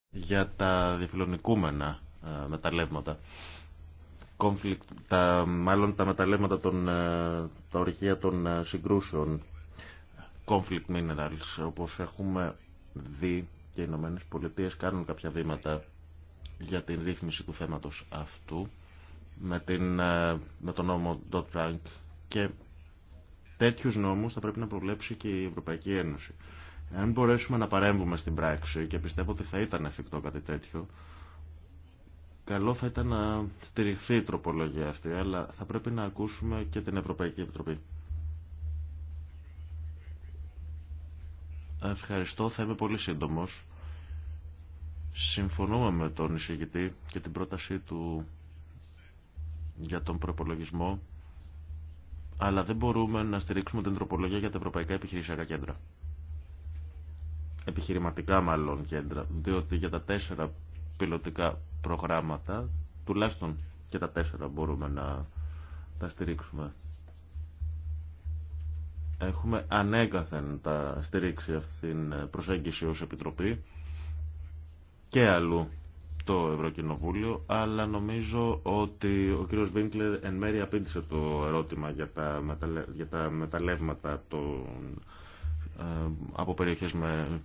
για τα μεταλλεύματα τα, μάλλον τα μεταλλεύματα των, ε, τα ορυχεία των ε, συγκρούσεων conflict minerals όπως έχουμε δει και οι Ηνωμένε Πολιτείε κάνουν κάποια βήματα για την ρύθμιση του θέματος αυτού με, την, ε, τον νόμο Dodd-Frank και τέτοιους νόμους θα πρέπει να προβλέψει και η Ευρωπαϊκή Ένωση. Αν μπορέσουμε να παρέμβουμε στην πράξη και πιστεύω ότι θα ήταν εφικτό κάτι τέτοιο, Καλό θα ήταν να στηριχθεί η τροπολογία αυτή, αλλά θα πρέπει να ακούσουμε και την Ευρωπαϊκή Επιτροπή. Ευχαριστώ, θα είμαι πολύ σύντομος. Συμφωνούμε με τον εισηγητή και την πρότασή του για τον προπολογισμό, αλλά δεν μπορούμε να στηρίξουμε την τροπολογία για τα ευρωπαϊκά επιχειρησιακά κέντρα. Επιχειρηματικά μάλλον κέντρα, διότι για τα τέσσερα πιλωτικά προγράμματα, τουλάχιστον και τα τέσσερα μπορούμε να τα στηρίξουμε. Έχουμε ανέκαθεν τα στηρίξει αυτήν την προσέγγιση ως Επιτροπή και αλλού το Ευρωκοινοβούλιο, αλλά νομίζω ότι ο κύριος Βίνκλερ εν μέρει απήντησε το ερώτημα για τα, για τα μεταλλεύματα των... Ε, από περιοχές με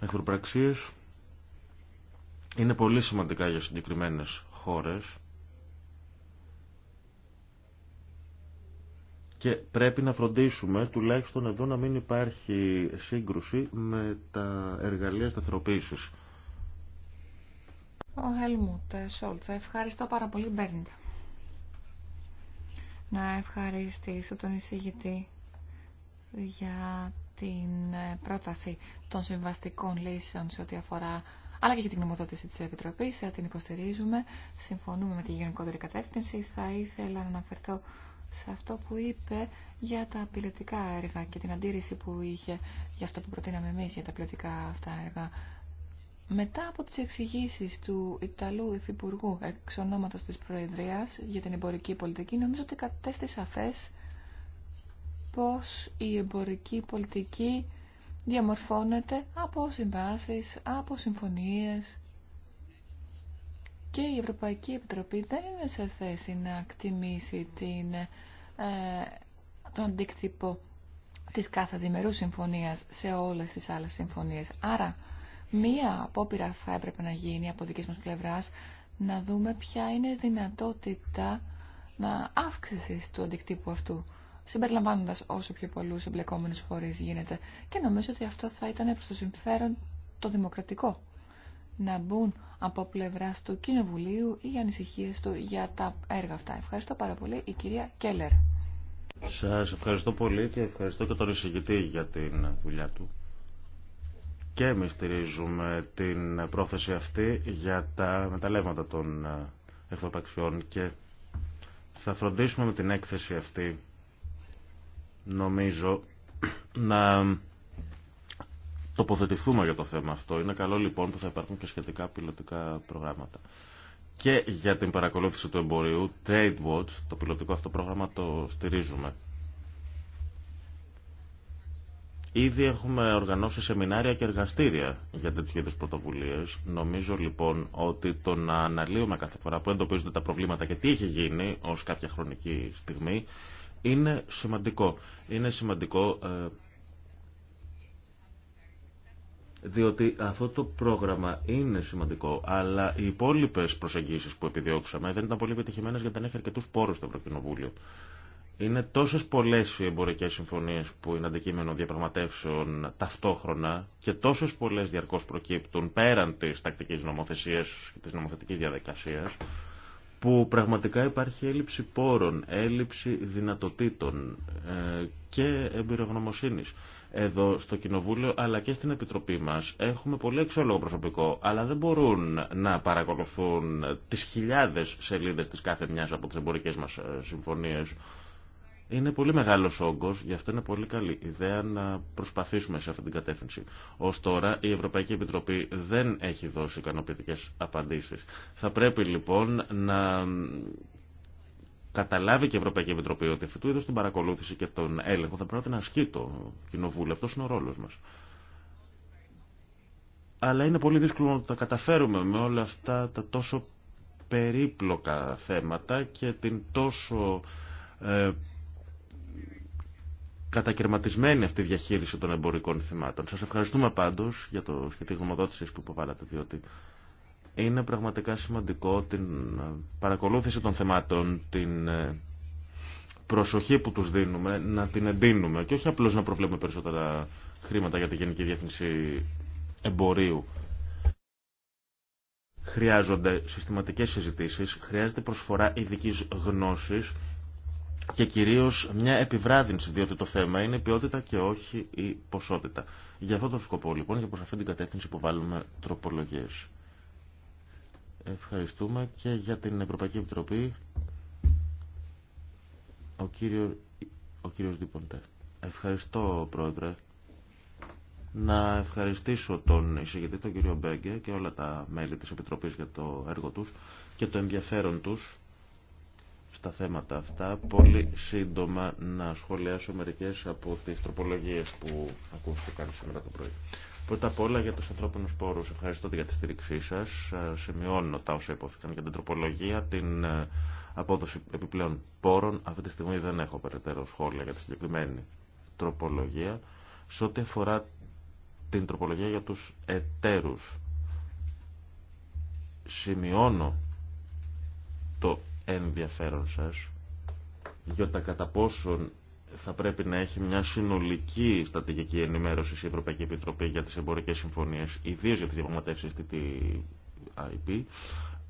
εχθροπραξίες είναι πολύ σημαντικά για συγκεκριμένες χώρες και πρέπει να φροντίσουμε τουλάχιστον εδώ να μην υπάρχει σύγκρουση με τα εργαλεία σταθεροποίησης. Ο Χέλμουτ Σόλτσα, ευχαριστώ πάρα πολύ Μπέρντα. Να ευχαριστήσω τον εισηγητή για την πρόταση των συμβαστικών λύσεων σε ό,τι αφορά αλλά και για την γνωμοδότηση της Επιτροπής, θα την υποστηρίζουμε, συμφωνούμε με τη γενικότερη κατεύθυνση. Θα ήθελα να αναφερθώ σε αυτό που είπε για τα πιλωτικά έργα και την αντίρρηση που είχε για αυτό που προτείναμε εμείς για τα πιλωτικά αυτά έργα. Μετά από τις εξηγήσει του Ιταλού Υφυπουργού εξ ονόματος της Προεδρίας για την εμπορική πολιτική, νομίζω ότι κατέστησε σαφές πως η εμπορική πολιτική διαμορφώνεται από συμβάσεις, από συμφωνίες και η Ευρωπαϊκή Επιτροπή δεν είναι σε θέση να εκτιμήσει ε, τον αντίκτυπο της κάθε διμερού συμφωνίας σε όλες τις άλλες συμφωνίες. Άρα, μία απόπειρα θα έπρεπε να γίνει από δικής μας πλευράς να δούμε ποια είναι η δυνατότητα να αύξησης του αντικτύπου αυτού συμπεριλαμβάνοντας όσο πιο πολλούς εμπλεκόμενους φορείς γίνεται. Και νομίζω ότι αυτό θα ήταν προς το συμφέρον το δημοκρατικό. Να μπουν από πλευρά του Κοινοβουλίου οι ανησυχίε του για τα έργα αυτά. Ευχαριστώ πάρα πολύ η κυρία Κέλλερ. Σας ευχαριστώ πολύ και ευχαριστώ και τον εισηγητή για την δουλειά του. Και εμείς στηρίζουμε την πρόθεση αυτή για τα μεταλλεύματα των εχθροπαξιών και θα φροντίσουμε με την έκθεση αυτή νομίζω να τοποθετηθούμε για το θέμα αυτό. Είναι καλό λοιπόν που θα υπάρχουν και σχετικά πιλωτικά προγράμματα. Και για την παρακολούθηση του εμπορίου, Trade Watch, το πιλωτικό αυτό πρόγραμμα το στηρίζουμε. Ήδη έχουμε οργανώσει σεμινάρια και εργαστήρια για τέτοιου είδου πρωτοβουλίε. Νομίζω λοιπόν ότι το να αναλύουμε κάθε φορά που εντοπίζονται τα προβλήματα και τι έχει γίνει ω κάποια χρονική στιγμή είναι σημαντικό. Είναι σημαντικό ε, διότι αυτό το πρόγραμμα είναι σημαντικό, αλλά οι υπόλοιπε προσεγγίσεις που επιδιώξαμε δεν ήταν πολύ επιτυχημένε γιατί δεν έχει αρκετού πόρου στο Ευρωκοινοβούλιο. Είναι τόσε πολλέ οι εμπορικέ συμφωνίε που είναι αντικείμενο διαπραγματεύσεων ταυτόχρονα και τόσε πολλέ διαρκώ προκύπτουν πέραν τη τακτική νομοθεσία και τη νομοθετική διαδικασία, που πραγματικά υπάρχει έλλειψη πόρων, έλλειψη δυνατοτήτων ε, και εμπειρογνωμοσύνης. Εδώ στο Κοινοβούλιο αλλά και στην Επιτροπή μας έχουμε πολύ εξόλογο προσωπικό αλλά δεν μπορούν να παρακολουθούν τις χιλιάδες σελίδες της κάθε μιας από τις εμπορικές μας ε, συμφωνίες είναι πολύ μεγάλο όγκο, γι' αυτό είναι πολύ καλή ιδέα να προσπαθήσουμε σε αυτή την κατεύθυνση. Ω τώρα η Ευρωπαϊκή Επιτροπή δεν έχει δώσει ικανοποιητικέ απαντήσει. Θα πρέπει λοιπόν να καταλάβει και η Ευρωπαϊκή Επιτροπή ότι αυτού του είδου την παρακολούθηση και τον έλεγχο θα πρέπει να ασκεί το κοινοβούλιο. Αυτό είναι ο ρόλο μα. Αλλά είναι πολύ δύσκολο να τα καταφέρουμε με όλα αυτά τα τόσο περίπλοκα θέματα και την τόσο ε, κατακαιρματισμένη αυτή η διαχείριση των εμπορικών θυμάτων. Σας ευχαριστούμε πάντως για το σχετικό γνωμοδότηση που υποβάλλατε, διότι είναι πραγματικά σημαντικό την ε, παρακολούθηση των θεμάτων, την ε, προσοχή που τους δίνουμε, να την εντείνουμε και όχι απλώς να προβλέπουμε περισσότερα χρήματα για τη Γενική Διεύθυνση Εμπορίου. Χρειάζονται συστηματικές συζητήσεις, χρειάζεται προσφορά ειδική γνώσης και κυρίως μια επιβράδυνση, διότι το θέμα είναι η ποιότητα και όχι η ποσότητα. Για αυτόν τον σκοπό λοιπόν και προς αυτήν την κατεύθυνση που βάλουμε τροπολογίες. Ευχαριστούμε και για την Ευρωπαϊκή Επιτροπή ο, κύριος ο κύριος Διποντέ. Ευχαριστώ Πρόεδρε. Να ευχαριστήσω τον εισηγητή, τον κύριο Μπέγκε και όλα τα μέλη της Επιτροπής για το έργο τους και το ενδιαφέρον τους τα θέματα αυτά. Πολύ σύντομα να σχολιάσω μερικές από τις τροπολογίες που ακούστηκαν σήμερα το πρωί. Πρώτα απ' όλα για τους ανθρώπινους πόρους. Ευχαριστώ για τη στήριξή σας. Σημειώνω τα όσα υπόθηκαν για την τροπολογία, την ε, απόδοση επιπλέον πόρων. Αυτή τη στιγμή δεν έχω περαιτέρω σχόλια για τη συγκεκριμένη τροπολογία. Σε ό,τι αφορά την τροπολογία για τους εταίρους, σημειώνω το ενδιαφέρον σας για τα κατά πόσον θα πρέπει να έχει μια συνολική στρατηγική ενημέρωση η Ευρωπαϊκή Επιτροπή για τις εμπορικές συμφωνίες, ιδίως για τις διαπραγματεύσεις TTIP,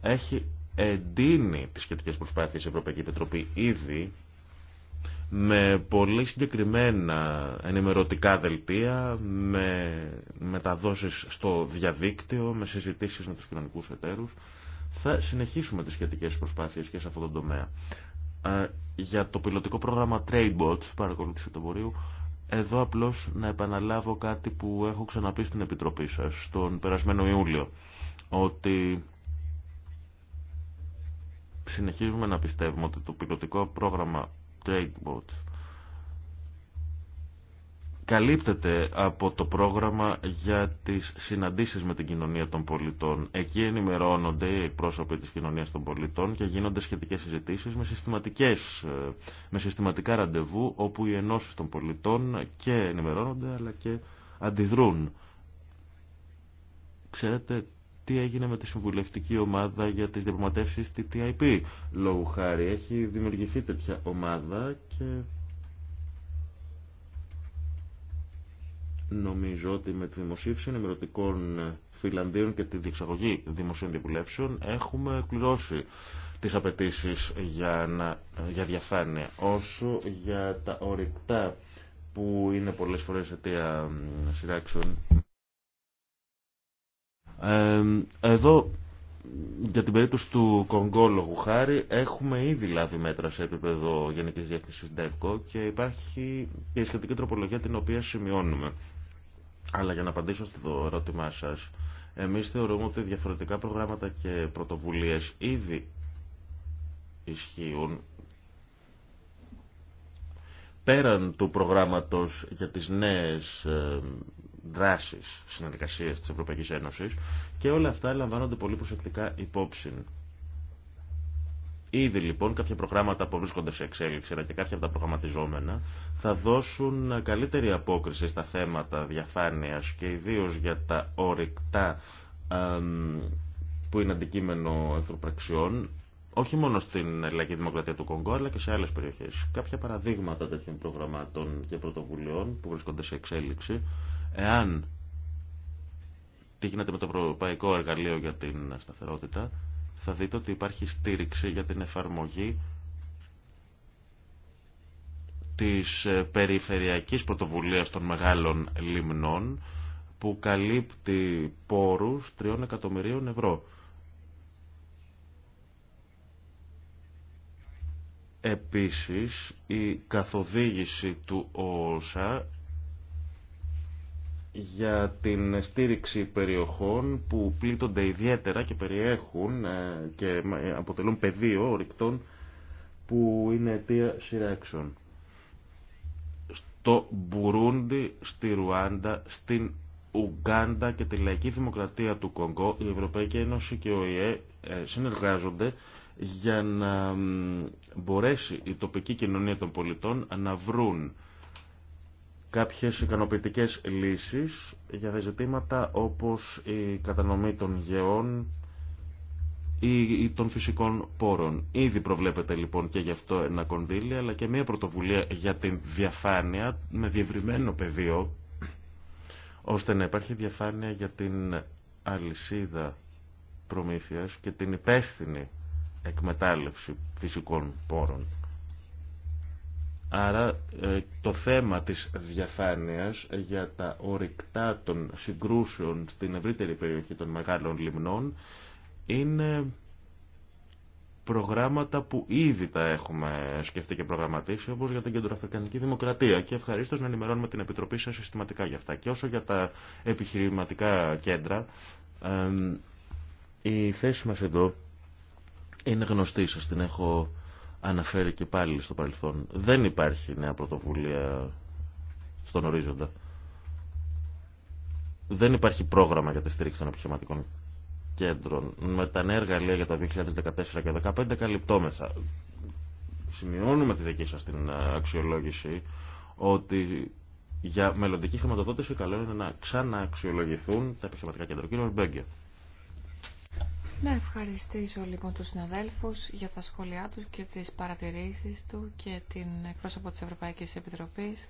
έχει εντείνει τις σχετικές προσπάθειες η Ευρωπαϊκή Επιτροπή ήδη με πολύ συγκεκριμένα ενημερωτικά δελτία, με μεταδόσεις στο διαδίκτυο, με συζητήσεις με τους κοινωνικούς εταίρους θα συνεχίσουμε τις σχετικές προσπάθειες και σε αυτόν τον τομέα. Ε, για το πιλωτικό πρόγραμμα TradeBots, παρακολούθηση του βορείου, εδώ απλώς να επαναλάβω κάτι που έχω ξαναπεί στην Επιτροπή σας τον περασμένο Ιούλιο, ότι συνεχίζουμε να πιστεύουμε ότι το πιλωτικό πρόγραμμα TradeBots καλύπτεται από το πρόγραμμα για τις συναντήσεις με την κοινωνία των πολιτών. Εκεί ενημερώνονται οι πρόσωποι της κοινωνίας των πολιτών και γίνονται σχετικές συζητήσεις με, συστηματικές, ε, με συστηματικά ραντεβού όπου οι ενώσεις των πολιτών και ενημερώνονται αλλά και αντιδρούν. Ξέρετε τι έγινε με τη συμβουλευτική ομάδα για τις διαπραγματεύσεις TTIP. Λόγου χάρη έχει δημιουργηθεί τέτοια ομάδα και Νομίζω ότι με τη δημοσίευση ενημερωτικών Φιλανδίων και τη διεξαγωγή δημοσίων διαβουλεύσεων έχουμε κληρώσει τις απαιτήσει για, να, για διαφάνεια. Όσο για τα ορυκτά που είναι πολλές φορές αιτία σειράξεων. εδώ για την περίπτωση του Κονγκόλογου χάρη έχουμε ήδη λάβει μέτρα σε επίπεδο Γενικής Διεύθυνσης ΔΕΒΚΟ και υπάρχει και η σχετική τροπολογία την οποία σημειώνουμε. Αλλά για να απαντήσω στο ερώτημά σας, εμείς θεωρούμε ότι διαφορετικά προγράμματα και πρωτοβουλίες ήδη ισχύουν πέραν του προγράμματος για τις νέες ε, δράσεις, συνεργασίες της Ευρωπαϊκής Ένωσης και όλα αυτά λαμβάνονται πολύ προσεκτικά υπόψη Ήδη λοιπόν κάποια προγράμματα που βρίσκονται σε εξέλιξη αλλά και κάποια από τα προγραμματιζόμενα θα δώσουν καλύτερη απόκριση στα θέματα διαφάνειας και ιδίως για τα ορυκτά που είναι αντικείμενο ανθρωπραξιών όχι μόνο στην Λαϊκή Δημοκρατία του Κονγκό, αλλά και σε άλλες περιοχές. Κάποια παραδείγματα τέτοιων προγραμμάτων και πρωτοβουλειών που βρίσκονται σε εξέλιξη, εάν τι γίνεται με το Ευρωπαϊκό Εργαλείο για την Σταθερότητα, θα δείτε ότι υπάρχει στήριξη για την εφαρμογή της ε, περιφερειακής πρωτοβουλίας των μεγάλων λιμνών που καλύπτει πόρους 3 εκατομμυρίων ευρώ. Επίσης, η καθοδήγηση του ΟΟΣΑ για την στήριξη περιοχών που πλήττονται ιδιαίτερα και περιέχουν ε, και ε, αποτελούν πεδίο ορυκτών που είναι αιτία σειράξεων. Στο Μπουρούντι, στη Ρουάντα, στην Ουγκάντα και τη Λαϊκή Δημοκρατία του Κονγκό, η Ευρωπαϊκή Ένωση και ο ΙΕ ε, συνεργάζονται για να μπορέσει η τοπική κοινωνία των πολιτών να βρουν κάποιες ικανοποιητικές λύσεις για ζητήματα όπως η κατανομή των γεών ή των φυσικών πόρων. Ήδη προβλέπεται λοιπόν και γι' αυτό ένα κονδύλι αλλά και μια πρωτοβουλία για την διαφάνεια με διευρυμένο πεδίο ώστε να υπάρχει διαφάνεια για την αλυσίδα προμήθειας και την υπεύθυνη εκμετάλλευση φυσικών πόρων. Άρα ε, το θέμα της διαφάνειας για τα ορυκτά των συγκρούσεων στην ευρύτερη περιοχή των μεγάλων λιμνών είναι προγράμματα που ήδη τα έχουμε σκεφτεί και προγραμματίσει, όπως για την Κεντροαφρικανική Δημοκρατία. Και ευχαρίστως να ενημερώνουμε την Επιτροπή σας συστηματικά για αυτά. Και όσο για τα επιχειρηματικά κέντρα, η θέση μας εδώ είναι γνωστή σας, την έχω αναφέρει και πάλι στο παρελθόν. Δεν υπάρχει νέα πρωτοβουλία στον ορίζοντα. Δεν υπάρχει πρόγραμμα για τη στήριξη των επιχειρηματικών κέντρων. Με τα νέα εργαλεία για τα 2014 και 2015 καλυπτόμεθα. Σημειώνουμε τη δική σας την ε, αξιολόγηση ότι για μελλοντική χρηματοδότηση καλό είναι να ξανααξιολογηθούν τα επιχειρηματικά κέντρα. Να ευχαριστήσω λοιπόν τους συναδέλφους για τα σχόλιά τους και τις παρατηρήσεις του και την εκπρόσωπο της Ευρωπαϊκής Επιτροπής.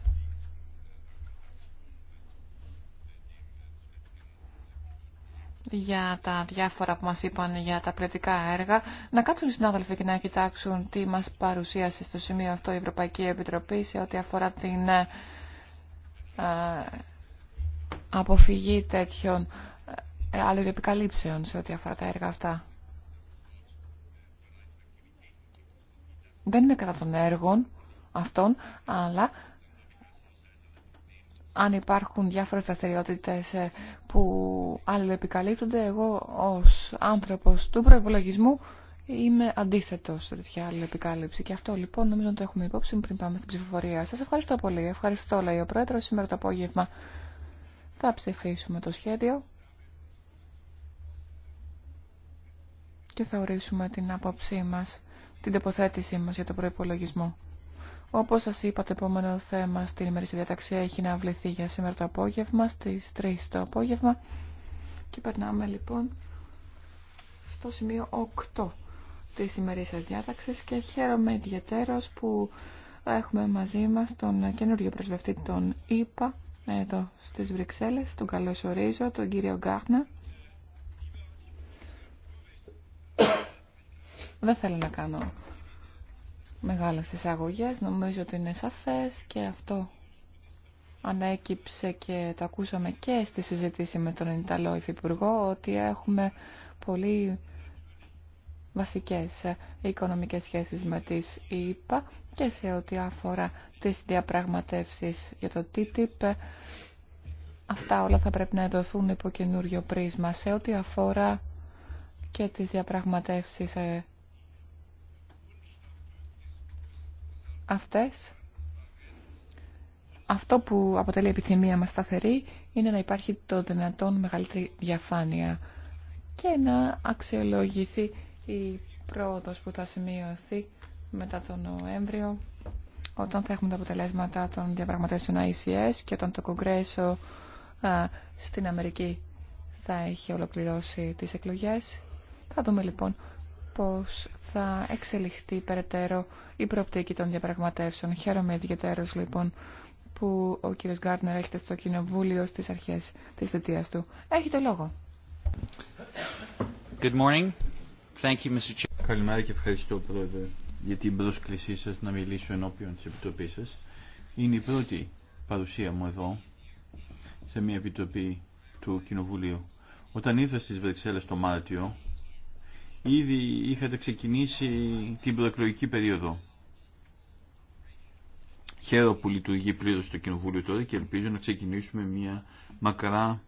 για τα διάφορα που μας είπαν για τα πλαιτικά έργα. Να κάτσουν οι συνάδελφοι και να κοιτάξουν τι μας παρουσίασε στο σημείο αυτό η Ευρωπαϊκή Επιτροπή σε ό,τι αφορά την ε, αποφυγή τέτοιων ε, αλληλεπικαλύψεων σε ό,τι αφορά τα έργα αυτά. Δεν είμαι κατά των έργων αυτών, αλλά αν υπάρχουν διάφορες δραστηριότητε ε, που αλληλεπικαλύπτονται, εγώ ως άνθρωπος του προϋπολογισμού είμαι αντίθετος σε τέτοια αλληλεπικάλυψη. Και αυτό λοιπόν νομίζω να το έχουμε υπόψη πριν πάμε στην ψηφοφορία. Σας ευχαριστώ πολύ. Ευχαριστώ, λέει ο Πρόεδρος, σήμερα το απόγευμα. Θα ψηφίσουμε το σχέδιο. και θα ορίσουμε την άποψή μας, την τοποθέτησή μας για το προϋπολογισμό. Όπως σας είπα, το επόμενο θέμα στην ημερήσια διαταξία έχει να βληθεί για σήμερα το απόγευμα, στις 3 το απόγευμα. Και περνάμε λοιπόν στο σημείο 8 της ημερήσιας διάταξης και χαίρομαι ιδιαίτερος που έχουμε μαζί μας τον καινούριο πρεσβευτή των ΕΙΠΑ εδώ στις Βρυξέλλες, τον ορίζω, τον κύριο Γκάχνα. Δεν θέλω να κάνω μεγάλες εισαγωγές, νομίζω ότι είναι σαφές και αυτό ανέκυψε και το ακούσαμε και στη συζήτηση με τον Ιταλό Υφυπουργό ότι έχουμε πολύ βασικές οικονομικές σχέσεις με τις ΗΠΑ και σε ό,τι αφορά τις διαπραγματεύσεις για το TTIP αυτά όλα θα πρέπει να δοθούν υπό καινούριο πρίσμα σε ό,τι αφορά και τις διαπραγματεύσεις ε. αυτές. Αυτό που αποτελεί επιθυμία μας σταθερή είναι να υπάρχει το δυνατόν μεγαλύτερη διαφάνεια και να αξιολογηθεί η πρόοδος που θα σημειωθεί μετά τον Νοέμβριο όταν θα έχουμε τα αποτελέσματα των διαπραγματεύσεων ICS και όταν το Κογκρέσο στην Αμερική θα έχει ολοκληρώσει τις εκλογές θα δούμε λοιπόν πώς θα εξελιχθεί περαιτέρω η προοπτική των διαπραγματεύσεων. Χαίρομαι ιδιαίτερως λοιπόν που ο κύριος Γκάρνερ έχετε στο κοινοβούλιο στις αρχές της θετίας του. Έχετε λόγο. Good morning. Thank you, Mr. Καλημέρα και ευχαριστώ πρόεδρε για την πρόσκλησή σας να μιλήσω ενώπιον της Επιτροπής σας. Είναι η πρώτη παρουσία μου εδώ σε μια Επιτροπή του Κοινοβουλίου. Όταν ήρθα στις Βρυξέλλες το Μάρτιο Ήδη είχατε ξεκινήσει την προεκλογική περίοδο. Χαίρομαι που λειτουργεί πλήρω το Κοινοβούλιο τώρα και ελπίζω να ξεκινήσουμε μια μακρά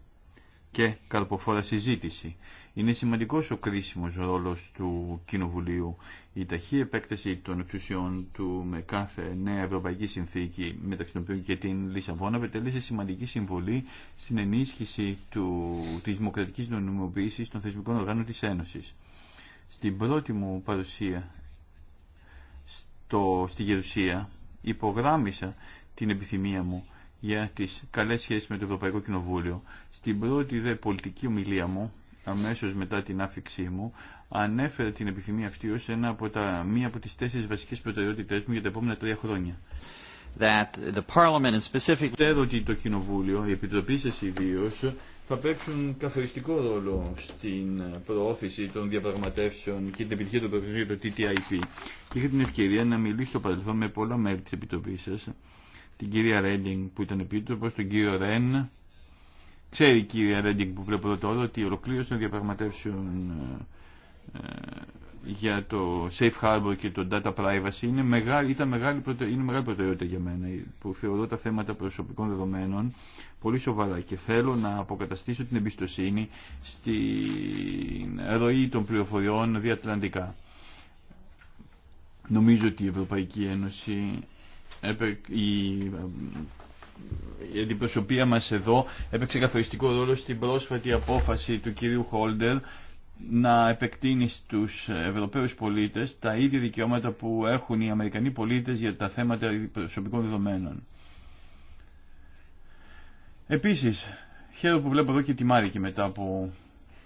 και καρποφόρα συζήτηση. Είναι σημαντικό ο κρίσιμο ρόλο του Κοινοβουλίου. Η ταχύ επέκταση των εξουσιών του με κάθε νέα ευρωπαϊκή συνθήκη, μεταξύ των οποίων και την Λισαβόνα, πετέλεσε σημαντική συμβολή στην ενίσχυση τη δημοκρατική νομιμοποίηση των θεσμικών οργάνων τη Ένωση. Στην πρώτη μου παρουσία στο, στη Γερουσία υπογράμμισα την επιθυμία μου για τις καλές σχέσεις με το Ευρωπαϊκό Κοινοβούλιο. Στην πρώτη δε πολιτική ομιλία μου, αμέσως μετά την άφηξή μου, ανέφερε την επιθυμία αυτή ως ένα από τα, μία από τις τέσσερις βασικές προτεραιότητές μου για τα επόμενα τρία χρόνια. That the Parliament Ξέρω ότι το Κοινοβούλιο, η Επιτροπή σας ιδίως, θα παίξουν καθοριστικό ρόλο στην προώθηση των διαπραγματεύσεων και την επιτυχία των προθεσμίων για το TTIP. Είχα την ευκαιρία να μιλήσω στο παρελθόν με πολλά μέλη τη επιτροπή σα, την κυρία Ρέντινγκ που ήταν επίτροπο, τον κύριο Ρεν. Ξέρει η κυρία Ρέντινγκ που βλέπω εδώ τώρα ότι η ολοκλήρωση των διαπραγματεύσεων ε, για το Safe Harbor και το Data Privacy είναι μεγάλη, ήταν μεγάλη, είναι μεγάλη προτεραιότητα για μένα που θεωρώ τα θέματα προσωπικών δεδομένων πολύ σοβαρά και θέλω να αποκαταστήσω την εμπιστοσύνη στην ροή των πληροφοριών διατλαντικά. Νομίζω ότι η Ευρωπαϊκή Ένωση η αντιπροσωπεία μας εδώ έπαιξε καθοριστικό ρόλο στην πρόσφατη απόφαση του κυρίου Χόλντερ να επεκτείνει στους Ευρωπαίους πολίτες τα ίδια δικαιώματα που έχουν οι Αμερικανοί πολίτες για τα θέματα προσωπικών δεδομένων. Επίσης, χαίρομαι που βλέπω εδώ και τη Μάρικη μετά από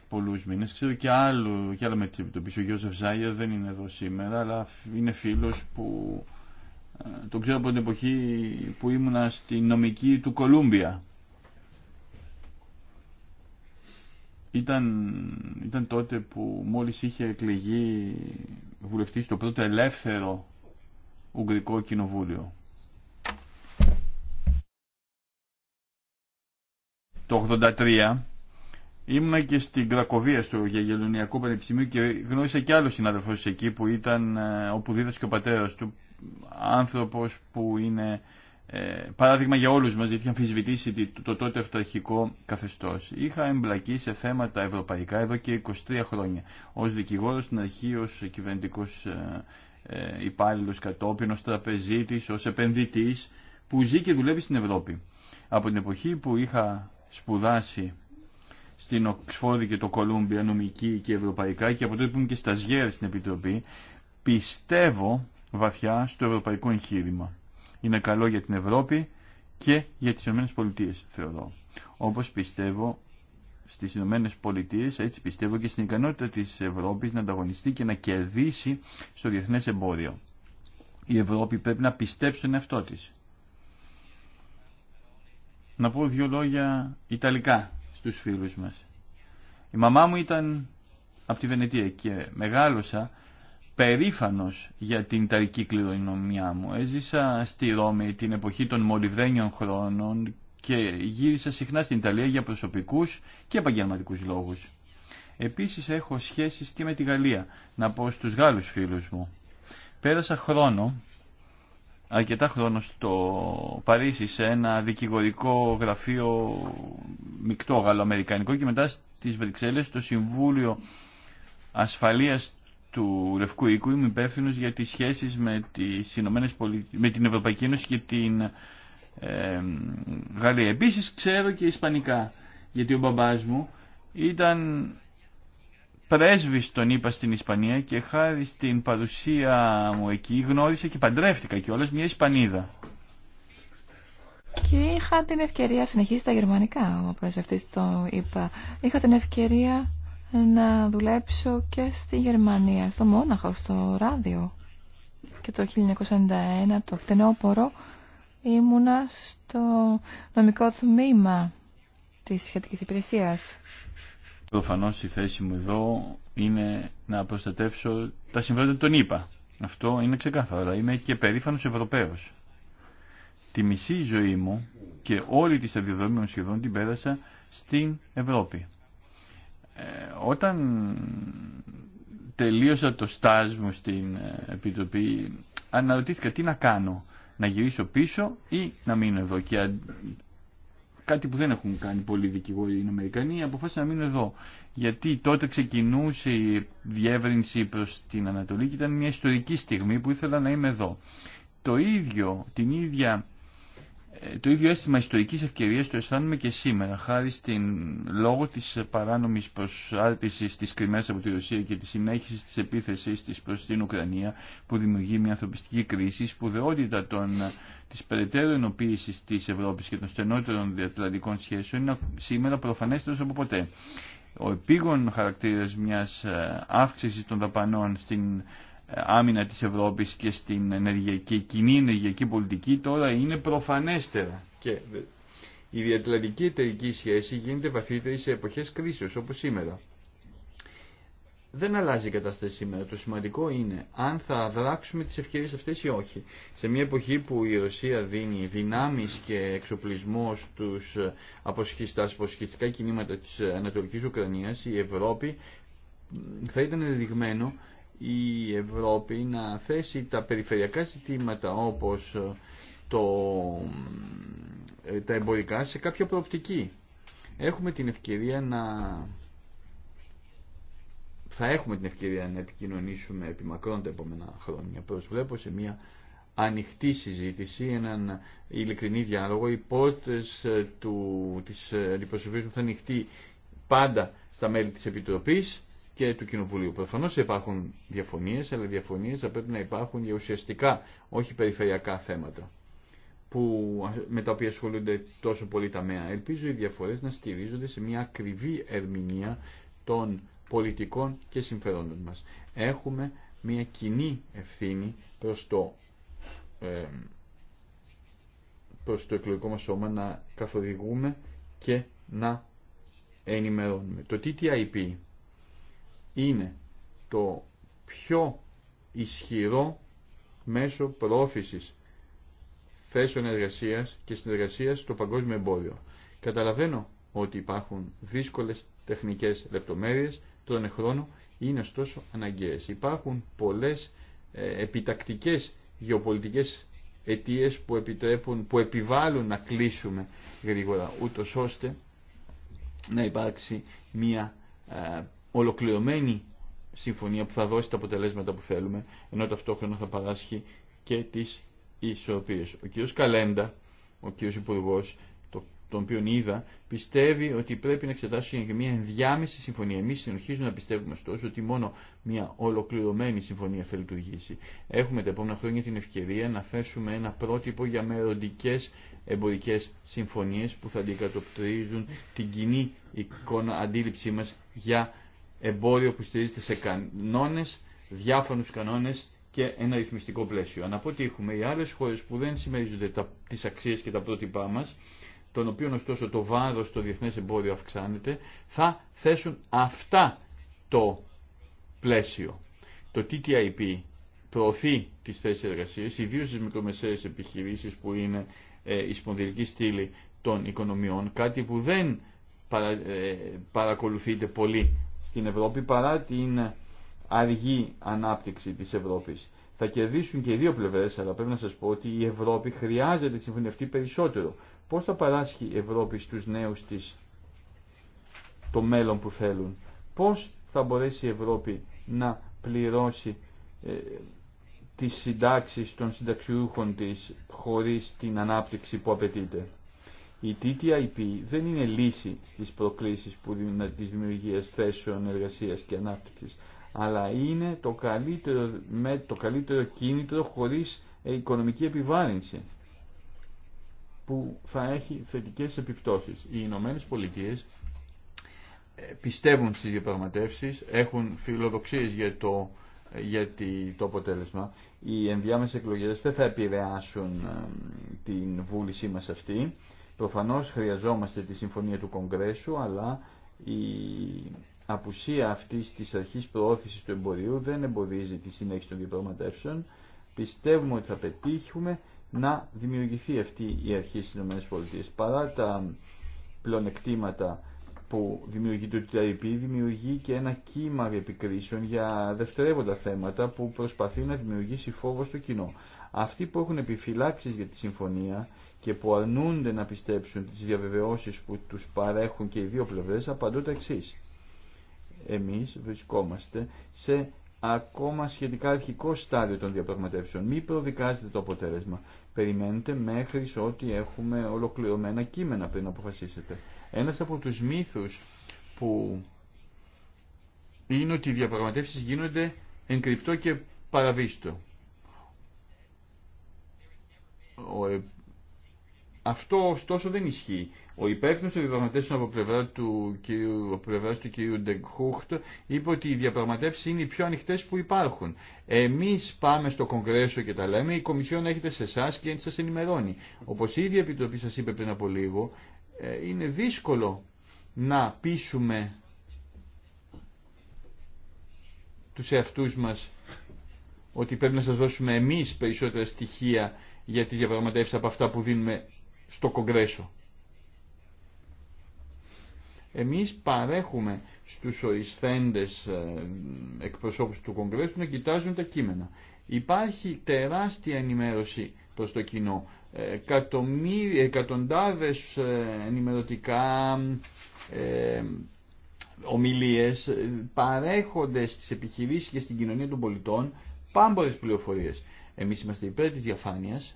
πολλούς μήνες. Ξέρω και άλλο, και άλλο με το πίσω, ο Γιώσεφ Ζάγερ δεν είναι εδώ σήμερα, αλλά είναι φίλος που ε, τον ξέρω από την εποχή που ήμουνα στη νομική του Κολούμπια ήταν, ήταν τότε που μόλις είχε εκλεγεί βουλευτής στο πρώτο ελεύθερο Ουγγρικό Κοινοβούλιο. Το 83 ήμουνα και στην Κρακοβία στο Γεγελονιακό Πανεπιστημίο και γνώρισα και άλλο συναδελφός εκεί που ήταν ε, όπου δίδασκε ο πατέρας του άνθρωπος που είναι ε, παράδειγμα για όλους μας, γιατί είχε αμφισβητήσει το, τότε αυταρχικό καθεστώς. Είχα εμπλακεί σε θέματα ευρωπαϊκά εδώ και 23 χρόνια, ως δικηγόρος στην αρχή, ως κυβερνητικός ε, ε, υπάλληλος κατόπιν, ως τραπεζίτης, ως επενδυτής, που ζει και δουλεύει στην Ευρώπη. Από την εποχή που είχα σπουδάσει στην Οξφόρδη και το Κολούμπια, νομική και ευρωπαϊκά, και από τότε που είμαι και ΣΓΕΡ στην Επιτροπή, πιστεύω βαθιά στο ευρωπαϊκό εγχείρημα είναι καλό για την Ευρώπη και για τις Ηνωμένες Πολιτείες, θεωρώ. Όπως πιστεύω στις Ηνωμένε Πολιτείε, έτσι πιστεύω και στην ικανότητα της Ευρώπης να ανταγωνιστεί και να κερδίσει στο διεθνές εμπόριο. Η Ευρώπη πρέπει να πιστέψει στον εαυτό της. Να πω δύο λόγια ιταλικά στους φίλους μας. Η μαμά μου ήταν από τη Βενετία και μεγάλωσα περήφανος για την ταρική κληρονομιά μου. Έζησα στη Ρώμη την εποχή των μολυβδένιων χρόνων και γύρισα συχνά στην Ιταλία για προσωπικούς και επαγγελματικούς λόγους. Επίσης έχω σχέσεις και με τη Γαλλία, να πω στους Γάλλους φίλους μου. Πέρασα χρόνο, αρκετά χρόνο στο Παρίσι σε ένα δικηγορικό γραφείο μεικτό γαλλοαμερικανικό και μετά στις Βρυξέλλες στο Συμβούλιο Ασφαλείας του Λευκού Οίκου είμαι υπεύθυνο για τις σχέσεις με, τις με την Ευρωπαϊκή Ένωση και την Γαλλία. Επίσης ξέρω και Ισπανικά, γιατί ο μπαμπάς μου ήταν πρέσβης τον είπα στην Ισπανία και χάρη στην παρουσία μου εκεί γνώρισα και παντρεύτηκα όλες μια Ισπανίδα. Και είχα την ευκαιρία, συνεχίζει τα γερμανικά ο πρέσβευτής το είπα, είχα την ευκαιρία να δουλέψω και στη Γερμανία, στο Μόναχο, στο ράδιο. Και το 1991, το φθινόπωρο, ήμουνα στο νομικό τμήμα της σχετικής υπηρεσίας. Προφανώ η θέση μου εδώ είναι να προστατεύσω τα συμφέροντα των ΗΠΑ. Αυτό είναι ξεκάθαρο. Είμαι και περήφανο Ευρωπαίος. Τη μισή ζωή μου και όλη τη σταδιοδρόμη μου σχεδόν την πέρασα στην Ευρώπη. Ε, όταν τελείωσα το στάζ μου στην ε, Επιτροπή αναρωτήθηκα τι να κάνω, να γυρίσω πίσω ή να μείνω εδώ και κάτι που δεν έχουν κάνει πολλοί δικηγόροι οι Αμερικανοί αποφάσισα να μείνω εδώ γιατί τότε ξεκινούσε η διεύρυνση προς την Ανατολή και ήταν μια ιστορική στιγμή που ήθελα να είμαι εδώ. Το ίδιο, την ίδια ε, το ίδιο αίσθημα ιστορικής ευκαιρίας το αισθάνομαι και σήμερα, χάρη στην λόγω της παράνομης προσάρτησης της Κρυμαίας από τη Ρωσία και τη συνέχιση της επίθεσης της προς την Ουκρανία που δημιουργεί μια ανθρωπιστική κρίση, η σπουδαιότητα τη της περαιτέρω ενοποίησης της Ευρώπης και των στενότερων διατλαντικών σχέσεων είναι σήμερα προφανέστερος από ποτέ. Ο επίγον χαρακτήρας μιας ε, αύξησης των δαπανών στην άμυνα της Ευρώπης και στην ενεργειακή, κοινή ενεργειακή πολιτική τώρα είναι προφανέστερα. Και η διατλαντική εταιρική σχέση γίνεται βαθύτερη σε εποχές κρίσεως όπως σήμερα. Δεν αλλάζει η κατάσταση σήμερα. Το σημαντικό είναι αν θα δράξουμε τις ευκαιρίες αυτές ή όχι. Σε μια εποχή που η Ρωσία δίνει δυνάμεις και εξοπλισμό στους αποσχιστικά κινήματα της Ανατολικής Ουκρανίας, η Ευρώπη θα ήταν ενδειγμένο η Ευρώπη να θέσει τα περιφερειακά ζητήματα όπως ε, το, ε, τα εμπορικά σε κάποια προοπτική. Έχουμε την ευκαιρία να θα έχουμε την ευκαιρία να επικοινωνήσουμε επιμακρών τα επόμενα χρόνια. Προσβλέπω σε μια ανοιχτή συζήτηση, έναν ειλικρινή διάλογο. Οι πόρτε ε, του, της αντιπροσωπής μου θα ανοιχτεί πάντα στα μέλη της Επιτροπής και του Κοινοβουλίου. Προφανώ υπάρχουν διαφωνίε, αλλά διαφωνίε θα πρέπει να υπάρχουν για ουσιαστικά, όχι περιφερειακά θέματα που, με τα οποία ασχολούνται τόσο πολύ τα ΜΕΑ. Ελπίζω οι διαφορές να στηρίζονται σε μια ακριβή ερμηνεία των πολιτικών και συμφερόντων μας. Έχουμε μια κοινή ευθύνη προ το, ε, προς το εκλογικό μας σώμα να καθοδηγούμε και να ενημερώνουμε. Το TTIP είναι το πιο ισχυρό μέσο προώθησης θέσεων εργασίας και συνεργασίας στο παγκόσμιο εμπόριο. Καταλαβαίνω ότι υπάρχουν δύσκολες τεχνικές λεπτομέρειες, τον χρόνο είναι ωστόσο αναγκαίες. Υπάρχουν πολλές ε, επιτακτικές γεωπολιτικές αιτίες που επιτρέπουν, που επιβάλλουν να κλείσουμε γρήγορα, ούτω ώστε να υπάρξει μια ε, ολοκληρωμένη συμφωνία που θα δώσει τα αποτελέσματα που θέλουμε, ενώ ταυτόχρονα θα παράσχει και τι ισορροπίε. Ο κ. Καλέντα, ο κ. Υπουργό, τον οποίον είδα, πιστεύει ότι πρέπει να εξετάσουμε και μια ενδιάμεση συμφωνία. Εμεί συνεχίζουμε να πιστεύουμε ωστόσο ότι μόνο μια ολοκληρωμένη συμφωνία θα λειτουργήσει. Έχουμε τα επόμενα χρόνια την ευκαιρία να θέσουμε ένα πρότυπο για μελλοντικέ εμπορικέ συμφωνίε που θα αντικατοπτρίζουν την κοινή εικόνα αντίληψή μα για εμπόριο που στηρίζεται σε κανόνε, διάφορου κανόνε και ένα ρυθμιστικό πλαίσιο. Αν αποτύχουμε οι άλλε χώρε που δεν συμμερίζονται τι αξίε και τα πρότυπά μα, των οποίων ωστόσο το βάρο στο διεθνέ εμπόριο αυξάνεται, θα θέσουν αυτά το πλαίσιο. Το TTIP προωθεί τι θέσει εργασία, ιδίω στι μικρομεσαίες επιχειρήσει που είναι ε, η σπονδυλική στήλη των οικονομιών, κάτι που δεν ε, παρακολουθείται πολύ στην Ευρώπη παρά την αργή ανάπτυξη της Ευρώπης. Θα κερδίσουν και οι δύο πλευρές, αλλά πρέπει να σας πω ότι η Ευρώπη χρειάζεται τη συμφωνευτή περισσότερο. Πώς θα παράσχει η Ευρώπη στους νέους της το μέλλον που θέλουν. Πώς θα μπορέσει η Ευρώπη να πληρώσει ε, τις συντάξεις των συνταξιούχων της χωρίς την ανάπτυξη που απαιτείται. Η TTIP δεν είναι λύση στις προκλήσεις που της δημιουργίας θέσεων εργασίας και ανάπτυξης, αλλά είναι το καλύτερο, με το καλύτερο κίνητρο χωρίς οικονομική επιβάρυνση που θα έχει θετικές επιπτώσεις. Οι Ηνωμένε Πολιτείες ε, πιστεύουν στις διαπραγματεύσεις, έχουν φιλοδοξίες για το, για το αποτέλεσμα. Οι ενδιάμεσες εκλογές δεν θα επηρεάσουν ε, την βούλησή μας αυτή. Προφανώς χρειαζόμαστε τη συμφωνία του Κογκρέσου, αλλά η απουσία αυτής της αρχής προώθησης του εμπορίου δεν εμποδίζει τη συνέχιση των διαπραγματεύσεων. Πιστεύουμε ότι θα πετύχουμε να δημιουργηθεί αυτή η αρχή στις ΗΠΑ. Παρά τα πλονεκτήματα που δημιουργεί το TIP δημιουργεί και ένα κύμα επικρίσεων για δευτερεύοντα θέματα που προσπαθεί να δημιουργήσει φόβο στο κοινό. Αυτοί που έχουν επιφυλάξει για τη συμφωνία και που αρνούνται να πιστέψουν τι διαβεβαιώσεις που του παρέχουν και οι δύο πλευρές απαντούν τα εξή. Εμείς βρισκόμαστε σε ακόμα σχετικά αρχικό στάδιο των διαπραγματεύσεων. Μην προδικάζετε το αποτέλεσμα. Περιμένετε μέχρι ότι έχουμε ολοκληρωμένα κείμενα πριν αποφασίσετε. Ένας από τους μύθους που είναι ότι οι διαπραγματεύσεις γίνονται εν και παραβίστο. Ε, αυτό ωστόσο δεν ισχύει. Ο υπεύθυνος των διαπραγματεύσεων από πλευρά του κ. του Ντεγκχούχτ είπε ότι οι διαπραγματεύσεις είναι οι πιο ανοιχτές που υπάρχουν. Εμείς πάμε στο Κογκρέσο και τα λέμε, η Κομισιόν έχετε σε εσά και σα ενημερώνει. Όπω η ίδια επιτροπή σα είπε πριν από λίγο, ε, είναι δύσκολο να πείσουμε τους εαυτούς μας ότι πρέπει να σας δώσουμε εμείς περισσότερα στοιχεία για τις διαπραγματεύσεις από αυτά που δίνουμε στο Κογκρέσο. Εμείς παρέχουμε στους ορισθέντες ε, εκπροσώπους του Κογκρέσου να κοιτάζουν τα κείμενα. Υπάρχει τεράστια ενημέρωση προς το κοινό εκατοντάδες ε, ενημερωτικά ε, ομιλίες ε, παρέχονται στις επιχειρήσεις και στην κοινωνία των πολιτών πάμπορες πληροφορίες. Εμείς είμαστε υπέρ της διαφάνειας,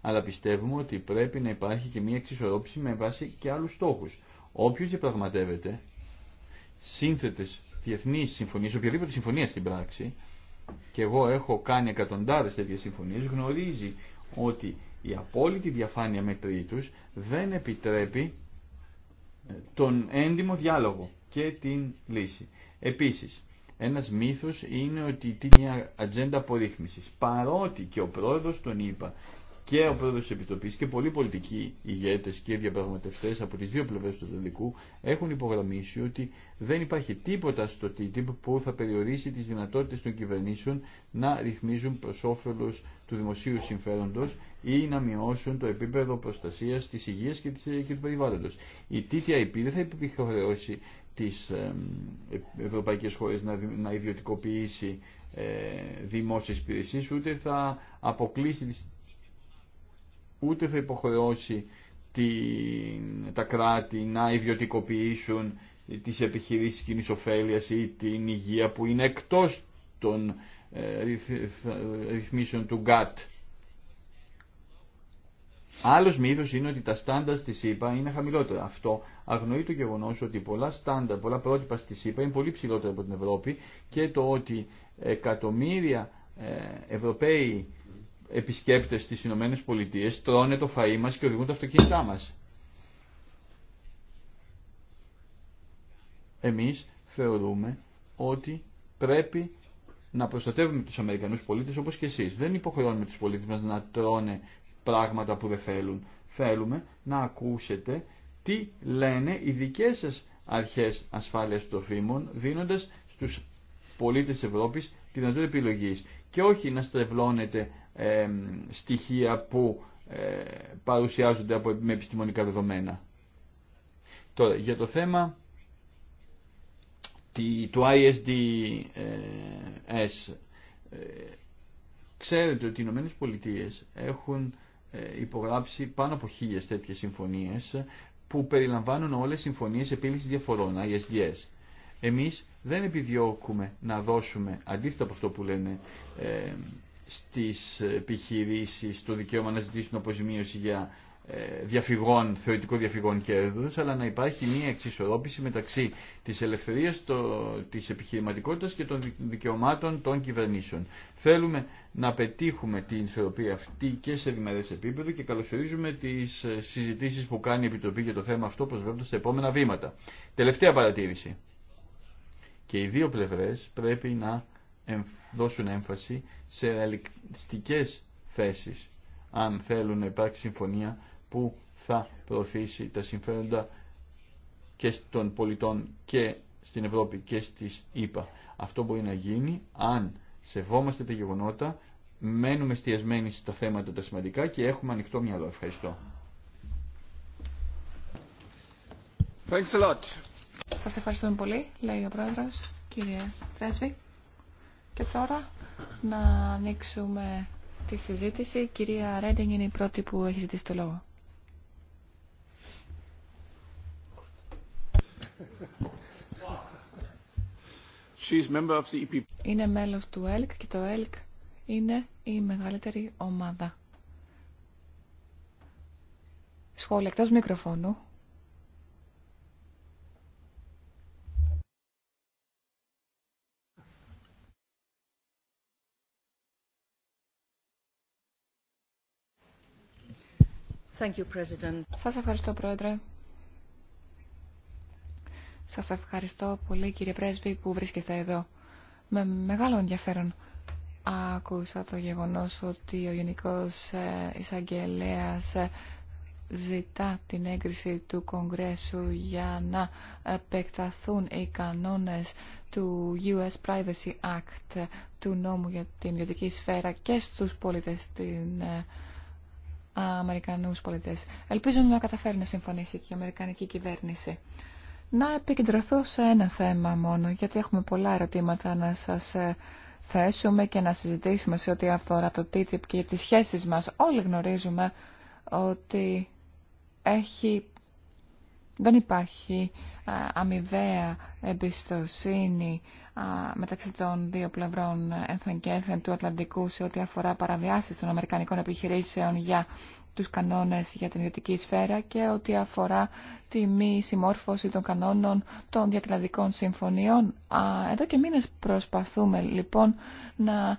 αλλά πιστεύουμε ότι πρέπει να υπάρχει και μια εξισορρόπηση με βάση και άλλους στόχους. Όποιος διαπραγματεύεται σύνθετες διεθνείς συμφωνίες, οποιαδήποτε συμφωνία στην πράξη, και εγώ έχω κάνει εκατοντάδες τέτοιες συμφωνίες, γνωρίζει ότι η απόλυτη διαφάνεια με τους δεν επιτρέπει ε, τον έντιμο διάλογο και την λύση. Επίσης, ένας μύθος είναι ότι είναι μια ατζέντα απορρίθμισης. Παρότι και ο πρόεδρος τον είπα και ο πρόεδρο τη Επιτροπή και πολλοί πολιτικοί ηγέτε και διαπραγματευτέ από τι δύο πλευρέ του Ατλαντικού έχουν υπογραμμίσει ότι δεν υπάρχει τίποτα στο TTIP που θα περιορίσει τι δυνατότητε των κυβερνήσεων να ρυθμίζουν προ όφελο του δημοσίου συμφέροντο ή να μειώσουν το επίπεδο προστασία τη υγεία και, του περιβάλλοντο. Η TTIP δεν θα επιχρεώσει τις ε, ευρωπαϊκέ χώρε να ιδιωτικοποιήσει ε, δημόσιες υπηρεσίες ούτε θα αποκλείσει ούτε θα υποχρεώσει τα κράτη να ιδιωτικοποιήσουν τις επιχειρήσεις κοινή ή την υγεία που είναι εκτός των ε, ε ρυθμίσεων του ΓΚΑΤ. Άλλος μύθος είναι ότι τα στάνταρ στη ΣΥΠΑ είναι χαμηλότερα. Αυτό αγνοεί το γεγονός ότι πολλά στάνταρ, πολλά πρότυπα στη ΣΥΠΑ είναι πολύ ψηλότερα από την Ευρώπη και το ότι εκατομμύρια ε, Ευρωπαίοι Επισκέπτε στι Ηνωμένε Πολιτείε τρώνε το φαΐ μα και οδηγούν τα αυτοκίνητά μας. Εμείς θεωρούμε ότι πρέπει να προστατεύουμε τους Αμερικανούς πολίτες όπως και εσείς. Δεν υποχρεώνουμε τους πολίτε μα να τρώνε πράγματα που δεν θέλουν. Θέλουμε να ακούσετε τι λένε οι δικές σας αρχές ασφάλειας τροφίμων, δίνοντας στους πολίτες της Ευρώπης τη δυνατότητα επιλογή Και όχι να στρεβλώνετε στοιχεία που ε, παρουσιάζονται από, με επιστημονικά δεδομένα. Τώρα, για το θέμα του ISDS, ε, ξέρετε ότι οι Ηνωμένες Πολιτείες έχουν ε, υπογράψει πάνω από χίλιες τέτοιες συμφωνίες που περιλαμβάνουν όλες οι συμφωνίες επίλυσης διαφορών, ISDS. Εμείς δεν επιδιώκουμε να δώσουμε, αντίθετα από αυτό που λένε στις επιχειρήσεις το δικαίωμα να ζητήσουν αποζημίωση για ε, διαφυγών, θεωρητικό διαφυγών κέρδους, αλλά να υπάρχει μια εξισορρόπηση μεταξύ της ελευθερίας το, της επιχειρηματικότητας και των δικαιωμάτων των κυβερνήσεων. Θέλουμε να πετύχουμε την ισορροπία αυτή και σε δημερές επίπεδο και καλωσορίζουμε τις ε, συζητήσεις που κάνει η Επιτροπή για το θέμα αυτό προσβλέποντας τα επόμενα βήματα. Τελευταία παρατήρηση. Και οι δύο πλευρές πρέπει να δώσουν έμφαση σε ρεαλιστικές θέσεις αν θέλουν να υπάρξει συμφωνία που θα προωθήσει τα συμφέροντα και των πολιτών και στην Ευρώπη και στις ΗΠΑ. Αυτό μπορεί να γίνει αν σεβόμαστε τα γεγονότα, μένουμε εστιασμένοι στα θέματα τα σημαντικά και έχουμε ανοιχτό μυαλό. Ευχαριστώ. Thanks a lot. Σας ευχαριστούμε πολύ, λέει ο Πρόεδρος, κύριε Πρέσβη. Και τώρα να ανοίξουμε τη συζήτηση. Η κυρία Ρέντινγκ είναι η πρώτη που έχει ζητήσει το λόγο. E είναι μέλος του ΕΛΚ και το ΕΛΚ είναι η μεγαλύτερη ομάδα. Σχόλια εκτός μικροφώνου. Σας ευχαριστώ, Πρόεδρε. Σας ευχαριστώ πολύ, κύριε Πρέσβη, που βρίσκεστε εδώ. Με μεγάλο ενδιαφέρον άκουσα το γεγονός ότι ο Γενικός ε, Εισαγγελέας ε, ζητά την έγκριση του Κογκρέσου για να επεκταθούν οι κανόνες του US Privacy Act, του νόμου για την ιδιωτική σφαίρα και στους πολίτες στην ε, Αμερικανούς πολιτές. Ελπίζω να καταφέρει να συμφωνήσει και η Αμερικανική κυβέρνηση. Να επικεντρωθώ σε ένα θέμα μόνο, γιατί έχουμε πολλά ερωτήματα να σας ε, θέσουμε και να συζητήσουμε σε ό,τι αφορά το TTIP και τις σχέσεις μας. Όλοι γνωρίζουμε ότι έχει... δεν υπάρχει ε, αμοιβαία εμπιστοσύνη μεταξύ των δύο πλευρών ένθεν και ένθεν του Ατλαντικού σε ό,τι αφορά παραβιάσεις των Αμερικανικών επιχειρήσεων για τους κανόνες για την ιδιωτική σφαίρα και ό,τι αφορά τη μη συμμόρφωση των κανόνων των διατλαντικών συμφωνιών. Εδώ και μήνες προσπαθούμε λοιπόν να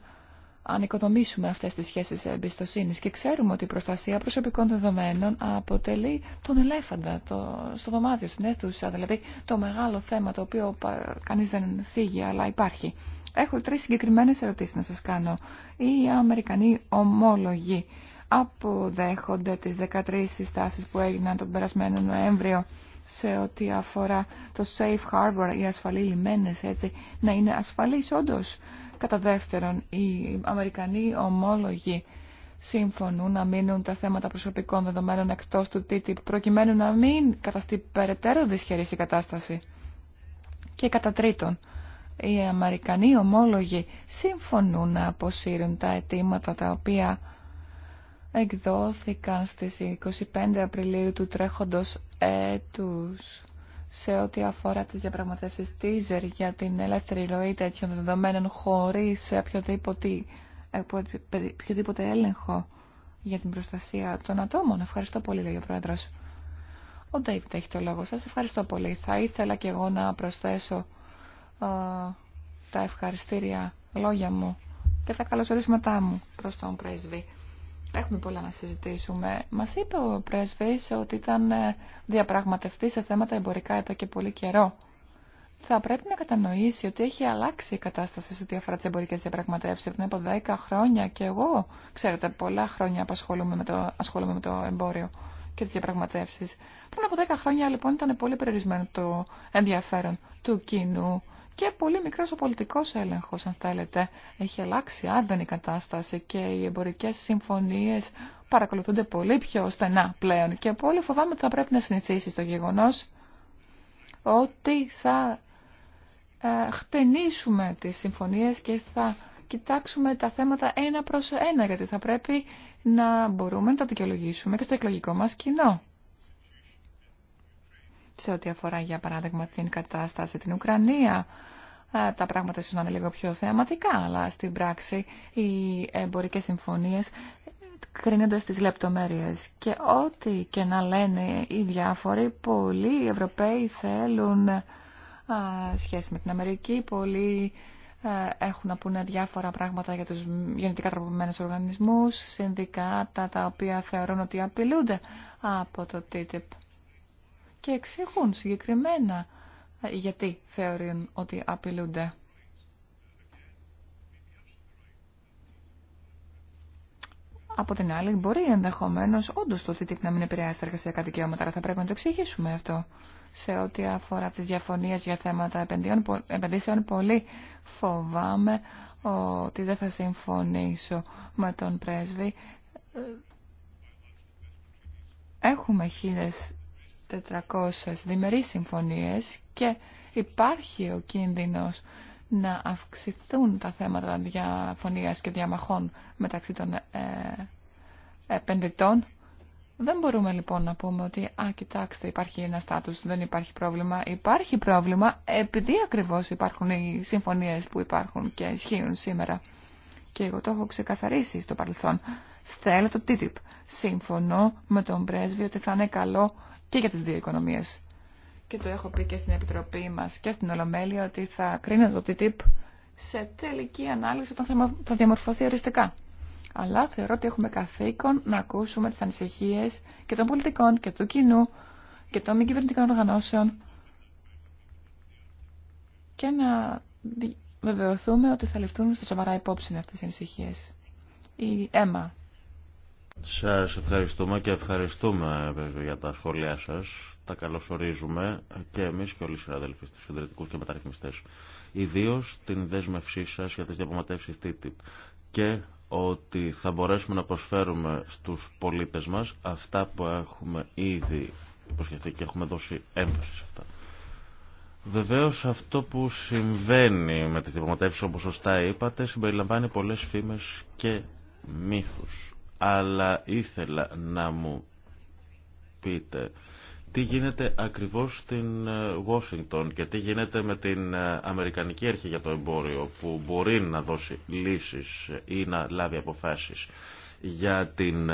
αν οικοδομήσουμε αυτέ τι σχέσει εμπιστοσύνη και ξέρουμε ότι η προστασία προσωπικών δεδομένων αποτελεί τον ελέφαντα το, στο δωμάτιο, στην αίθουσα, δηλαδή το μεγάλο θέμα το οποίο κανεί δεν θίγει αλλά υπάρχει. Έχω τρει συγκεκριμένε ερωτήσει να σα κάνω. Οι Αμερικανοί ομόλογοι αποδέχονται τι 13 συστάσει που έγιναν τον περασμένο Νοέμβριο σε ό,τι αφορά το safe harbor, οι ασφαλή λιμένες έτσι, να είναι ασφαλείς όντως Κατά δεύτερον, οι Αμερικανοί ομόλογοι συμφωνούν να μείνουν τα θέματα προσωπικών δεδομένων εκτός του TTIP προκειμένου να μην καταστεί περαιτέρω δυσχερή η κατάσταση. Και κατά τρίτον, οι Αμερικανοί ομόλογοι συμφωνούν να αποσύρουν τα αιτήματα τα οποία εκδόθηκαν στις 25 Απριλίου του τρέχοντος έτους σε ό,τι αφορά τις διαπραγματεύσεις teaser για την ελεύθερη ροή τέτοιων δεδομένων χωρίς οποιοδήποτε, οποιοδήποτε έλεγχο για την προστασία των ατόμων. Ευχαριστώ πολύ, λέει ο Πρόεδρος. Ο Ντέιβιτ έχει το λόγο. Σας ευχαριστώ πολύ. Θα ήθελα και εγώ να προσθέσω τα ευχαριστήρια λόγια μου και τα καλωσορίσματά μου προς τον πρέσβη. Έχουμε πολλά να συζητήσουμε. Μα είπε ο πρέσβη ότι ήταν ε, διαπραγματευτή σε θέματα εμπορικά εδώ και πολύ καιρό. Θα πρέπει να κατανοήσει ότι έχει αλλάξει η κατάσταση σε ό,τι αφορά τι εμπορικέ διαπραγματεύσει. Πριν από 10 χρόνια και εγώ, ξέρετε, πολλά χρόνια ασχολούμαι με το, ασχολούμαι με το εμπόριο και τι διαπραγματεύσει. Πριν από 10 χρόνια λοιπόν ήταν πολύ περιορισμένο το ενδιαφέρον του κοινού και πολύ μικρό ο πολιτικό έλεγχο, αν θέλετε. Έχει αλλάξει η κατάσταση και οι εμπορικέ συμφωνίες παρακολουθούνται πολύ πιο στενά πλέον και πολύ φοβάμαι ότι θα πρέπει να συνηθίσει στο γεγονός ότι θα ε, χτενίσουμε τις συμφωνίες και θα κοιτάξουμε τα θέματα ένα προς ένα, γιατί θα πρέπει να μπορούμε να τα δικαιολογήσουμε και στο εκλογικό μας κοινό σε ό,τι αφορά για παράδειγμα την κατάσταση στην Ουκρανία. Ε, τα πράγματα ίσως να είναι λίγο πιο θεαματικά, αλλά στην πράξη οι εμπορικές συμφωνίες κρίνονται στις λεπτομέρειες. Και ό,τι και να λένε οι διάφοροι, πολλοί Ευρωπαίοι θέλουν α, ε, σχέση με την Αμερική, πολλοί ε, έχουν να πούνε διάφορα πράγματα για τους γενετικά τροποποιημένους οργανισμούς, συνδικάτα τα οποία θεωρούν ότι απειλούνται από το TTIP και εξηγούν συγκεκριμένα ε, γιατί θεωρούν ότι απειλούνται. Από την άλλη, μπορεί ενδεχομένω όντω το TTIP να μην επηρεάσει τα εργασιακά δικαιώματα, αλλά θα πρέπει να το εξηγήσουμε αυτό. Σε ό,τι αφορά τι διαφωνίε για θέματα επενδύσεων, πολύ φοβάμαι ότι δεν θα συμφωνήσω με τον πρέσβη. Ε, έχουμε χίλιες 400 διμερείς συμφωνίες και υπάρχει ο κίνδυνος να αυξηθούν τα θέματα διαφωνίας και διαμαχών μεταξύ των ε, επενδυτών. Δεν μπορούμε λοιπόν να πούμε ότι «Α, κοιτάξτε, υπάρχει ένα στάτους, δεν υπάρχει πρόβλημα». Υπάρχει πρόβλημα επειδή ακριβώς υπάρχουν οι συμφωνίες που υπάρχουν και ισχύουν σήμερα. Και εγώ το έχω ξεκαθαρίσει στο παρελθόν. Θέλω το TTIP. Σύμφωνο με τον πρέσβη ότι θα είναι καλό και για τις δύο οικονομίες. Και το έχω πει και στην Επιτροπή μας και στην Ολομέλεια ότι θα κρίνω το TTIP σε τελική ανάλυση όταν θα διαμορφωθεί οριστικά. Αλλά θεωρώ ότι έχουμε καθήκον να ακούσουμε τις ανησυχίες και των πολιτικών και του κοινού και των μη κυβερνητικών οργανώσεων και να βεβαιωθούμε ότι θα ληφθούν στα σοβαρά υπόψη αυτές οι ανησυχίες. Η αίμα σας ευχαριστούμε και ευχαριστούμε για τα σχόλιά σας. Τα καλωσορίζουμε και εμείς και όλοι οι συναδέλφοι στους συντηρητικούς και μεταρρυθμιστές. Ιδίως την δέσμευσή σας για τις διαπραγματεύσεις TTIP και ότι θα μπορέσουμε να προσφέρουμε στους πολίτες μας αυτά που έχουμε ήδη υποσχεθεί και έχουμε δώσει έμφαση σε αυτά. Βεβαίως αυτό που συμβαίνει με τις διαπραγματεύσεις όπως σωστά είπατε συμπεριλαμβάνει πολλές φήμες και μύθους αλλά ήθελα να μου πείτε τι γίνεται ακριβώς στην ε, Washington και τι γίνεται με την ε, Αμερικανική Αρχή για το Εμπόριο που μπορεί να δώσει λύσεις ε, ή να λάβει αποφάσεις για την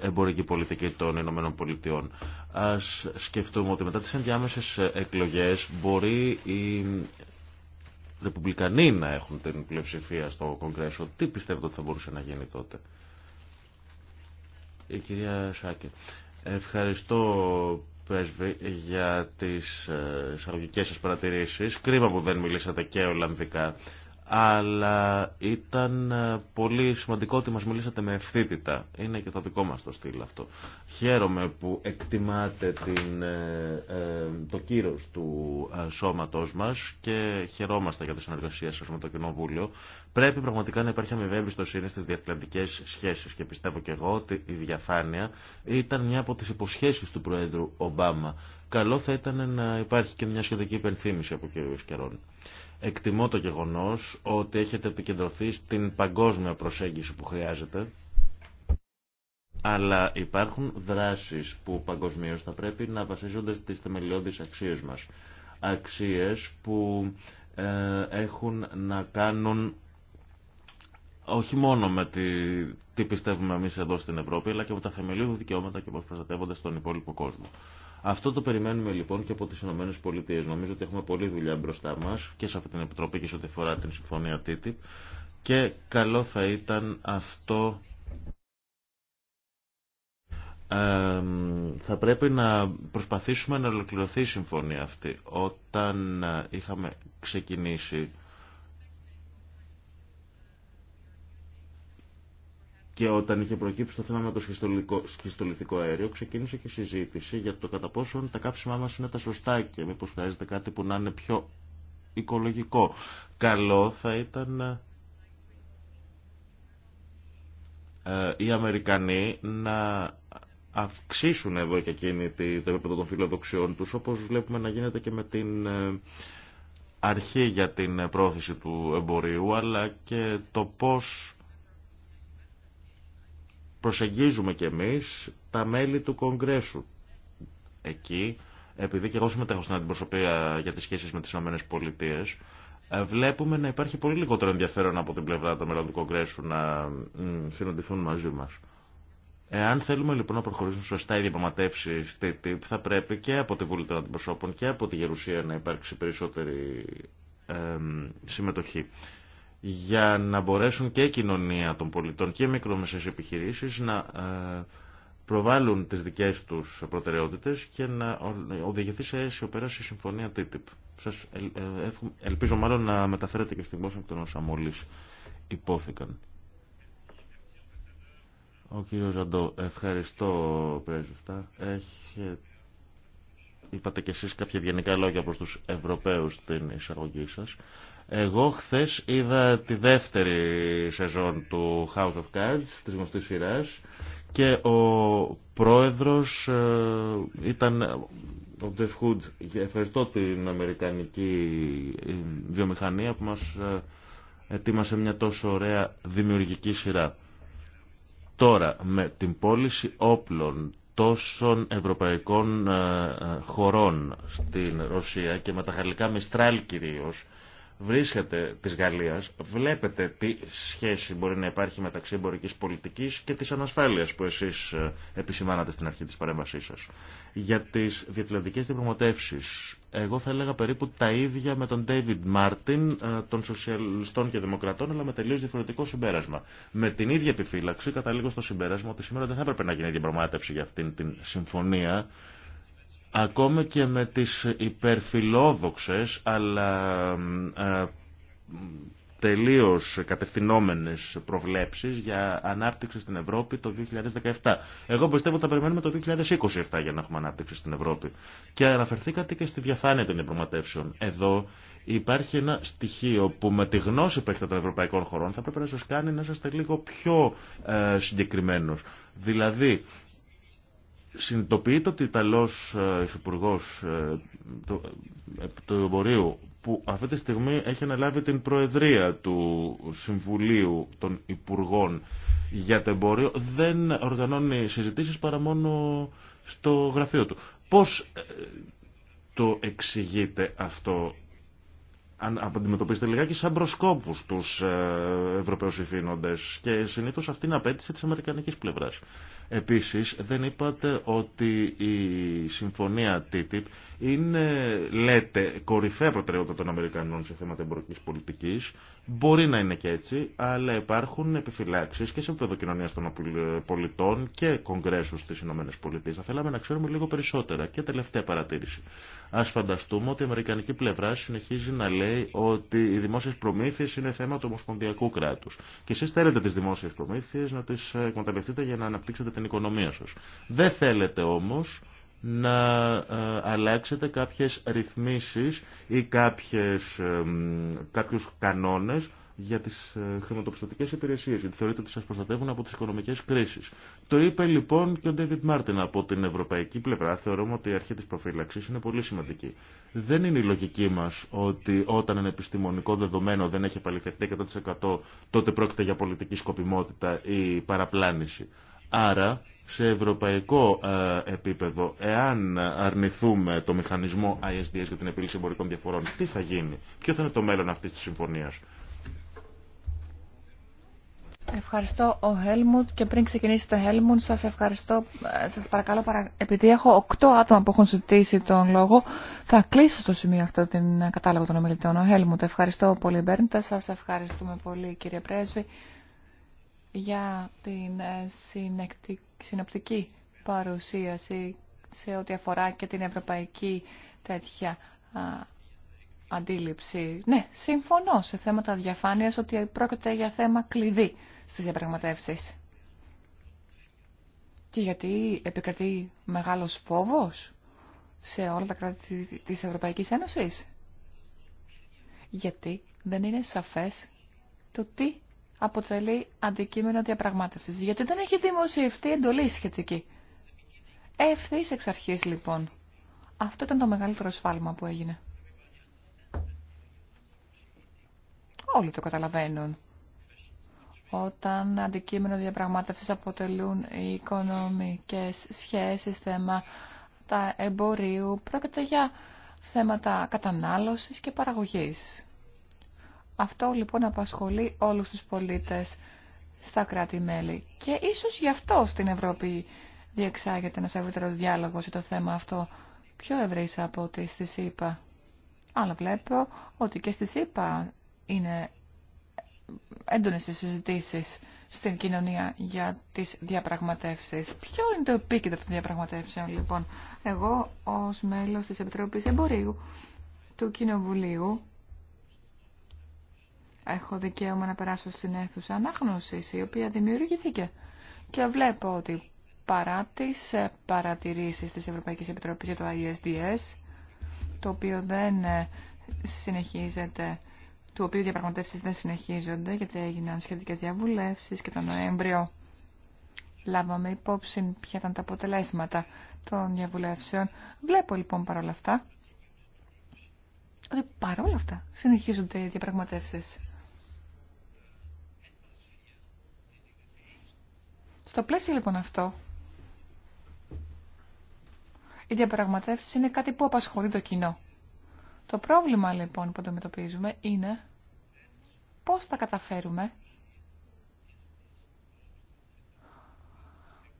εμπορική πολιτική των Ηνωμένων Πολιτειών. Ας σκεφτούμε ότι μετά τις ενδιάμεσες εκλογές μπορεί οι Ρεπουμπλικανοί να έχουν την πλειοψηφία στο Κογκρέσο. Τι πιστεύετε ότι θα μπορούσε να γίνει τότε. Η κυρία Σάκη. Ευχαριστώ πρέσβη για τις ε, εισαγωγικές σας παρατηρήσεις. Κρίμα που δεν μιλήσατε και Ολλανδικά αλλά ήταν ε, πολύ σημαντικό ότι μας μιλήσατε με ευθύτητα. Είναι και το δικό μας το στυλ αυτό. Χαίρομαι που εκτιμάτε την, ε, ε, το κύρος του σώματός μας και χαιρόμαστε για τη συνεργασία σας με το Κοινοβούλιο. Πρέπει πραγματικά να υπάρχει αμοιβή εμπιστοσύνη στις διατλαντικές σχέσεις και πιστεύω και εγώ ότι η διαφάνεια ήταν μια από τις υποσχέσεις του Προέδρου Ομπάμα. Καλό θα ήταν να υπάρχει και μια σχετική υπενθύμηση από κύριο Εκτιμώ το γεγονός ότι έχετε επικεντρωθεί στην παγκόσμια προσέγγιση που χρειάζεται, αλλά υπάρχουν δράσεις που παγκοσμίω θα πρέπει να βασίζονται στις θεμελιώδεις αξίες μας. Αξίες που ε, έχουν να κάνουν όχι μόνο με τι, τι πιστεύουμε εμείς εδώ στην Ευρώπη, αλλά και με τα θεμελιώδη δικαιώματα και πώς προστατεύονται στον υπόλοιπο κόσμο. Αυτό το περιμένουμε λοιπόν και από τι ΗΠΑ. Νομίζω ότι έχουμε πολλή δουλειά μπροστά μα και σε αυτή την Επιτροπή και σε ό,τι αφορά την συμφωνία TTIP. Και καλό θα ήταν αυτό θα πρέπει να προσπαθήσουμε να ολοκληρωθεί η συμφωνία αυτή. Όταν ε, είχαμε ξεκινήσει και όταν είχε προκύψει το θέμα με το σχιστολιθικό αέριο, ξεκίνησε και συζήτηση για το κατά πόσο τα κάψιμά μα είναι τα σωστά και μήπω χρειάζεται κάτι που να είναι πιο οικολογικό. Καλό θα ήταν ε, οι Αμερικανοί να αυξήσουν εδώ και εκείνη το επίπεδο των φιλοδοξιών τους, όπως βλέπουμε να γίνεται και με την ε, αρχή για την πρόθεση του εμπορίου, αλλά και το πώς προσεγγίζουμε κι εμεί τα μέλη του Κογκρέσου. Εκεί, επειδή και εγώ συμμετέχω στην αντιπροσωπεία για τι σχέσει με τις ΗΠΑ, ε, βλέπουμε να υπάρχει πολύ λιγότερο ενδιαφέρον από την πλευρά των μελών του Κογκρέσου να συναντηθούν μαζί μα. Εάν θέλουμε λοιπόν να προχωρήσουν σωστά οι διαπραγματεύσει TTIP, θα πρέπει και από τη Βουλή των Αντιπροσώπων και από τη Γερουσία να υπάρξει περισσότερη συμμετοχή για να μπορέσουν και η κοινωνία των πολιτών και οι μικρομεσαίες επιχειρήσεις να ε, προβάλλουν τις δικές τους προτεραιότητες και να οδηγηθεί σε αίσιο πέρα συμφωνία TTIP. Ε, ελπίζω μάλλον να μεταφέρετε και στην από τον όσα μόλις υπόθηκαν. Ο κύριος Ζαντό, ευχαριστώ πρέσβευτα. Έχετε είπατε κι εσείς κάποια γενικά λόγια προς τους Ευρωπαίους στην εισαγωγή σας. Εγώ χθες είδα τη δεύτερη σεζόν του House of Cards, της γνωστής σειράς, και ο πρόεδρος ε, ήταν ο Jeff Hood. Ευχαριστώ την Αμερικανική ε, βιομηχανία που μας ε, ετοίμασε μια τόσο ωραία δημιουργική σειρά. Τώρα, με την πώληση όπλων, τόσων ευρωπαϊκών ε, ε, χωρών στην Ρωσία και με τα γαλλικά Μιστράλ κυρίως Βρίσκεται της Γαλλίας, βλέπετε τι σχέση μπορεί να υπάρχει μεταξύ εμπορικής πολιτικής και της ανασφάλειας που εσείς ε, επισημάνατε στην αρχή της παρέμβασής σας. Για τις διατλαντικές διαπραγματεύσεις, εγώ θα έλεγα περίπου τα ίδια με τον David Μάρτιν ε, των σοσιαλιστών και δημοκρατών, αλλά με τελείω διαφορετικό συμπέρασμα. Με την ίδια επιφύλαξη καταλήγω στο συμπέρασμα ότι σήμερα δεν θα έπρεπε να γίνει διαπραγμάτευση για αυτήν την συμφωνία, Ακόμα και με τις υπερφιλόδοξες αλλά ε, τελείως κατευθυνόμενες προβλέψεις για ανάπτυξη στην Ευρώπη το 2017. Εγώ πιστεύω ότι θα περιμένουμε το 2027 για να έχουμε ανάπτυξη στην Ευρώπη. Και αναφερθήκατε και στη διαφάνεια των διαπραγματεύσεων. Εδώ υπάρχει ένα στοιχείο που με τη γνώση που έχετε των ευρωπαϊκών χωρών θα πρέπει να σας κάνει να είστε λίγο πιο ε, συγκεκριμένος. Δηλαδή, συνειδητοποιείται ότι ο Ιταλός ε, Υφυπουργός ε, ε, του, Εμπορίου που αυτή τη στιγμή έχει αναλάβει την Προεδρία του Συμβουλίου των Υπουργών για το Εμπόριο δεν οργανώνει συζητήσεις παρά μόνο στο γραφείο του. Πώς το εξηγείται αυτό αντιμετωπίζετε λιγάκι σαν προσκόπου του ε, Ευρωπαίου ηθήνοντε και συνήθω αυτή είναι απέτηση τη Αμερικανική πλευρά. Επίση, δεν είπατε ότι η συμφωνία TTIP είναι, λέτε, κορυφαία προτεραιότητα των Αμερικανών σε θέματα εμπορική πολιτική. Μπορεί να είναι και έτσι, αλλά υπάρχουν επιφυλάξει και σε επίπεδο κοινωνία των πολιτών και κογκρέσου στι ΗΠΑ. Θα θέλαμε να ξέρουμε λίγο περισσότερα. Και τελευταία παρατήρηση. Α φανταστούμε ότι η Αμερικανική πλευρά συνεχίζει να λέει ότι οι δημόσιες προμήθειες είναι θέμα του ομοσπονδιακού κράτους. Και εσεί θέλετε τις δημόσιες προμήθειες να τις ε, εκμεταλλευτείτε για να αναπτύξετε την οικονομία σας. Δεν θέλετε όμως να ε, αλλάξετε κάποιες ρυθμίσεις ή κάποιες, ε, κάποιους κανόνες για τις ε, χρηματοπιστωτικέ υπηρεσίε, γιατί θεωρείται ότι σα προστατεύουν από τι οικονομικέ κρίσει. Το είπε λοιπόν και ο Ντέβιτ Μάρτιν από την ευρωπαϊκή πλευρά. Θεωρούμε ότι η αρχή τη προφύλαξη είναι πολύ σημαντική. Δεν είναι η λογική μα ότι όταν ένα επιστημονικό δεδομένο δεν έχει επαληθευτεί 100% τότε πρόκειται για πολιτική σκοπιμότητα ή παραπλάνηση. Άρα, σε ευρωπαϊκό ε, επίπεδο, εάν αρνηθούμε το μηχανισμό ISDS για την επίλυση εμπορικών διαφορών, τι θα γίνει, ποιο θα είναι το μέλλον αυτής της συμφωνίας. Ευχαριστώ ο Χέλμουντ και πριν ξεκινήσετε Χέλμουντ σας ευχαριστώ, ε, σας παρακαλώ επειδή έχω οκτώ άτομα που έχουν ζητήσει τον λόγο θα κλείσω στο σημείο αυτό την ε, κατάλογο των ομιλητών. Ο Χέλμουντ ευχαριστώ πολύ Μπέρντα, σας ευχαριστούμε πολύ κύριε Πρέσβη για την ε, συνοπτική παρουσίαση σε ό,τι αφορά και την ευρωπαϊκή τέτοια αντίληψη. Ναι, συμφωνώ σε θέματα διαφάνειας ότι πρόκειται για θέμα κλειδί στις διαπραγματεύσεις. Και γιατί επικρατεί μεγάλος φόβος σε όλα τα κράτη της Ευρωπαϊκής Ένωσης. Γιατί δεν είναι σαφές το τι αποτελεί αντικείμενο διαπραγμάτευσης. Γιατί δεν έχει δημοσιευτεί εντολή σχετική. Ευθύ εξ αρχής λοιπόν. Αυτό ήταν το μεγαλύτερο σφάλμα που έγινε. Όλοι το καταλαβαίνουν όταν αντικείμενο διαπραγμάτευσης αποτελούν οι οικονομικές σχέσεις, θέμα τα εμπορίου, πρόκειται για θέματα κατανάλωσης και παραγωγής. Αυτό λοιπόν απασχολεί όλους τους πολίτες στα κράτη-μέλη και ίσως γι' αυτό στην Ευρώπη διεξάγεται ένας ευρύτερο διάλογος για το θέμα αυτό πιο ευρύς από ό,τι στη ΣΥΠΑ. Αλλά βλέπω ότι και στη ΣΥΠΑ είναι έντονες συζητήσεις στην κοινωνία για τις διαπραγματεύσεις. Ποιο είναι το επίκεντρο των διαπραγματεύσεων, λοιπόν. Εγώ, ως μέλος της Επιτροπής Εμπορίου του Κοινοβουλίου, έχω δικαίωμα να περάσω στην αίθουσα ανάγνωσης, η οποία δημιουργηθήκε. Και βλέπω ότι παρά τις ε, παρατηρήσεις της Ευρωπαϊκής Επιτροπής για το ISDS, το οποίο δεν ε, συνεχίζεται του οποίου οι διαπραγματεύσει δεν συνεχίζονται, γιατί έγιναν σχετικέ διαβουλεύσει και τον Νοέμβριο λάβαμε υπόψη ποια ήταν τα αποτελέσματα των διαβουλεύσεων. Βλέπω λοιπόν παρόλα αυτά ότι παρόλα αυτά συνεχίζονται οι διαπραγματεύσει. Στο πλαίσιο λοιπόν αυτό, οι διαπραγματεύσει είναι κάτι που απασχολεί το κοινό. Το πρόβλημα λοιπόν που αντιμετωπίζουμε είναι πώς θα καταφέρουμε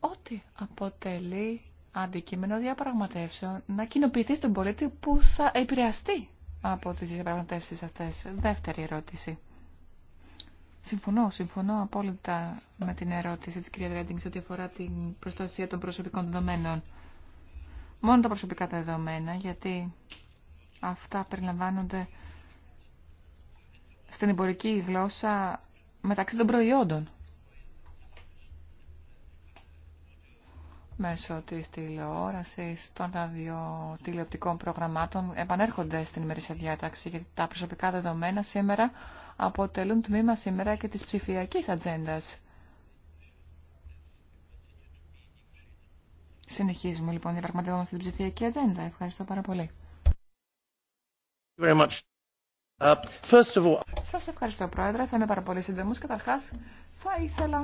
ότι αποτελεί αντικείμενο διαπραγματεύσεων να κοινοποιηθεί στον πολίτη που θα επηρεαστεί από τις διαπραγματεύσεις αυτές. Δεύτερη ερώτηση. Συμφωνώ, συμφωνώ απόλυτα με την ερώτηση της κυρία Ρέντινγκ σε ό,τι αφορά την προστασία των προσωπικών δεδομένων. Μόνο τα προσωπικά δεδομένα, γιατί αυτά περιλαμβάνονται στην εμπορική γλώσσα μεταξύ των προϊόντων. Μέσω της τηλεόρασης, των ραδιοτηλεοπτικών προγραμμάτων επανέρχονται στην ημερήσια διάταξη γιατί τα προσωπικά δεδομένα σήμερα αποτελούν τμήμα σήμερα και της ψηφιακής ατζέντα. Συνεχίζουμε λοιπόν να πραγματεύουμε την ψηφιακή ατζέντα. Ευχαριστώ πάρα πολύ. Σα uh, Σας ευχαριστώ, Πρόεδρε. Θα είμαι πάρα πολύ σύντομο. Καταρχάς, θα ήθελα,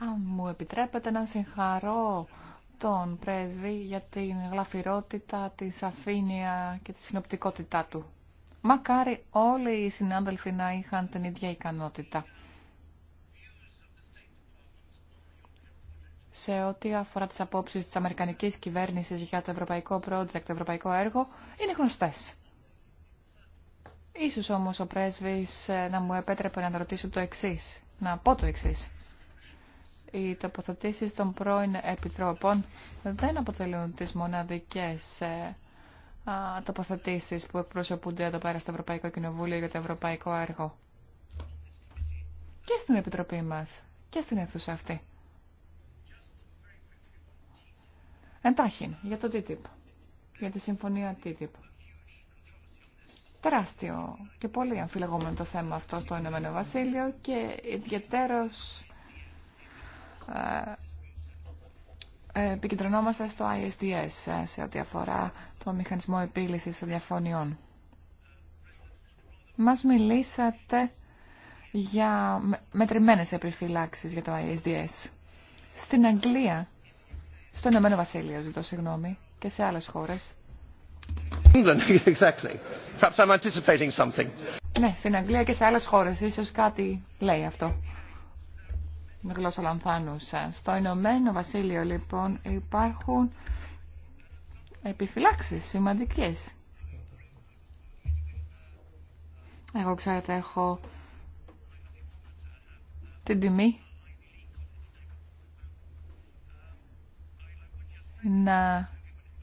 αν μου επιτρέπετε, να συγχαρώ τον πρέσβη για την γλαφυρότητα, τη σαφήνεια και τη συνοπτικότητά του. Μακάρι όλοι οι συνάδελφοι να είχαν την ίδια ικανότητα. σε ό,τι αφορά τις απόψεις της Αμερικανικής κυβέρνησης για το ευρωπαϊκό project, το ευρωπαϊκό έργο, είναι γνωστές. Ίσως όμως ο πρέσβης ε, να μου επέτρεπε να ρωτήσω το εξής, να πω το εξής. Οι τοποθετήσει των πρώην επιτρόπων δεν αποτελούν τις μοναδικές ε, τοποθετήσεις που εκπροσωπούνται εδώ πέρα στο Ευρωπαϊκό Κοινοβούλιο για το Ευρωπαϊκό Έργο. Και στην Επιτροπή μας και στην αίθουσα αυτή. Εντάχει, για το TTIP, για τη συμφωνία TTIP. Τεράστιο και πολύ αμφιλεγόμενο το θέμα αυτό στο Ηνωμένο Βασίλειο και ιδιαίτερος ε, ε, επικεντρωνόμαστε στο ISDS ε, σε ό,τι αφορά το μηχανισμό επίλυσης διαφωνιών. Μας μιλήσατε για μετρημένες επιφυλάξεις για το ISDS. Στην Αγγλία στο Ηνωμένο Βασίλειο, ζητώ συγγνώμη, και σε άλλες χώρες. Ναι, στην Αγγλία και σε άλλες χώρες. Ίσως κάτι λέει αυτό. Με γλώσσα λανθάνουσα. Στο Ηνωμένο Βασίλειο, λοιπόν, υπάρχουν επιφυλάξεις σημαντικές. Εγώ, ξέρετε, έχω την τιμή να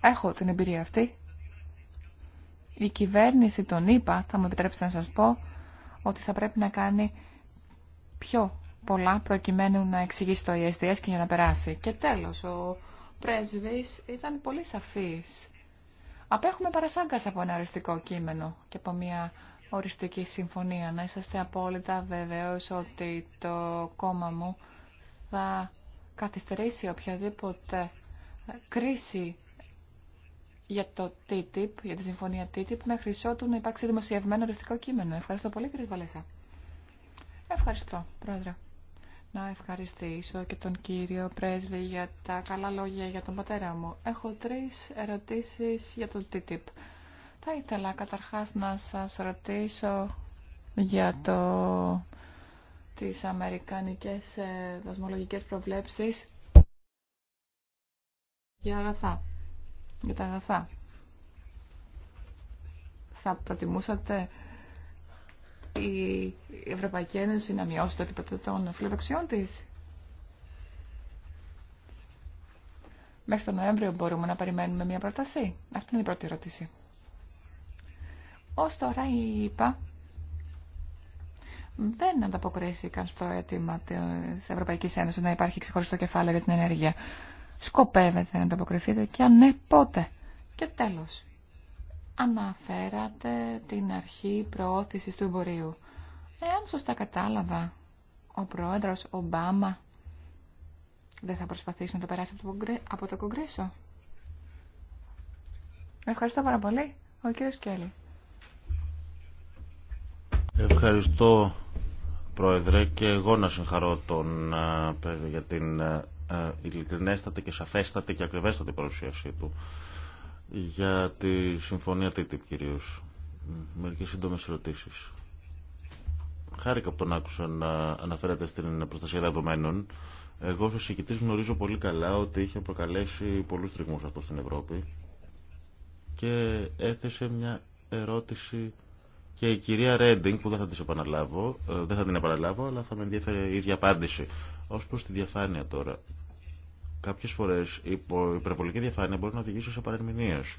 έχω την εμπειρία αυτή. Η κυβέρνηση τον είπα, θα μου επιτρέψει να σας πω, ότι θα πρέπει να κάνει πιο πολλά προκειμένου να εξηγήσει το ISDS και για να περάσει. Και τέλος, ο πρέσβης ήταν πολύ σαφής. Απέχουμε παρασάγκας από ένα οριστικό κείμενο και από μια οριστική συμφωνία. Να είσαστε απόλυτα βεβαίως ότι το κόμμα μου θα καθυστερήσει οποιαδήποτε κρίση για το TTIP, για τη συμφωνία TTIP, μέχρι ότου να υπάρξει δημοσιευμένο ρευστικό κείμενο. Ευχαριστώ πολύ, κύριε Βαλέσα. Ευχαριστώ, Πρόεδρε. Να ευχαριστήσω και τον κύριο Πρέσβη για τα καλά λόγια για τον πατέρα μου. Έχω τρεις ερωτήσεις για το TTIP. Θα ήθελα καταρχάς να σας ρωτήσω για το... τις αμερικανικές ε, δασμολογικές προβλέψεις για αγαθά. Για τα αγαθά. Θα προτιμούσατε η Ευρωπαϊκή Ένωση να μειώσει το επίπεδο των φιλοδοξιών τη. Μέχρι τον Νοέμβριο μπορούμε να περιμένουμε μια πρόταση. Αυτή είναι η πρώτη ερώτηση. Ως τώρα η δεν ανταποκρίθηκαν στο αίτημα της Ευρωπαϊκής Ένωσης να υπάρχει ξεχωριστό κεφάλαιο για την ενέργεια σκοπεύετε να ανταποκριθείτε και αν ναι πότε. Και τέλος, αναφέρατε την αρχή προώθησης του εμπορίου. Εάν σωστά κατάλαβα, ο πρόεδρος Ομπάμα δεν θα προσπαθήσει να το περάσει από το Κογκρέσο. Ευχαριστώ πάρα πολύ. Ο κύριος Κέλλη. Ευχαριστώ, Πρόεδρε, και εγώ να συγχαρώ τον ε, για την ε, ε, ειλικρινέστατη και σαφέστατη και ακριβέστατη παρουσίασή του για τη συμφωνία TTIP κυρίως. Μερικές σύντομες ερωτήσεις. Χάρηκα που τον άκουσα να αναφέρεται στην προστασία δεδομένων. Εγώ ως εισηγητής γνωρίζω πολύ καλά ότι είχε προκαλέσει πολλούς τριγμούς αυτό στην Ευρώπη και έθεσε μια ερώτηση και η κυρία Ρέντινγκ, που δεν θα, επαναλάβω, ε, δεν θα την επαναλάβω, αλλά θα με ενδιαφέρει η ίδια απάντηση. Ως προς τη διαφάνεια τώρα. Κάποιες φορές η υπερβολική διαφάνεια μπορεί να οδηγήσει σε παρερμηνίες.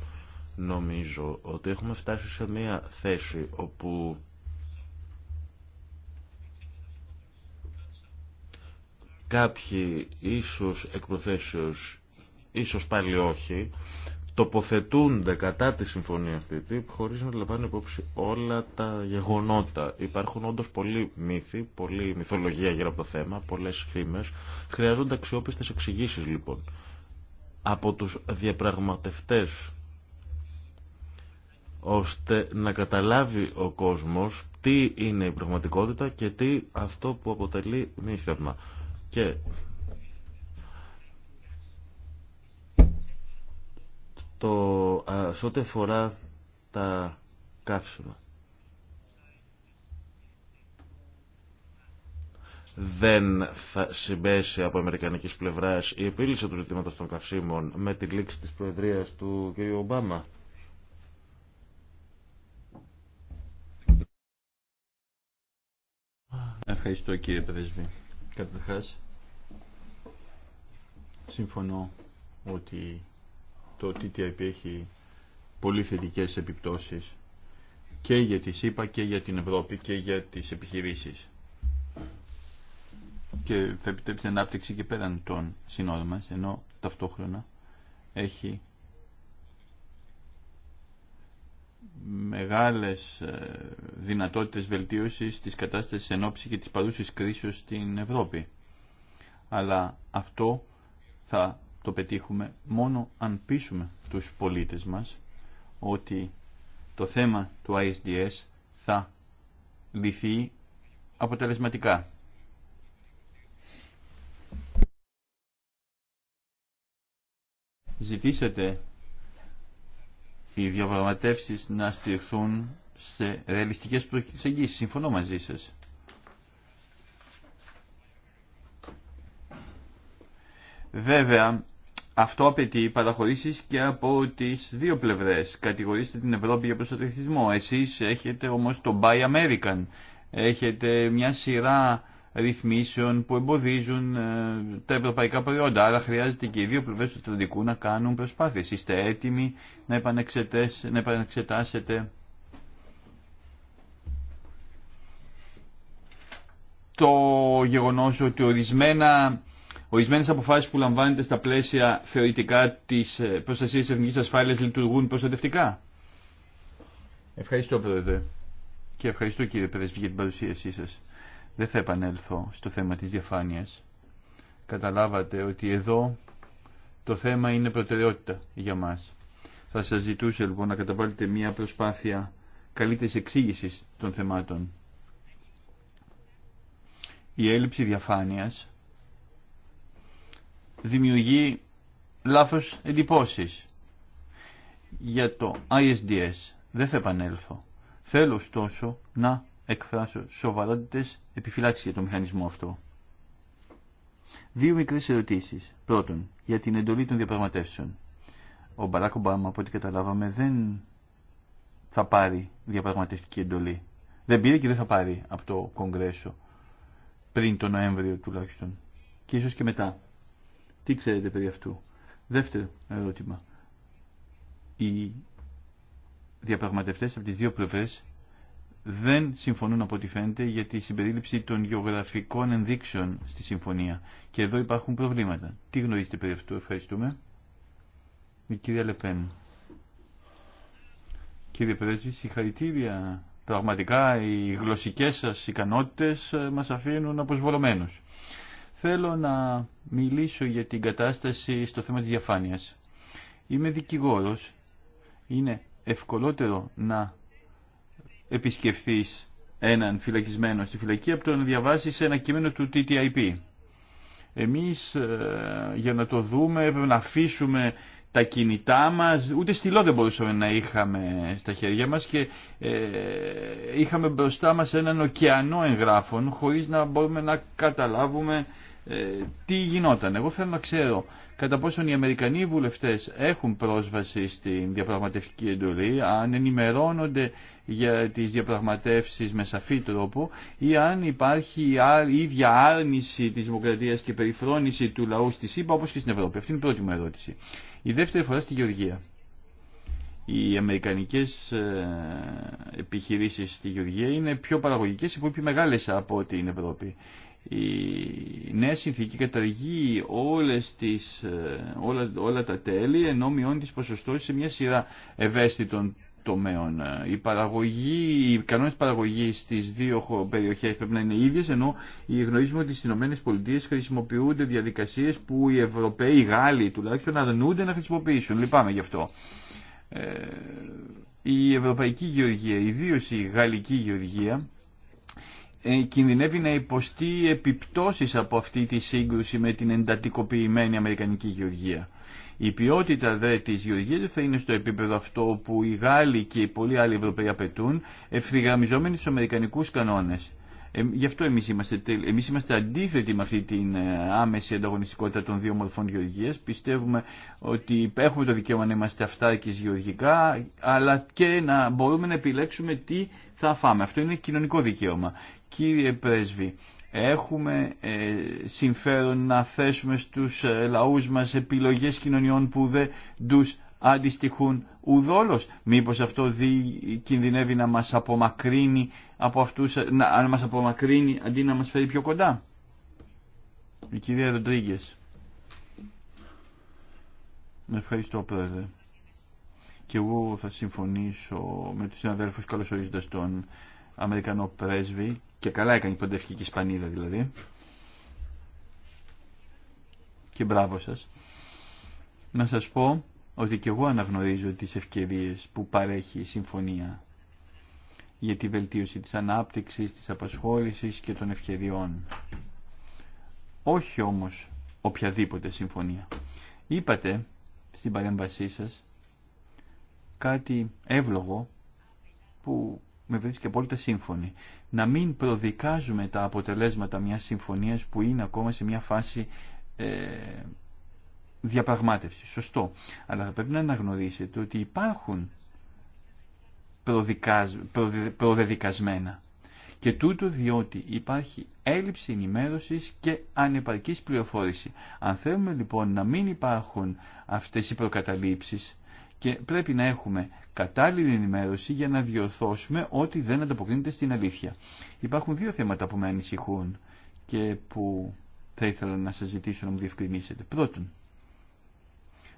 Νομίζω ότι έχουμε φτάσει σε μια θέση όπου κάποιοι ίσως εκ προθέσεως, ίσως πάλι όχι, τοποθετούνται κατά τη συμφωνία αυτή χωρίς να λαμβάνουν υπόψη όλα τα γεγονότα. Υπάρχουν όντως πολλοί μύθοι, πολλή μυθολογία γύρω από το θέμα, πολλές φήμες. Χρειάζονται αξιόπιστες εξηγήσει λοιπόν από τους διαπραγματευτές ώστε να καταλάβει ο κόσμος τι είναι η πραγματικότητα και τι αυτό που αποτελεί μύθευμα. Και το, σε ό,τι αφορά τα καύσιμα. δεν θα συμπέσει από αμερικανικής πλευράς η επίλυση του ζητήματος των καυσίμων με τη λήξη της Προεδρίας του κ. Ομπάμα. Ευχαριστώ κύριε Πρέσβη. Καταρχάς, συμφωνώ ότι το TTIP έχει πολύ θετικέ επιπτώσεις και για τη ΣΥΠΑ και για την Ευρώπη και για τις επιχειρήσεις. Και θα επιτρέψει την ανάπτυξη και πέραν των συνόρων μα ενώ ταυτόχρονα έχει μεγάλες ε, δυνατότητες βελτίωσης της κατάστασης ενόψη και της παρούσης κρίσεως στην Ευρώπη. Αλλά αυτό θα το πετύχουμε μόνο αν πείσουμε τους πολίτες μας ότι το θέμα του ISDS θα λυθεί αποτελεσματικά. Ζητήσατε οι διαπραγματεύσεις να στηριχθούν σε ρεαλιστικές προσεγγίσεις. Συμφωνώ μαζί σας. Βέβαια, αυτό απαιτεί παραχωρήσει και από τι δύο πλευρέ. Κατηγορήστε την Ευρώπη για προστατευτισμό. Εσεί έχετε όμω το Buy American. Έχετε μια σειρά ρυθμίσεων που εμποδίζουν ε, τα ευρωπαϊκά προϊόντα. Άρα χρειάζεται και οι δύο πλευρέ του τραντικού να κάνουν προσπάθειε. Είστε έτοιμοι να επανεξετάσετε το γεγονός ότι ορισμένα Ορισμένε αποφάσει που λαμβάνετε στα πλαίσια θεωρητικά τη ε, προστασία τη εθνική ασφάλεια λειτουργούν προστατευτικά. Ευχαριστώ, Πρόεδρε. Και ευχαριστώ, κύριε Πρέσβη, για την παρουσίασή σα. Δεν θα επανέλθω στο θέμα τη διαφάνεια. Καταλάβατε ότι εδώ το θέμα είναι προτεραιότητα για μα. Θα σα ζητούσε λοιπόν να καταβάλλετε μια προσπάθεια καλύτερη εξήγηση των θεμάτων. Η έλλειψη διαφάνειας δημιουργεί λάθος εντυπώσεις για το ISDS. Δεν θα επανέλθω. Θέλω ωστόσο να εκφράσω σοβαρότητες επιφυλάξεις για το μηχανισμό αυτό. Δύο μικρές ερωτήσεις. Πρώτον, για την εντολή των διαπραγματεύσεων. Ο Μπαράκ Ομπάμα, από ό,τι καταλάβαμε, δεν θα πάρει διαπραγματευτική εντολή. Δεν πήρε και δεν θα πάρει από το Κογκρέσο πριν τον Νοέμβριο τουλάχιστον. Και ίσως και μετά. Τι ξέρετε περί αυτού. Δεύτερο ερώτημα. Οι διαπραγματευτές από τις δύο πλευρές δεν συμφωνούν από ό,τι φαίνεται για τη συμπερίληψη των γεωγραφικών ενδείξεων στη συμφωνία. Και εδώ υπάρχουν προβλήματα. Τι γνωρίζετε περί αυτού. Ευχαριστούμε. Η κυρία Λεπέν. Κύριε Πρέσβη, συγχαρητήρια. Πραγματικά οι γλωσσικές σας ικανότητες ε, μας αφήνουν αποσβολωμένους. Θέλω να μιλήσω για την κατάσταση στο θέμα της διαφάνειας. Είμαι δικηγόρος. Είναι ευκολότερο να επισκεφθείς έναν φυλακισμένο στη φυλακή από το να διαβάσεις ένα κείμενο του TTIP. Εμείς ε, για να το δούμε έπρεπε να αφήσουμε τα κινητά μας, ούτε στυλό δεν μπορούσαμε να είχαμε στα χέρια μας και ε, είχαμε μπροστά μας έναν ωκεανό εγγράφων χωρίς να μπορούμε να καταλάβουμε ε, τι γινόταν. Εγώ θέλω να ξέρω κατά πόσον οι Αμερικανοί βουλευτές έχουν πρόσβαση στην διαπραγματευτική εντολή, αν ενημερώνονται για τις διαπραγματεύσεις με σαφή τρόπο ή αν υπάρχει η ίδια άρνηση της δημοκρατίας και περιφρόνηση του λαού στη ΣΥΠΑ όπως και στην Ευρώπη. Αυτή είναι η πρώτη μου ερώτηση. Η δεύτερη φορά στη Γεωργία. Οι αμερικανικές ε, επιχειρήσεις στη Γεωργία είναι πιο παραγωγικές υπό μεγάλες από την Ευρώπη. Η νέα συνθήκη καταργεί όλες τις, ε, όλα, όλα τα τέλη ενώ μειώνει τις ποσοστώσεις σε μια σειρά ευαίσθητων τομέων. Ε, η παραγωγή, οι κανόνες παραγωγής στις δύο περιοχές πρέπει να είναι ίδιες ενώ γνωρίζουμε ότι στις ΗΠΑ χρησιμοποιούνται διαδικασίες που οι Ευρωπαίοι, οι Γάλλοι τουλάχιστον αρνούνται να χρησιμοποιήσουν. Λυπάμαι γι' αυτό. Ε, η Ευρωπαϊκή Γεωργία, ιδίω η Γαλλική Γεωργία, ε, κινδυνεύει να υποστεί επιπτώσεις από αυτή τη σύγκρουση με την εντατικοποιημένη Αμερικανική γεωργία. Η ποιότητα δε της γεωργίας θα είναι στο επίπεδο αυτό που οι Γάλλοι και οι πολλοί άλλοι Ευρωπαίοι απαιτούν, ευθυγραμμιζόμενοι στους Αμερικανικούς κανόνες. Ε, γι' αυτό εμείς είμαστε, εμείς είμαστε αντίθετοι με αυτή την ε, άμεση ανταγωνιστικότητα των δύο μορφών γεωργίας. Πιστεύουμε ότι έχουμε το δικαίωμα να είμαστε αυτάρκεις γεωργικά, αλλά και να μπορούμε να επιλέξουμε τι θα φάμε. Αυτό είναι κοινωνικό δικαίωμα. Κύριε Πρέσβη, έχουμε ε, συμφέρον να θέσουμε στους ε, λαούς μας επιλογές κοινωνιών που δεν τους αντιστοιχούν ουδόλως. Μήπως αυτό δι, κινδυνεύει να μας απομακρύνει από αυτούς, ε, να, μας απομακρύνει αντί να μας φέρει πιο κοντά. Η κυρία Ροντρίγκε. Ευχαριστώ πρόεδρε. Και εγώ θα συμφωνήσω με τους συναδέλφους καλωσορίζοντας τον Αμερικανό πρέσβη και καλά έκανε η η Σπανίδα δηλαδή. Και μπράβο σας. Να σας πω ότι και εγώ αναγνωρίζω τις ευκαιρίες που παρέχει η Συμφωνία για τη βελτίωση της ανάπτυξης, της απασχόλησης και των ευκαιριών. Όχι όμως οποιαδήποτε συμφωνία. Είπατε στην παρέμβασή σας κάτι εύλογο που με βρίσκει απόλυτα σύμφωνη. Να μην προδικάζουμε τα αποτελέσματα μιας συμφωνίας που είναι ακόμα σε μια φάση ε, διαπραγμάτευση. Σωστό. Αλλά θα πρέπει να αναγνωρίσετε ότι υπάρχουν προδεδικασμένα. Και τούτο διότι υπάρχει έλλειψη ενημέρωσης και ανεπαρκής πληροφόρηση. Αν θέλουμε λοιπόν να μην υπάρχουν αυτές οι προκαταλήψεις, και πρέπει να έχουμε κατάλληλη ενημέρωση για να διορθώσουμε ό,τι δεν ανταποκρίνεται στην αλήθεια. Υπάρχουν δύο θέματα που με ανησυχούν και που θα ήθελα να σας ζητήσω να μου διευκρινίσετε. Πρώτον,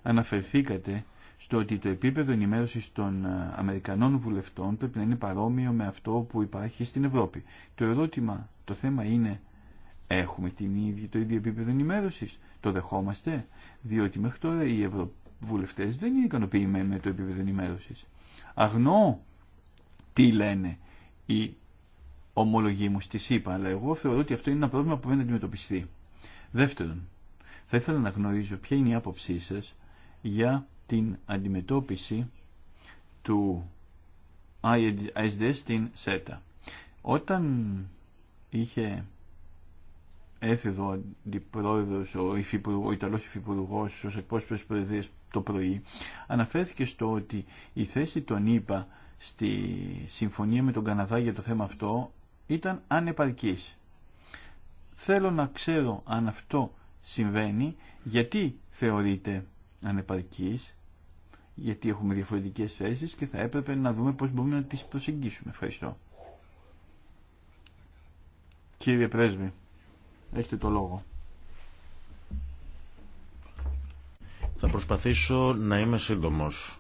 αναφερθήκατε στο ότι το επίπεδο ενημέρωσης των ε, Αμερικανών βουλευτών πρέπει να είναι παρόμοιο με αυτό που υπάρχει στην Ευρώπη. Το ερώτημα, το θέμα είναι, έχουμε την ίδια, το ίδιο επίπεδο ενημέρωσης, το δεχόμαστε, διότι μέχρι τώρα η Ευρώπη βουλευτές δεν είναι ικανοποιημένοι με το επίπεδο ενημέρωση. Αγνώ τι λένε οι ομολογοί μου στη ΣΥΠΑ, αλλά εγώ θεωρώ ότι αυτό είναι ένα πρόβλημα που πρέπει να αντιμετωπιστεί. Δεύτερον, θα ήθελα να γνωρίζω ποια είναι η άποψή σα για την αντιμετώπιση του ISDS στην ΣΕΤΑ. Όταν είχε έρθει εδώ ο αντιπρόεδρος, ο, υφυπουργός, ο Ιταλός Υφυπουργός ως εκπρόσωπος της το πρωί αναφέρθηκε στο ότι η θέση των ΗΠΑ στη συμφωνία με τον Καναδά για το θέμα αυτό ήταν ανεπαρκής. Θέλω να ξέρω αν αυτό συμβαίνει, γιατί θεωρείται ανεπαρκής, γιατί έχουμε διαφορετικές θέσεις και θα έπρεπε να δούμε πώς μπορούμε να τις προσεγγίσουμε. Ευχαριστώ. Κύριε Πρέσβη, έχετε το λόγο. Θα προσπαθήσω να είμαι σύντομος.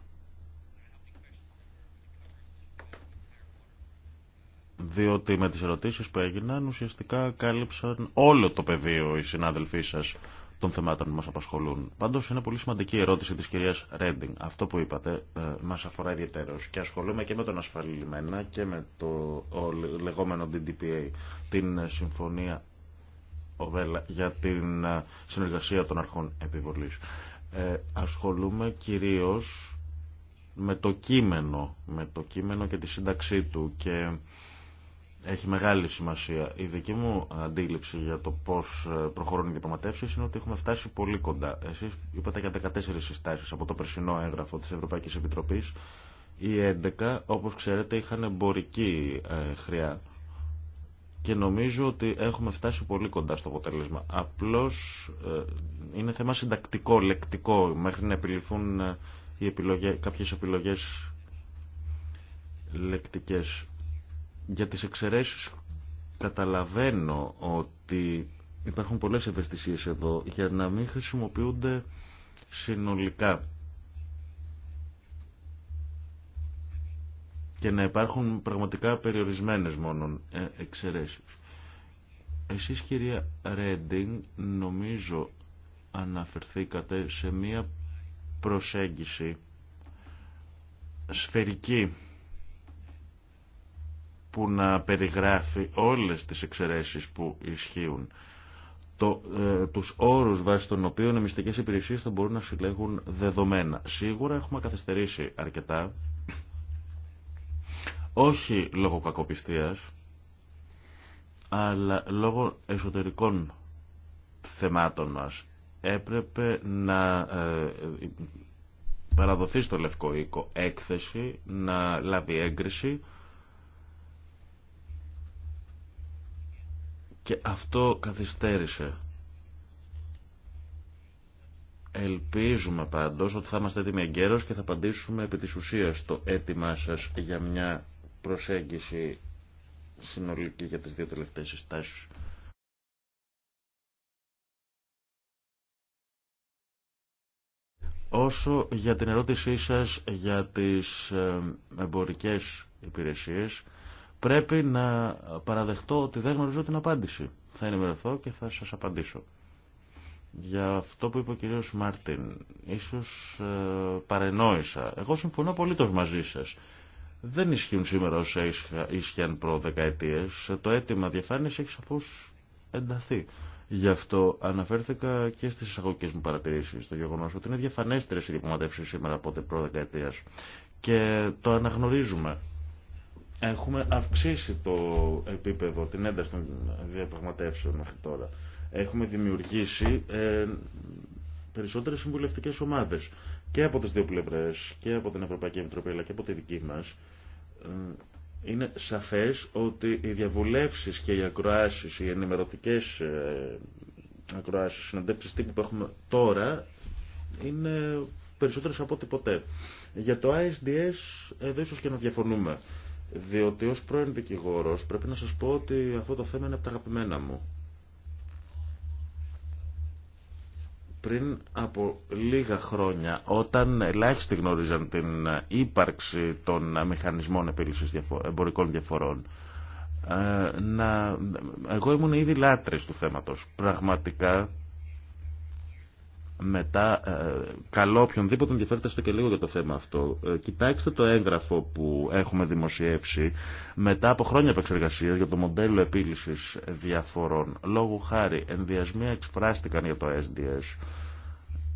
διότι με τις ερωτήσεις που έγιναν ουσιαστικά κάλυψαν όλο το πεδίο οι συνάδελφοί σας των θεμάτων που μας απασχολούν. Πάντως είναι πολύ σημαντική η ερώτηση της κυρίας Ρέντινγκ. Αυτό που είπατε ε, μας αφορά ιδιαίτερως και ασχολούμαι και με τον λιμένα και με το λεγόμενο DDPA, την Συμφωνία για την ε, συνεργασία των αρχών επιβολής. Ε, ασχολούμαι κυρίως με το κείμενο, με το κείμενο και τη σύνταξή του και έχει μεγάλη σημασία. Η δική μου αντίληψη για το πώς ε, προχωρούν οι διαπραγματεύσεις είναι ότι έχουμε φτάσει πολύ κοντά. Εσείς είπατε για 14 συστάσεις από το περσινό έγγραφο της Ευρωπαϊκής Επιτροπής Οι 11, όπως ξέρετε, είχαν εμπορική ε, χρειά και νομίζω ότι έχουμε φτάσει πολύ κοντά στο αποτέλεσμα. Απλώς ε, είναι θέμα συντακτικό, λεκτικό, μέχρι να επιληθούν ε, οι επιλογές, κάποιες επιλογές λεκτικές. Για τις εξαιρέσεις καταλαβαίνω ότι υπάρχουν πολλές ευαισθησίες εδώ για να μην χρησιμοποιούνται συνολικά και να υπάρχουν πραγματικά περιορισμένες μόνον ε, εξαιρέσεις. Εσείς κυρία Ρέντινγκ νομίζω αναφερθήκατε σε μία προσέγγιση σφαιρική που να περιγράφει όλες τις εξαιρέσεις που ισχύουν το, ε, τους όρους βάσει των οποίων οι μυστικές υπηρεσίες θα μπορούν να συλλέγουν δεδομένα. Σίγουρα έχουμε καθυστερήσει αρκετά όχι λόγω κακοπιστίας, αλλά λόγω εσωτερικών θεμάτων μας. Έπρεπε να ε, παραδοθεί στο Λευκό Οίκο έκθεση, να λάβει έγκριση και αυτό καθυστέρησε. Ελπίζουμε πάντως ότι θα είμαστε έτοιμοι εγκαίρως και θα απαντήσουμε επί της ουσίας το έτοιμά σας για μια προσέγγιση συνολική για τις δύο τελευταίες συστάσεις. Όσο για την ερώτησή σας για τις ε, εμπορικές υπηρεσίες, πρέπει να παραδεχτώ ότι δεν γνωρίζω την απάντηση. Θα ενημερωθώ και θα σας απαντήσω. Για αυτό που είπε ο κύριος Μάρτιν, ίσως ε, παρενόησα. Εγώ συμφωνώ απολύτως μαζί σας δεν ισχύουν σήμερα όσα ίσχυαν προ δεκαετίες. Το αίτημα διαφάνειας έχει σαφώς ενταθεί. Γι' αυτό αναφέρθηκα και στις εισαγωγικές μου παρατηρήσεις στο γεγονός ότι είναι διαφανέστερες οι διαπραγματεύσεις σήμερα από την προ Και το αναγνωρίζουμε. Έχουμε αυξήσει το επίπεδο, την ένταση των διαπραγματεύσεων μέχρι τώρα. Έχουμε δημιουργήσει ε, περισσότερες συμβουλευτικές ομάδες και από τις δύο πλευρές και από την Ευρωπαϊκή Επιτροπή αλλά και από τη δική μας ε, είναι σαφές ότι οι διαβουλεύσεις και οι ακροάσεις, οι ενημερωτικές ε, ακροάσεις, συναντέψεις τύπου που έχουμε τώρα είναι περισσότερες από ό,τι ποτέ. Για το ISDS εδώ ίσως και να διαφωνούμε. Διότι ως πρώην δικηγόρος πρέπει να σας πω ότι αυτό το θέμα είναι από τα αγαπημένα μου. πριν από λίγα χρόνια, όταν ελάχιστοι γνώριζαν την ύπαρξη των μηχανισμών επίλυσης εμπορικών διαφορών, ε, εγώ ήμουν ήδη λάτρης του θέματος. Πραγματικά μετά ε, καλό οποιονδήποτε ενδιαφέρεται στο και λίγο για το θέμα αυτό. Ε, κοιτάξτε το έγγραφο που έχουμε δημοσιεύσει μετά από χρόνια επεξεργασίας για το μοντέλο επίλυσης διαφορών. Λόγου χάρη ενδιασμοί εξφράστηκαν για το SDS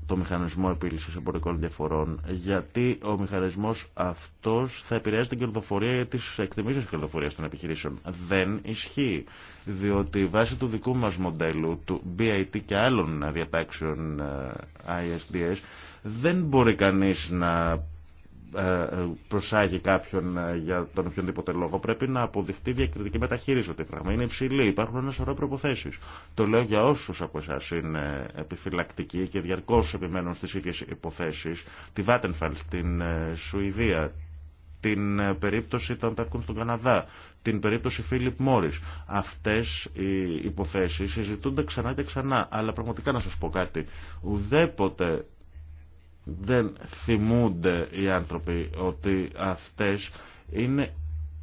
το μηχανισμό επίλυση εμπορικών διαφορών, γιατί ο μηχανισμός αυτός θα επηρεάζει την κερδοφορία της τη κερδοφορία των επιχειρήσεων. Δεν ισχύει, διότι βάσει του δικού μας μοντέλου, του BIT και άλλων διατάξεων ε, ISDS, δεν μπορεί κανείς να ε, ε, προσάγει κάποιον ε, για τον οποιονδήποτε λόγο. Πρέπει να αποδειχτεί διακριτική μεταχείριση ότι η φραγμή είναι υψηλή. Υπάρχουν ένα σωρό προποθέσει. Το λέω για όσου από εσά είναι επιφυλακτικοί και διαρκώ επιμένουν στι ίδιε υποθέσει. Τη Βάτενφαλ στην Σουηδία, την περίπτωση των τάκουν στον Καναδά, την περίπτωση Φίλιπ Μόρι. Αυτέ οι υποθέσει συζητούνται ξανά και ξανά. Αλλά πραγματικά να σα πω κάτι. Ουδέποτε δεν θυμούνται οι άνθρωποι ότι αυτές είναι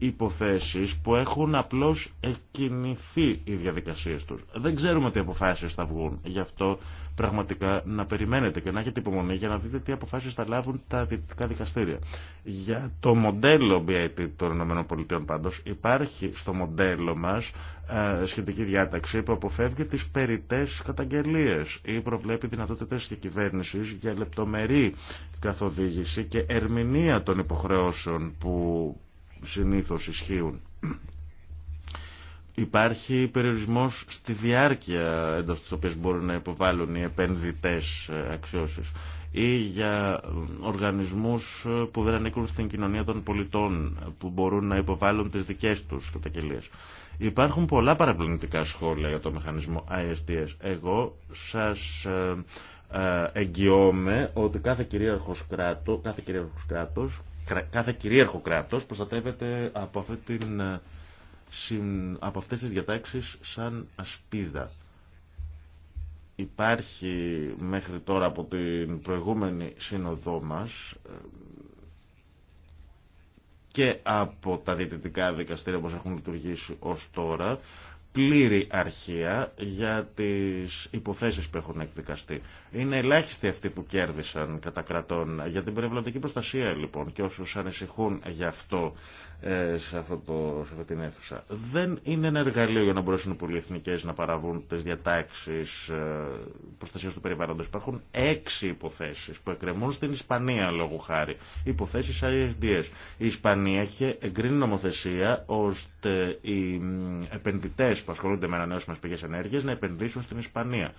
υποθέσεις που έχουν απλώς εκκινηθεί οι διαδικασίες τους. Δεν ξέρουμε τι αποφάσεις θα βγουν. Γι' αυτό πραγματικά να περιμένετε και να έχετε υπομονή για να δείτε τι αποφάσεις θα λάβουν τα δυτικά δικαστήρια. Για το μοντέλο BIT των ΗΠΑ πάντως υπάρχει στο μοντέλο μας ε, σχετική διάταξη που αποφεύγει τις περιττές καταγγελίες ή προβλέπει δυνατότητες και κυβέρνηση για λεπτομερή καθοδήγηση και ερμηνεία των υποχρεώσεων που συνήθως ισχύουν. Υπάρχει περιορισμός στη διάρκεια εντός της οποίας μπορούν να υποβάλουν οι επενδυτές αξιώσεις ή για οργανισμούς που δεν ανήκουν στην κοινωνία των πολιτών που μπορούν να υποβάλουν τις δικές τους καταγγελίε. Υπάρχουν πολλά παραπλανητικά σχόλια για το μηχανισμό ISDS. Εγώ σας ε, ε, εγγυώμαι ότι κάθε κυρίαρχος κράτος, κάθε κυρίαρχος κράτος κάθε κυρίαρχο κράτος προστατεύεται από, αυτή την, ε, από αυτές τις διατάξεις σαν ασπίδα. Υπάρχει μέχρι τώρα από την προηγούμενη σύνοδό μας ε, και από τα διαιτητικά δικαστήρια όπως έχουν λειτουργήσει ως τώρα πλήρη αρχεία για τις υποθέσεις που έχουν εκδικαστεί. Είναι ελάχιστοι αυτοί που κέρδισαν κατά κρατών για την περιβαλλοντική προστασία λοιπόν και όσους ανησυχούν γι' αυτό ε, σε, αυτό σε αυτή την αίθουσα. Δεν είναι ένα εργαλείο για να μπορέσουν οι πολυεθνικές να παραβούν τις διατάξεις ε, προστασίας του περιβάλλοντος. Υπάρχουν έξι υποθέσεις που εκκρεμούν στην Ισπανία λόγω χάρη. Υποθέσεις ISDS. Η Ισπανία είχε εγκρίνει νομοθεσία ώστε οι επενδυτές που ασχολούνται με ανανεώσιμε πηγέ ενέργεια να επενδύσουν στην Ισπανία.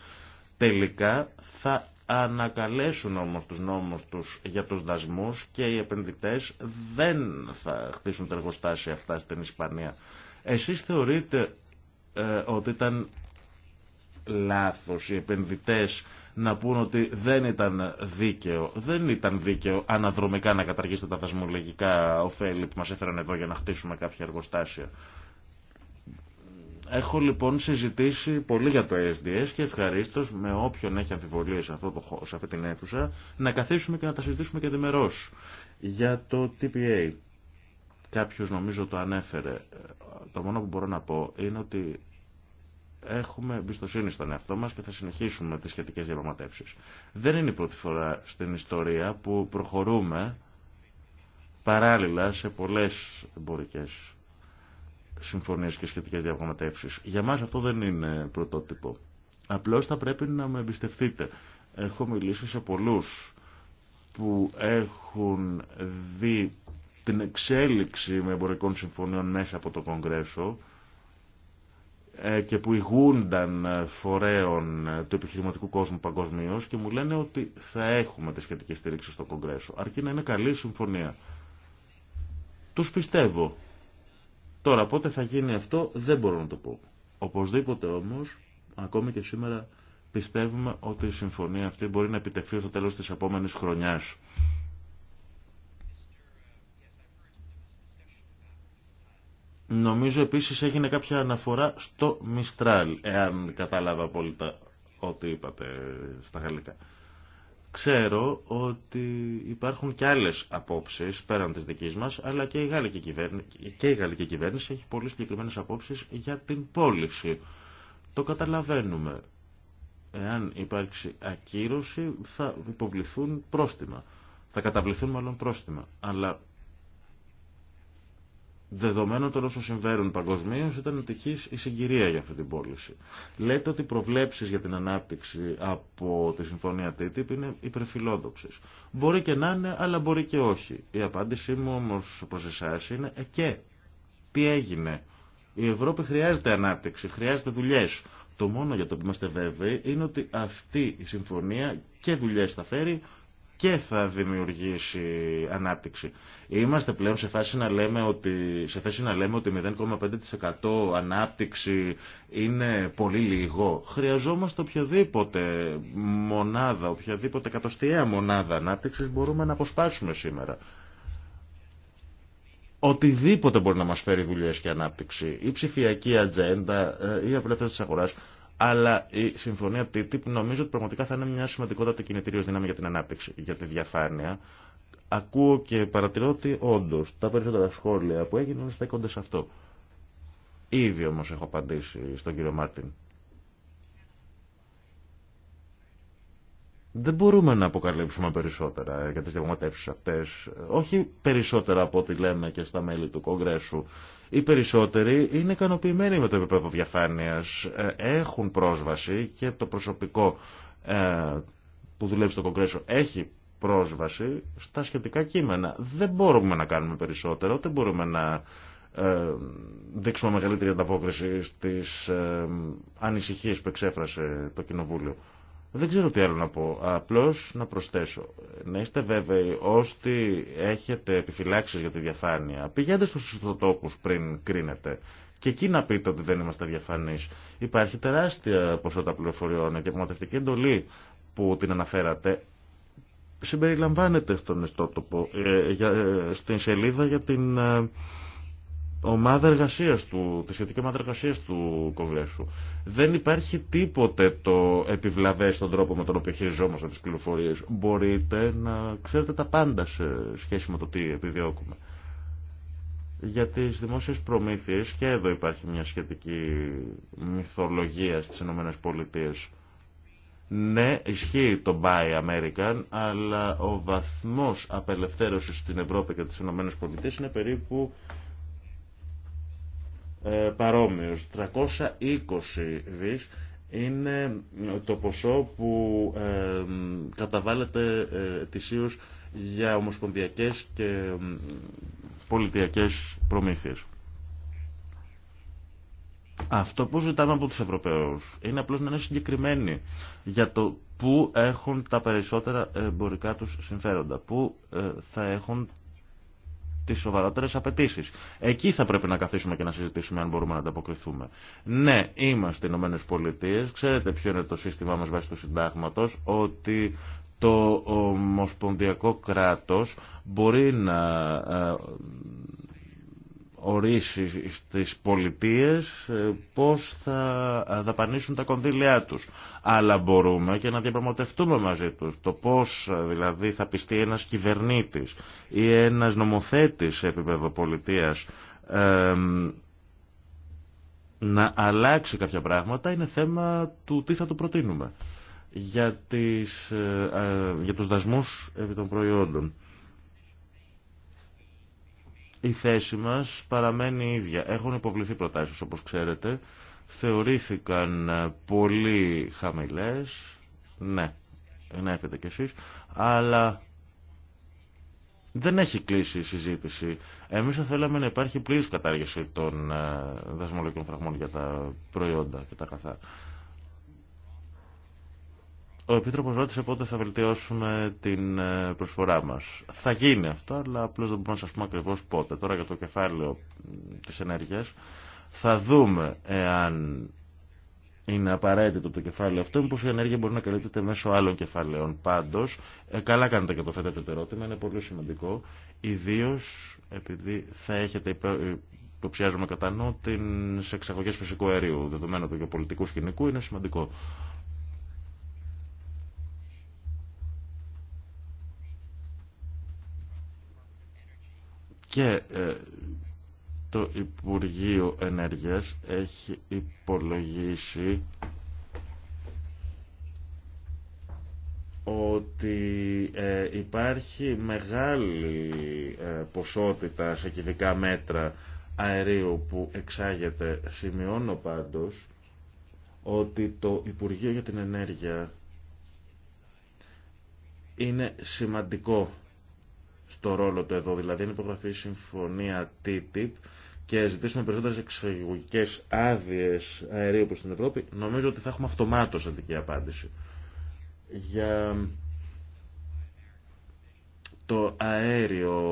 Τελικά θα ανακαλέσουν όμως τους νόμους τους για τους δασμούς και οι επενδυτές δεν θα χτίσουν τα εργοστάσια αυτά στην Ισπανία. Εσείς θεωρείτε ε, ότι ήταν λάθος οι επενδυτές να πούν ότι δεν ήταν δίκαιο. Δεν ήταν δίκαιο αναδρομικά να καταργήσετε τα δασμολογικά ωφέλη που μας έφεραν εδώ για να χτίσουμε κάποια εργοστάσια. Έχω λοιπόν συζητήσει πολύ για το SDS και ευχαρίστω με όποιον έχει αμφιβολίες σε, αυτό σε αυτή την αίθουσα να καθίσουμε και να τα συζητήσουμε και δημερός Για το TPA, κάποιος νομίζω το ανέφερε, το μόνο που μπορώ να πω είναι ότι έχουμε εμπιστοσύνη στον εαυτό μας και θα συνεχίσουμε τις σχετικές διαπραγματεύσεις. Δεν είναι η πρώτη φορά στην ιστορία που προχωρούμε παράλληλα σε πολλές εμπορικές συμφωνίες και σχετικές διαπραγματεύσει. Για μας αυτό δεν είναι πρωτότυπο. Απλώς θα πρέπει να με εμπιστευτείτε. Έχω μιλήσει σε πολλούς που έχουν δει την εξέλιξη με εμπορικών συμφωνίων μέσα από το Κογκρέσο ε, και που ηγούνταν φορέων του επιχειρηματικού κόσμου παγκοσμίω και μου λένε ότι θα έχουμε τη σχετική στήριξη στο Κογκρέσο, αρκεί να είναι καλή συμφωνία. Τους πιστεύω Τώρα πότε θα γίνει αυτό δεν μπορώ να το πω. Οπωσδήποτε όμως, ακόμη και σήμερα πιστεύουμε ότι η συμφωνία αυτή μπορεί να επιτευχθεί στο τέλος της επόμενης χρονιάς. Νομίζω επίσης έγινε κάποια αναφορά στο Μιστράλ, εάν κατάλαβα απόλυτα ό,τι είπατε στα γαλλικά. Ξέρω ότι υπάρχουν και άλλες απόψεις πέραν της δικής μας, αλλά και η γαλλική κυβέρνηση, και κυβέρνηση έχει πολύ συγκεκριμένες απόψεις για την πώληση. Το καταλαβαίνουμε. Εάν υπάρξει ακύρωση θα υποβληθούν πρόστιμα. Θα καταβληθούν μάλλον πρόστιμα. Αλλά Δεδομένων των όσων συμβαίνουν παγκοσμίω, ήταν ευτυχή η συγκυρία για αυτή την πώληση. Λέτε ότι οι προβλέψει για την ανάπτυξη από τη συμφωνία TTIP είναι υπερφιλόδοξε. Μπορεί και να είναι, αλλά μπορεί και όχι. Η απάντησή μου όμω προ εσά είναι ε, και. Τι έγινε. Η Ευρώπη χρειάζεται ανάπτυξη, χρειάζεται δουλειέ. Το μόνο για το που είμαστε βέβαιοι είναι ότι αυτή η συμφωνία και δουλειέ θα φέρει και θα δημιουργήσει ανάπτυξη. Είμαστε πλέον σε, φάση να λέμε ότι, σε θέση να λέμε ότι 0,5% ανάπτυξη είναι πολύ λίγο. Χρειαζόμαστε οποιαδήποτε μονάδα, οποιαδήποτε εκατοστιαία μονάδα ανάπτυξης μπορούμε να αποσπάσουμε σήμερα. Οτιδήποτε μπορεί να μας φέρει δουλειές και ανάπτυξη. Η ψηφιακή ατζέντα, ε, η απελευθέρωση της αγοράς αλλά η συμφωνία TTIP νομίζω ότι πραγματικά θα είναι μια σημαντικότατη κινητήριο δύναμη για την ανάπτυξη, για τη διαφάνεια. Ακούω και παρατηρώ ότι όντω τα περισσότερα σχόλια που έγιναν στέκονται σε αυτό. Ήδη όμω έχω απαντήσει στον κύριο Μάρτιν. Δεν μπορούμε να αποκαλύψουμε περισσότερα για τις διαπραγματεύσεις αυτές. Όχι περισσότερα από ό,τι λέμε και στα μέλη του Κογκρέσου. Οι περισσότεροι είναι ικανοποιημένοι με το επίπεδο διαφάνειας. Ε, έχουν πρόσβαση και το προσωπικό ε, που δουλεύει στο Κογκρέσο έχει πρόσβαση στα σχετικά κείμενα. Δεν μπορούμε να κάνουμε περισσότερο, δεν μπορούμε να ε, δείξουμε μεγαλύτερη ανταπόκριση στις ανησυχίες που εξέφρασε το Κοινοβούλιο. Δεν ξέρω τι άλλο να πω. Απλώς να προσθέσω. Να είστε βέβαιοι ώστε έχετε επιφυλάξει για τη διαφάνεια. Πηγαίνετε στους ιστοτόπους πριν κρίνετε. Και εκεί να πείτε ότι δεν είμαστε διαφανείς. Υπάρχει τεράστια ποσότητα πληροφοριών. Η διαπραγματευτική εντολή που την αναφέρατε συμπεριλαμβάνεται στον ιστότοπο, ε, ε, στην σελίδα για την ε, ομάδα εργασία του, τη σχετική ομάδα εργασία του Κογκρέσου. Δεν υπάρχει τίποτε το επιβλαβέ στον τρόπο με τον οποίο χειριζόμαστε τι πληροφορίε. Μπορείτε να ξέρετε τα πάντα σε σχέση με το τι επιδιώκουμε. Για τι δημόσιε προμήθειε και εδώ υπάρχει μια σχετική μυθολογία στι ΗΠΑ. Ναι, ισχύει το Buy American, αλλά ο βαθμός απελευθέρωσης στην Ευρώπη και τις ΗΠΑ είναι περίπου ε, παρόμοιος. 320 δις είναι το ποσό που ε, καταβάλλεται ε, ετησίως για ομοσπονδιακές και πολιτιακές προμήθειες. Αυτό που ζητάμε από τους Ευρωπαίους είναι απλώς να είναι συγκεκριμένοι για το πού έχουν τα περισσότερα εμπορικά τους συμφέροντα, πού θα έχουν τι σοβαρότερε απαιτήσει. Εκεί θα πρέπει να καθίσουμε και να συζητήσουμε αν μπορούμε να ανταποκριθούμε. Ναι, είμαστε οι Ηνωμένε Πολιτείε. ξέρετε ποιο είναι το σύστημά μας βάσει του συντάγματος, ότι το ομοσπονδιακό κράτος μπορεί να ε, ορίσει στις πολιτείες ε, πώς θα δαπανίσουν τα κονδύλια τους. Αλλά μπορούμε και να διαπραγματευτούμε μαζί τους το πώς ε, δηλαδή θα πιστεί ένας κυβερνήτης ή ένας νομοθέτης σε επίπεδο πολιτείας ε, να αλλάξει κάποια πράγματα είναι θέμα του τι θα του προτείνουμε για, τις, για τους δασμούς επί των προϊόντων. Η θέση μας παραμένει ίδια. Έχουν υποβληθεί προτάσεις όπως ξέρετε. Θεωρήθηκαν ε, πολύ χαμηλές. Ναι, ενέφετε κι εσείς. Αλλά δεν έχει κλείσει η συζήτηση. Εμείς θα θέλαμε να υπάρχει πλήρης κατάργηση των ε, δασμολογικών φραγμών για τα προϊόντα και τα καθά. Ο Επίτροπο ρώτησε πότε θα βελτιώσουμε την ε, προσφορά μα. Θα γίνει αυτό, αλλά απλώ δεν μπορούμε να σα πούμε ακριβώ πότε. Τώρα για το κεφάλαιο τη ενέργεια. θα δούμε εάν είναι απαραίτητο το κεφάλαιο αυτό, μήπω η ενέργεια μπορεί να καλύπτεται μέσω άλλων κεφαλαίων. Πάντω, ε, καλά κάνετε και το θέτετε το ερώτημα, είναι πολύ σημαντικό, ιδίω επειδή θα έχετε ε, υποψιάζομαι κατά νου τι εξαγωγέ φυσικού αερίου. Δεδομένου του γεωπολιτικού σκηνικού είναι σημαντικό. και ε, το Υπουργείο Ενέργειας έχει υπολογίσει ότι ε, υπάρχει μεγάλη ε, ποσότητα σε κυβικά μέτρα αερίου που εξάγεται. Σημειώνω πάντως ότι το Υπουργείο για την Ενέργεια είναι σημαντικό το ρόλο του εδώ. Δηλαδή, είναι υπογραφή συμφωνία TTIP και ζητήσουμε περισσότερες εξαγωγικέ άδειε αερίου προ την Ευρώπη, νομίζω ότι θα έχουμε αυτομάτως αντική απάντηση. Για το αέριο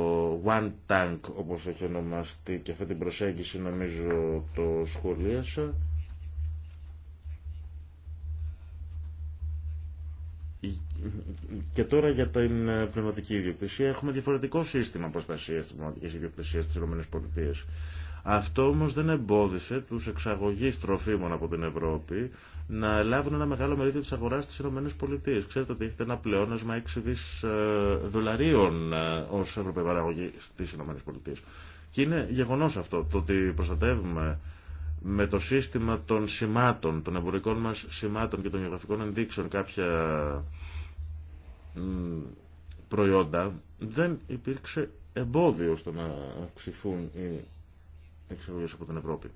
One Tank όπως έχει ονομαστεί και αυτή την προσέγγιση νομίζω το σχολίασα Και τώρα για την ε, πνευματική ιδιοκτησία έχουμε διαφορετικό σύστημα προστασίας της πνευματικής ιδιοκτησίας στις ΗΠΑ. Αυτό όμω δεν εμπόδισε του εξαγωγεί τροφίμων από την Ευρώπη να λάβουν ένα μεγάλο μερίδιο τη αγορά στι ΗΠΑ. Ξέρετε ότι έχετε ένα πλεόνασμα 6 δι ε, δολαρίων ε, ω Ευρωπαϊκή παραγωγή στι ΗΠΑ. Και είναι γεγονό αυτό το ότι προστατεύουμε με το σύστημα των σημάτων, των εμπορικών μα σημάτων και των γεωγραφικών ενδείξεων κάποια προϊόντα δεν υπήρξε εμπόδιο στο να αυξηθούν οι εξαγωγές από την Ευρώπη.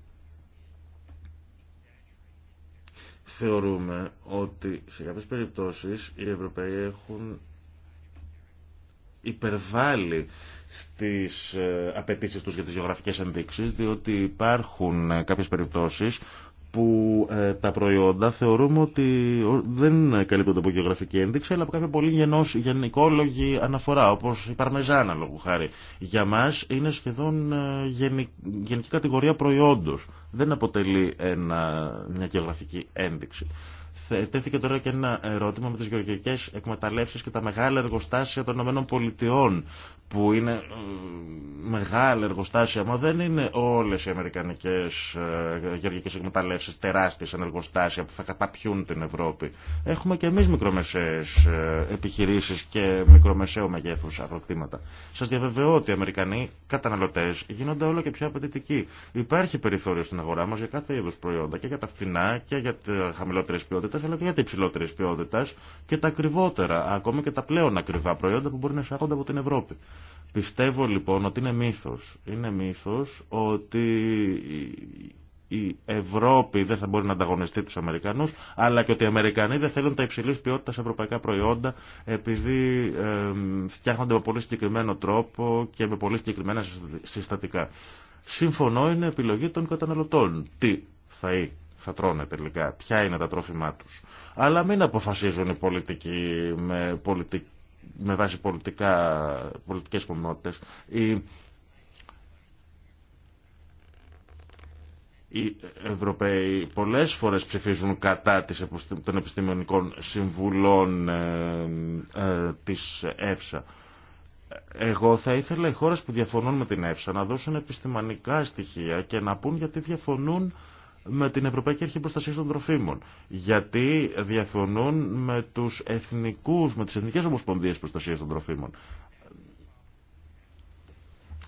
Θεωρούμε ότι σε κάποιες περιπτώσεις οι Ευρωπαίοι έχουν υπερβάλλει στις ε, απαιτήσεις τους για τις γεωγραφικές ενδείξεις, διότι υπάρχουν ε, κάποιες περιπτώσεις που ε, τα προϊόντα θεωρούμε ότι δεν καλύπτονται από γεωγραφική ένδειξη, αλλά από κάποια πολύ γενός, γενικόλογη αναφορά, όπως η παρμεζάνα λόγου χάρη. Για μας είναι σχεδόν ε, γενική κατηγορία προϊόντος. Δεν αποτελεί ένα, μια γεωγραφική ένδειξη. Τέθηκε τώρα και ένα ερώτημα με τις γεωργικές εκμεταλλεύσεις και τα μεγάλα εργοστάσια των ΗΠΑ που είναι ε, μεγάλα εργοστάσια, μα δεν είναι όλες οι αμερικανικές ε, γεωργικές εκμεταλλεύσεις τεράστιες εργοστάσια που θα καταπιούν την Ευρώπη. Έχουμε και εμείς μικρομεσαίες ε, επιχειρήσεις και μικρομεσαίου μεγέθους αγροκτήματα. Σας διαβεβαιώ ότι οι Αμερικανοί καταναλωτές γίνονται όλο και πιο απαιτητικοί. Υπάρχει περιθώριο στην αγορά μας για κάθε είδου προϊόντα και για τα φθηνά και για τα χαμηλότερε ποιότητε ποιότητα, αλλά και για τα υψηλότερη ποιότητα και τα ακριβότερα, ακόμη και τα πλέον ακριβά προϊόντα που μπορεί να εισάγονται από την Ευρώπη. Πιστεύω λοιπόν ότι είναι μύθο Είναι μύθος ότι η Ευρώπη δεν θα μπορεί να ανταγωνιστεί του Αμερικανούς, αλλά και ότι οι Αμερικανοί δεν θέλουν τα υψηλής σε ευρωπαϊκά προϊόντα, επειδή φτιάχνονται με πολύ συγκεκριμένο τρόπο και με πολύ συγκεκριμένα συστατικά. Συμφωνώ είναι επιλογή των καταναλωτών. Τι θα ή θα τρώνε τελικά, ποια είναι τα τρόφιμά τους. Αλλά μην αποφασίζουν οι πολιτικοί με, με βάση πολιτικά... πολιτικές Οι... οι Ευρωπαίοι πολλές φορές ψηφίζουν κατά των επιστημονικών συμβουλών ε, ε, της ΕΦΣΑ. Εγώ θα ήθελα οι χώρες που διαφωνούν με την ΕΦΣΑ να δώσουν επιστημονικά στοιχεία και να πούν γιατί διαφωνούν με την Ευρωπαϊκή Αρχή Προστασίας των Τροφίμων. Γιατί διαφωνούν με, τους εθνικούς, με τις Εθνικές Ομοσπονδίες Προστασίας των Τροφίμων.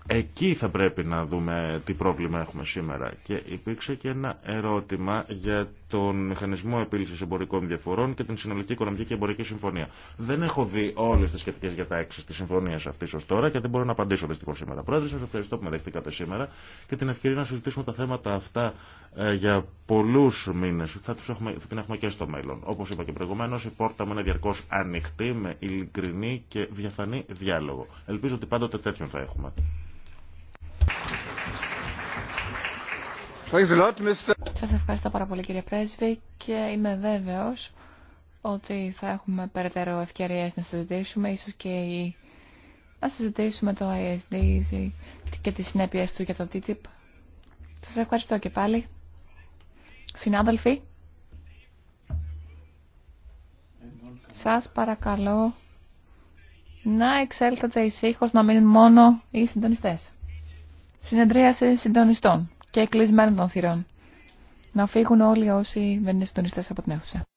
Εκεί θα πρέπει να δούμε τι πρόβλημα έχουμε σήμερα. Και υπήρξε και ένα ερώτημα για τον Μηχανισμό Επίλυση Εμπορικών Διαφορών και την Συνολική Οικονομική και Εμπορική Συμφωνία. Δεν έχω δει όλε τι σχετικέ διατάξει τη συμφωνία αυτή ω τώρα και δεν μπορώ να απαντήσω δυστυχώ σήμερα. Πρόεδρε, σα ευχαριστώ που με δεχτήκατε σήμερα και την ευκαιρία να συζητήσουμε τα θέματα αυτά ε, για πολλού μήνε. Θα, θα την έχουμε και στο μέλλον. Όπω είπα και προηγουμένω, η πόρτα μου είναι διαρκώ ανοιχτή με ειλικρινή και διαφανή διάλογο. Ελπίζω ότι πάντοτε τέτοιον θα έχουμε. Σας ευχαριστώ πάρα πολύ κύριε Πρέσβη και είμαι βέβαιος ότι θα έχουμε περαιτέρω ευκαιρίες να συζητήσουμε, ίσως και να συζητήσουμε το ISD και τις συνέπειες του για το TTIP. Σας ευχαριστώ και πάλι. Συνάδελφοι, σας παρακαλώ να εξέλθετε ησύχως να μείνουν μόνο οι συντονιστές. Συνεδρίαση συντονιστών και κλεισμένων των θυρών. Να φύγουν όλοι όσοι δεν είναι συντονιστές από την αίθουσα.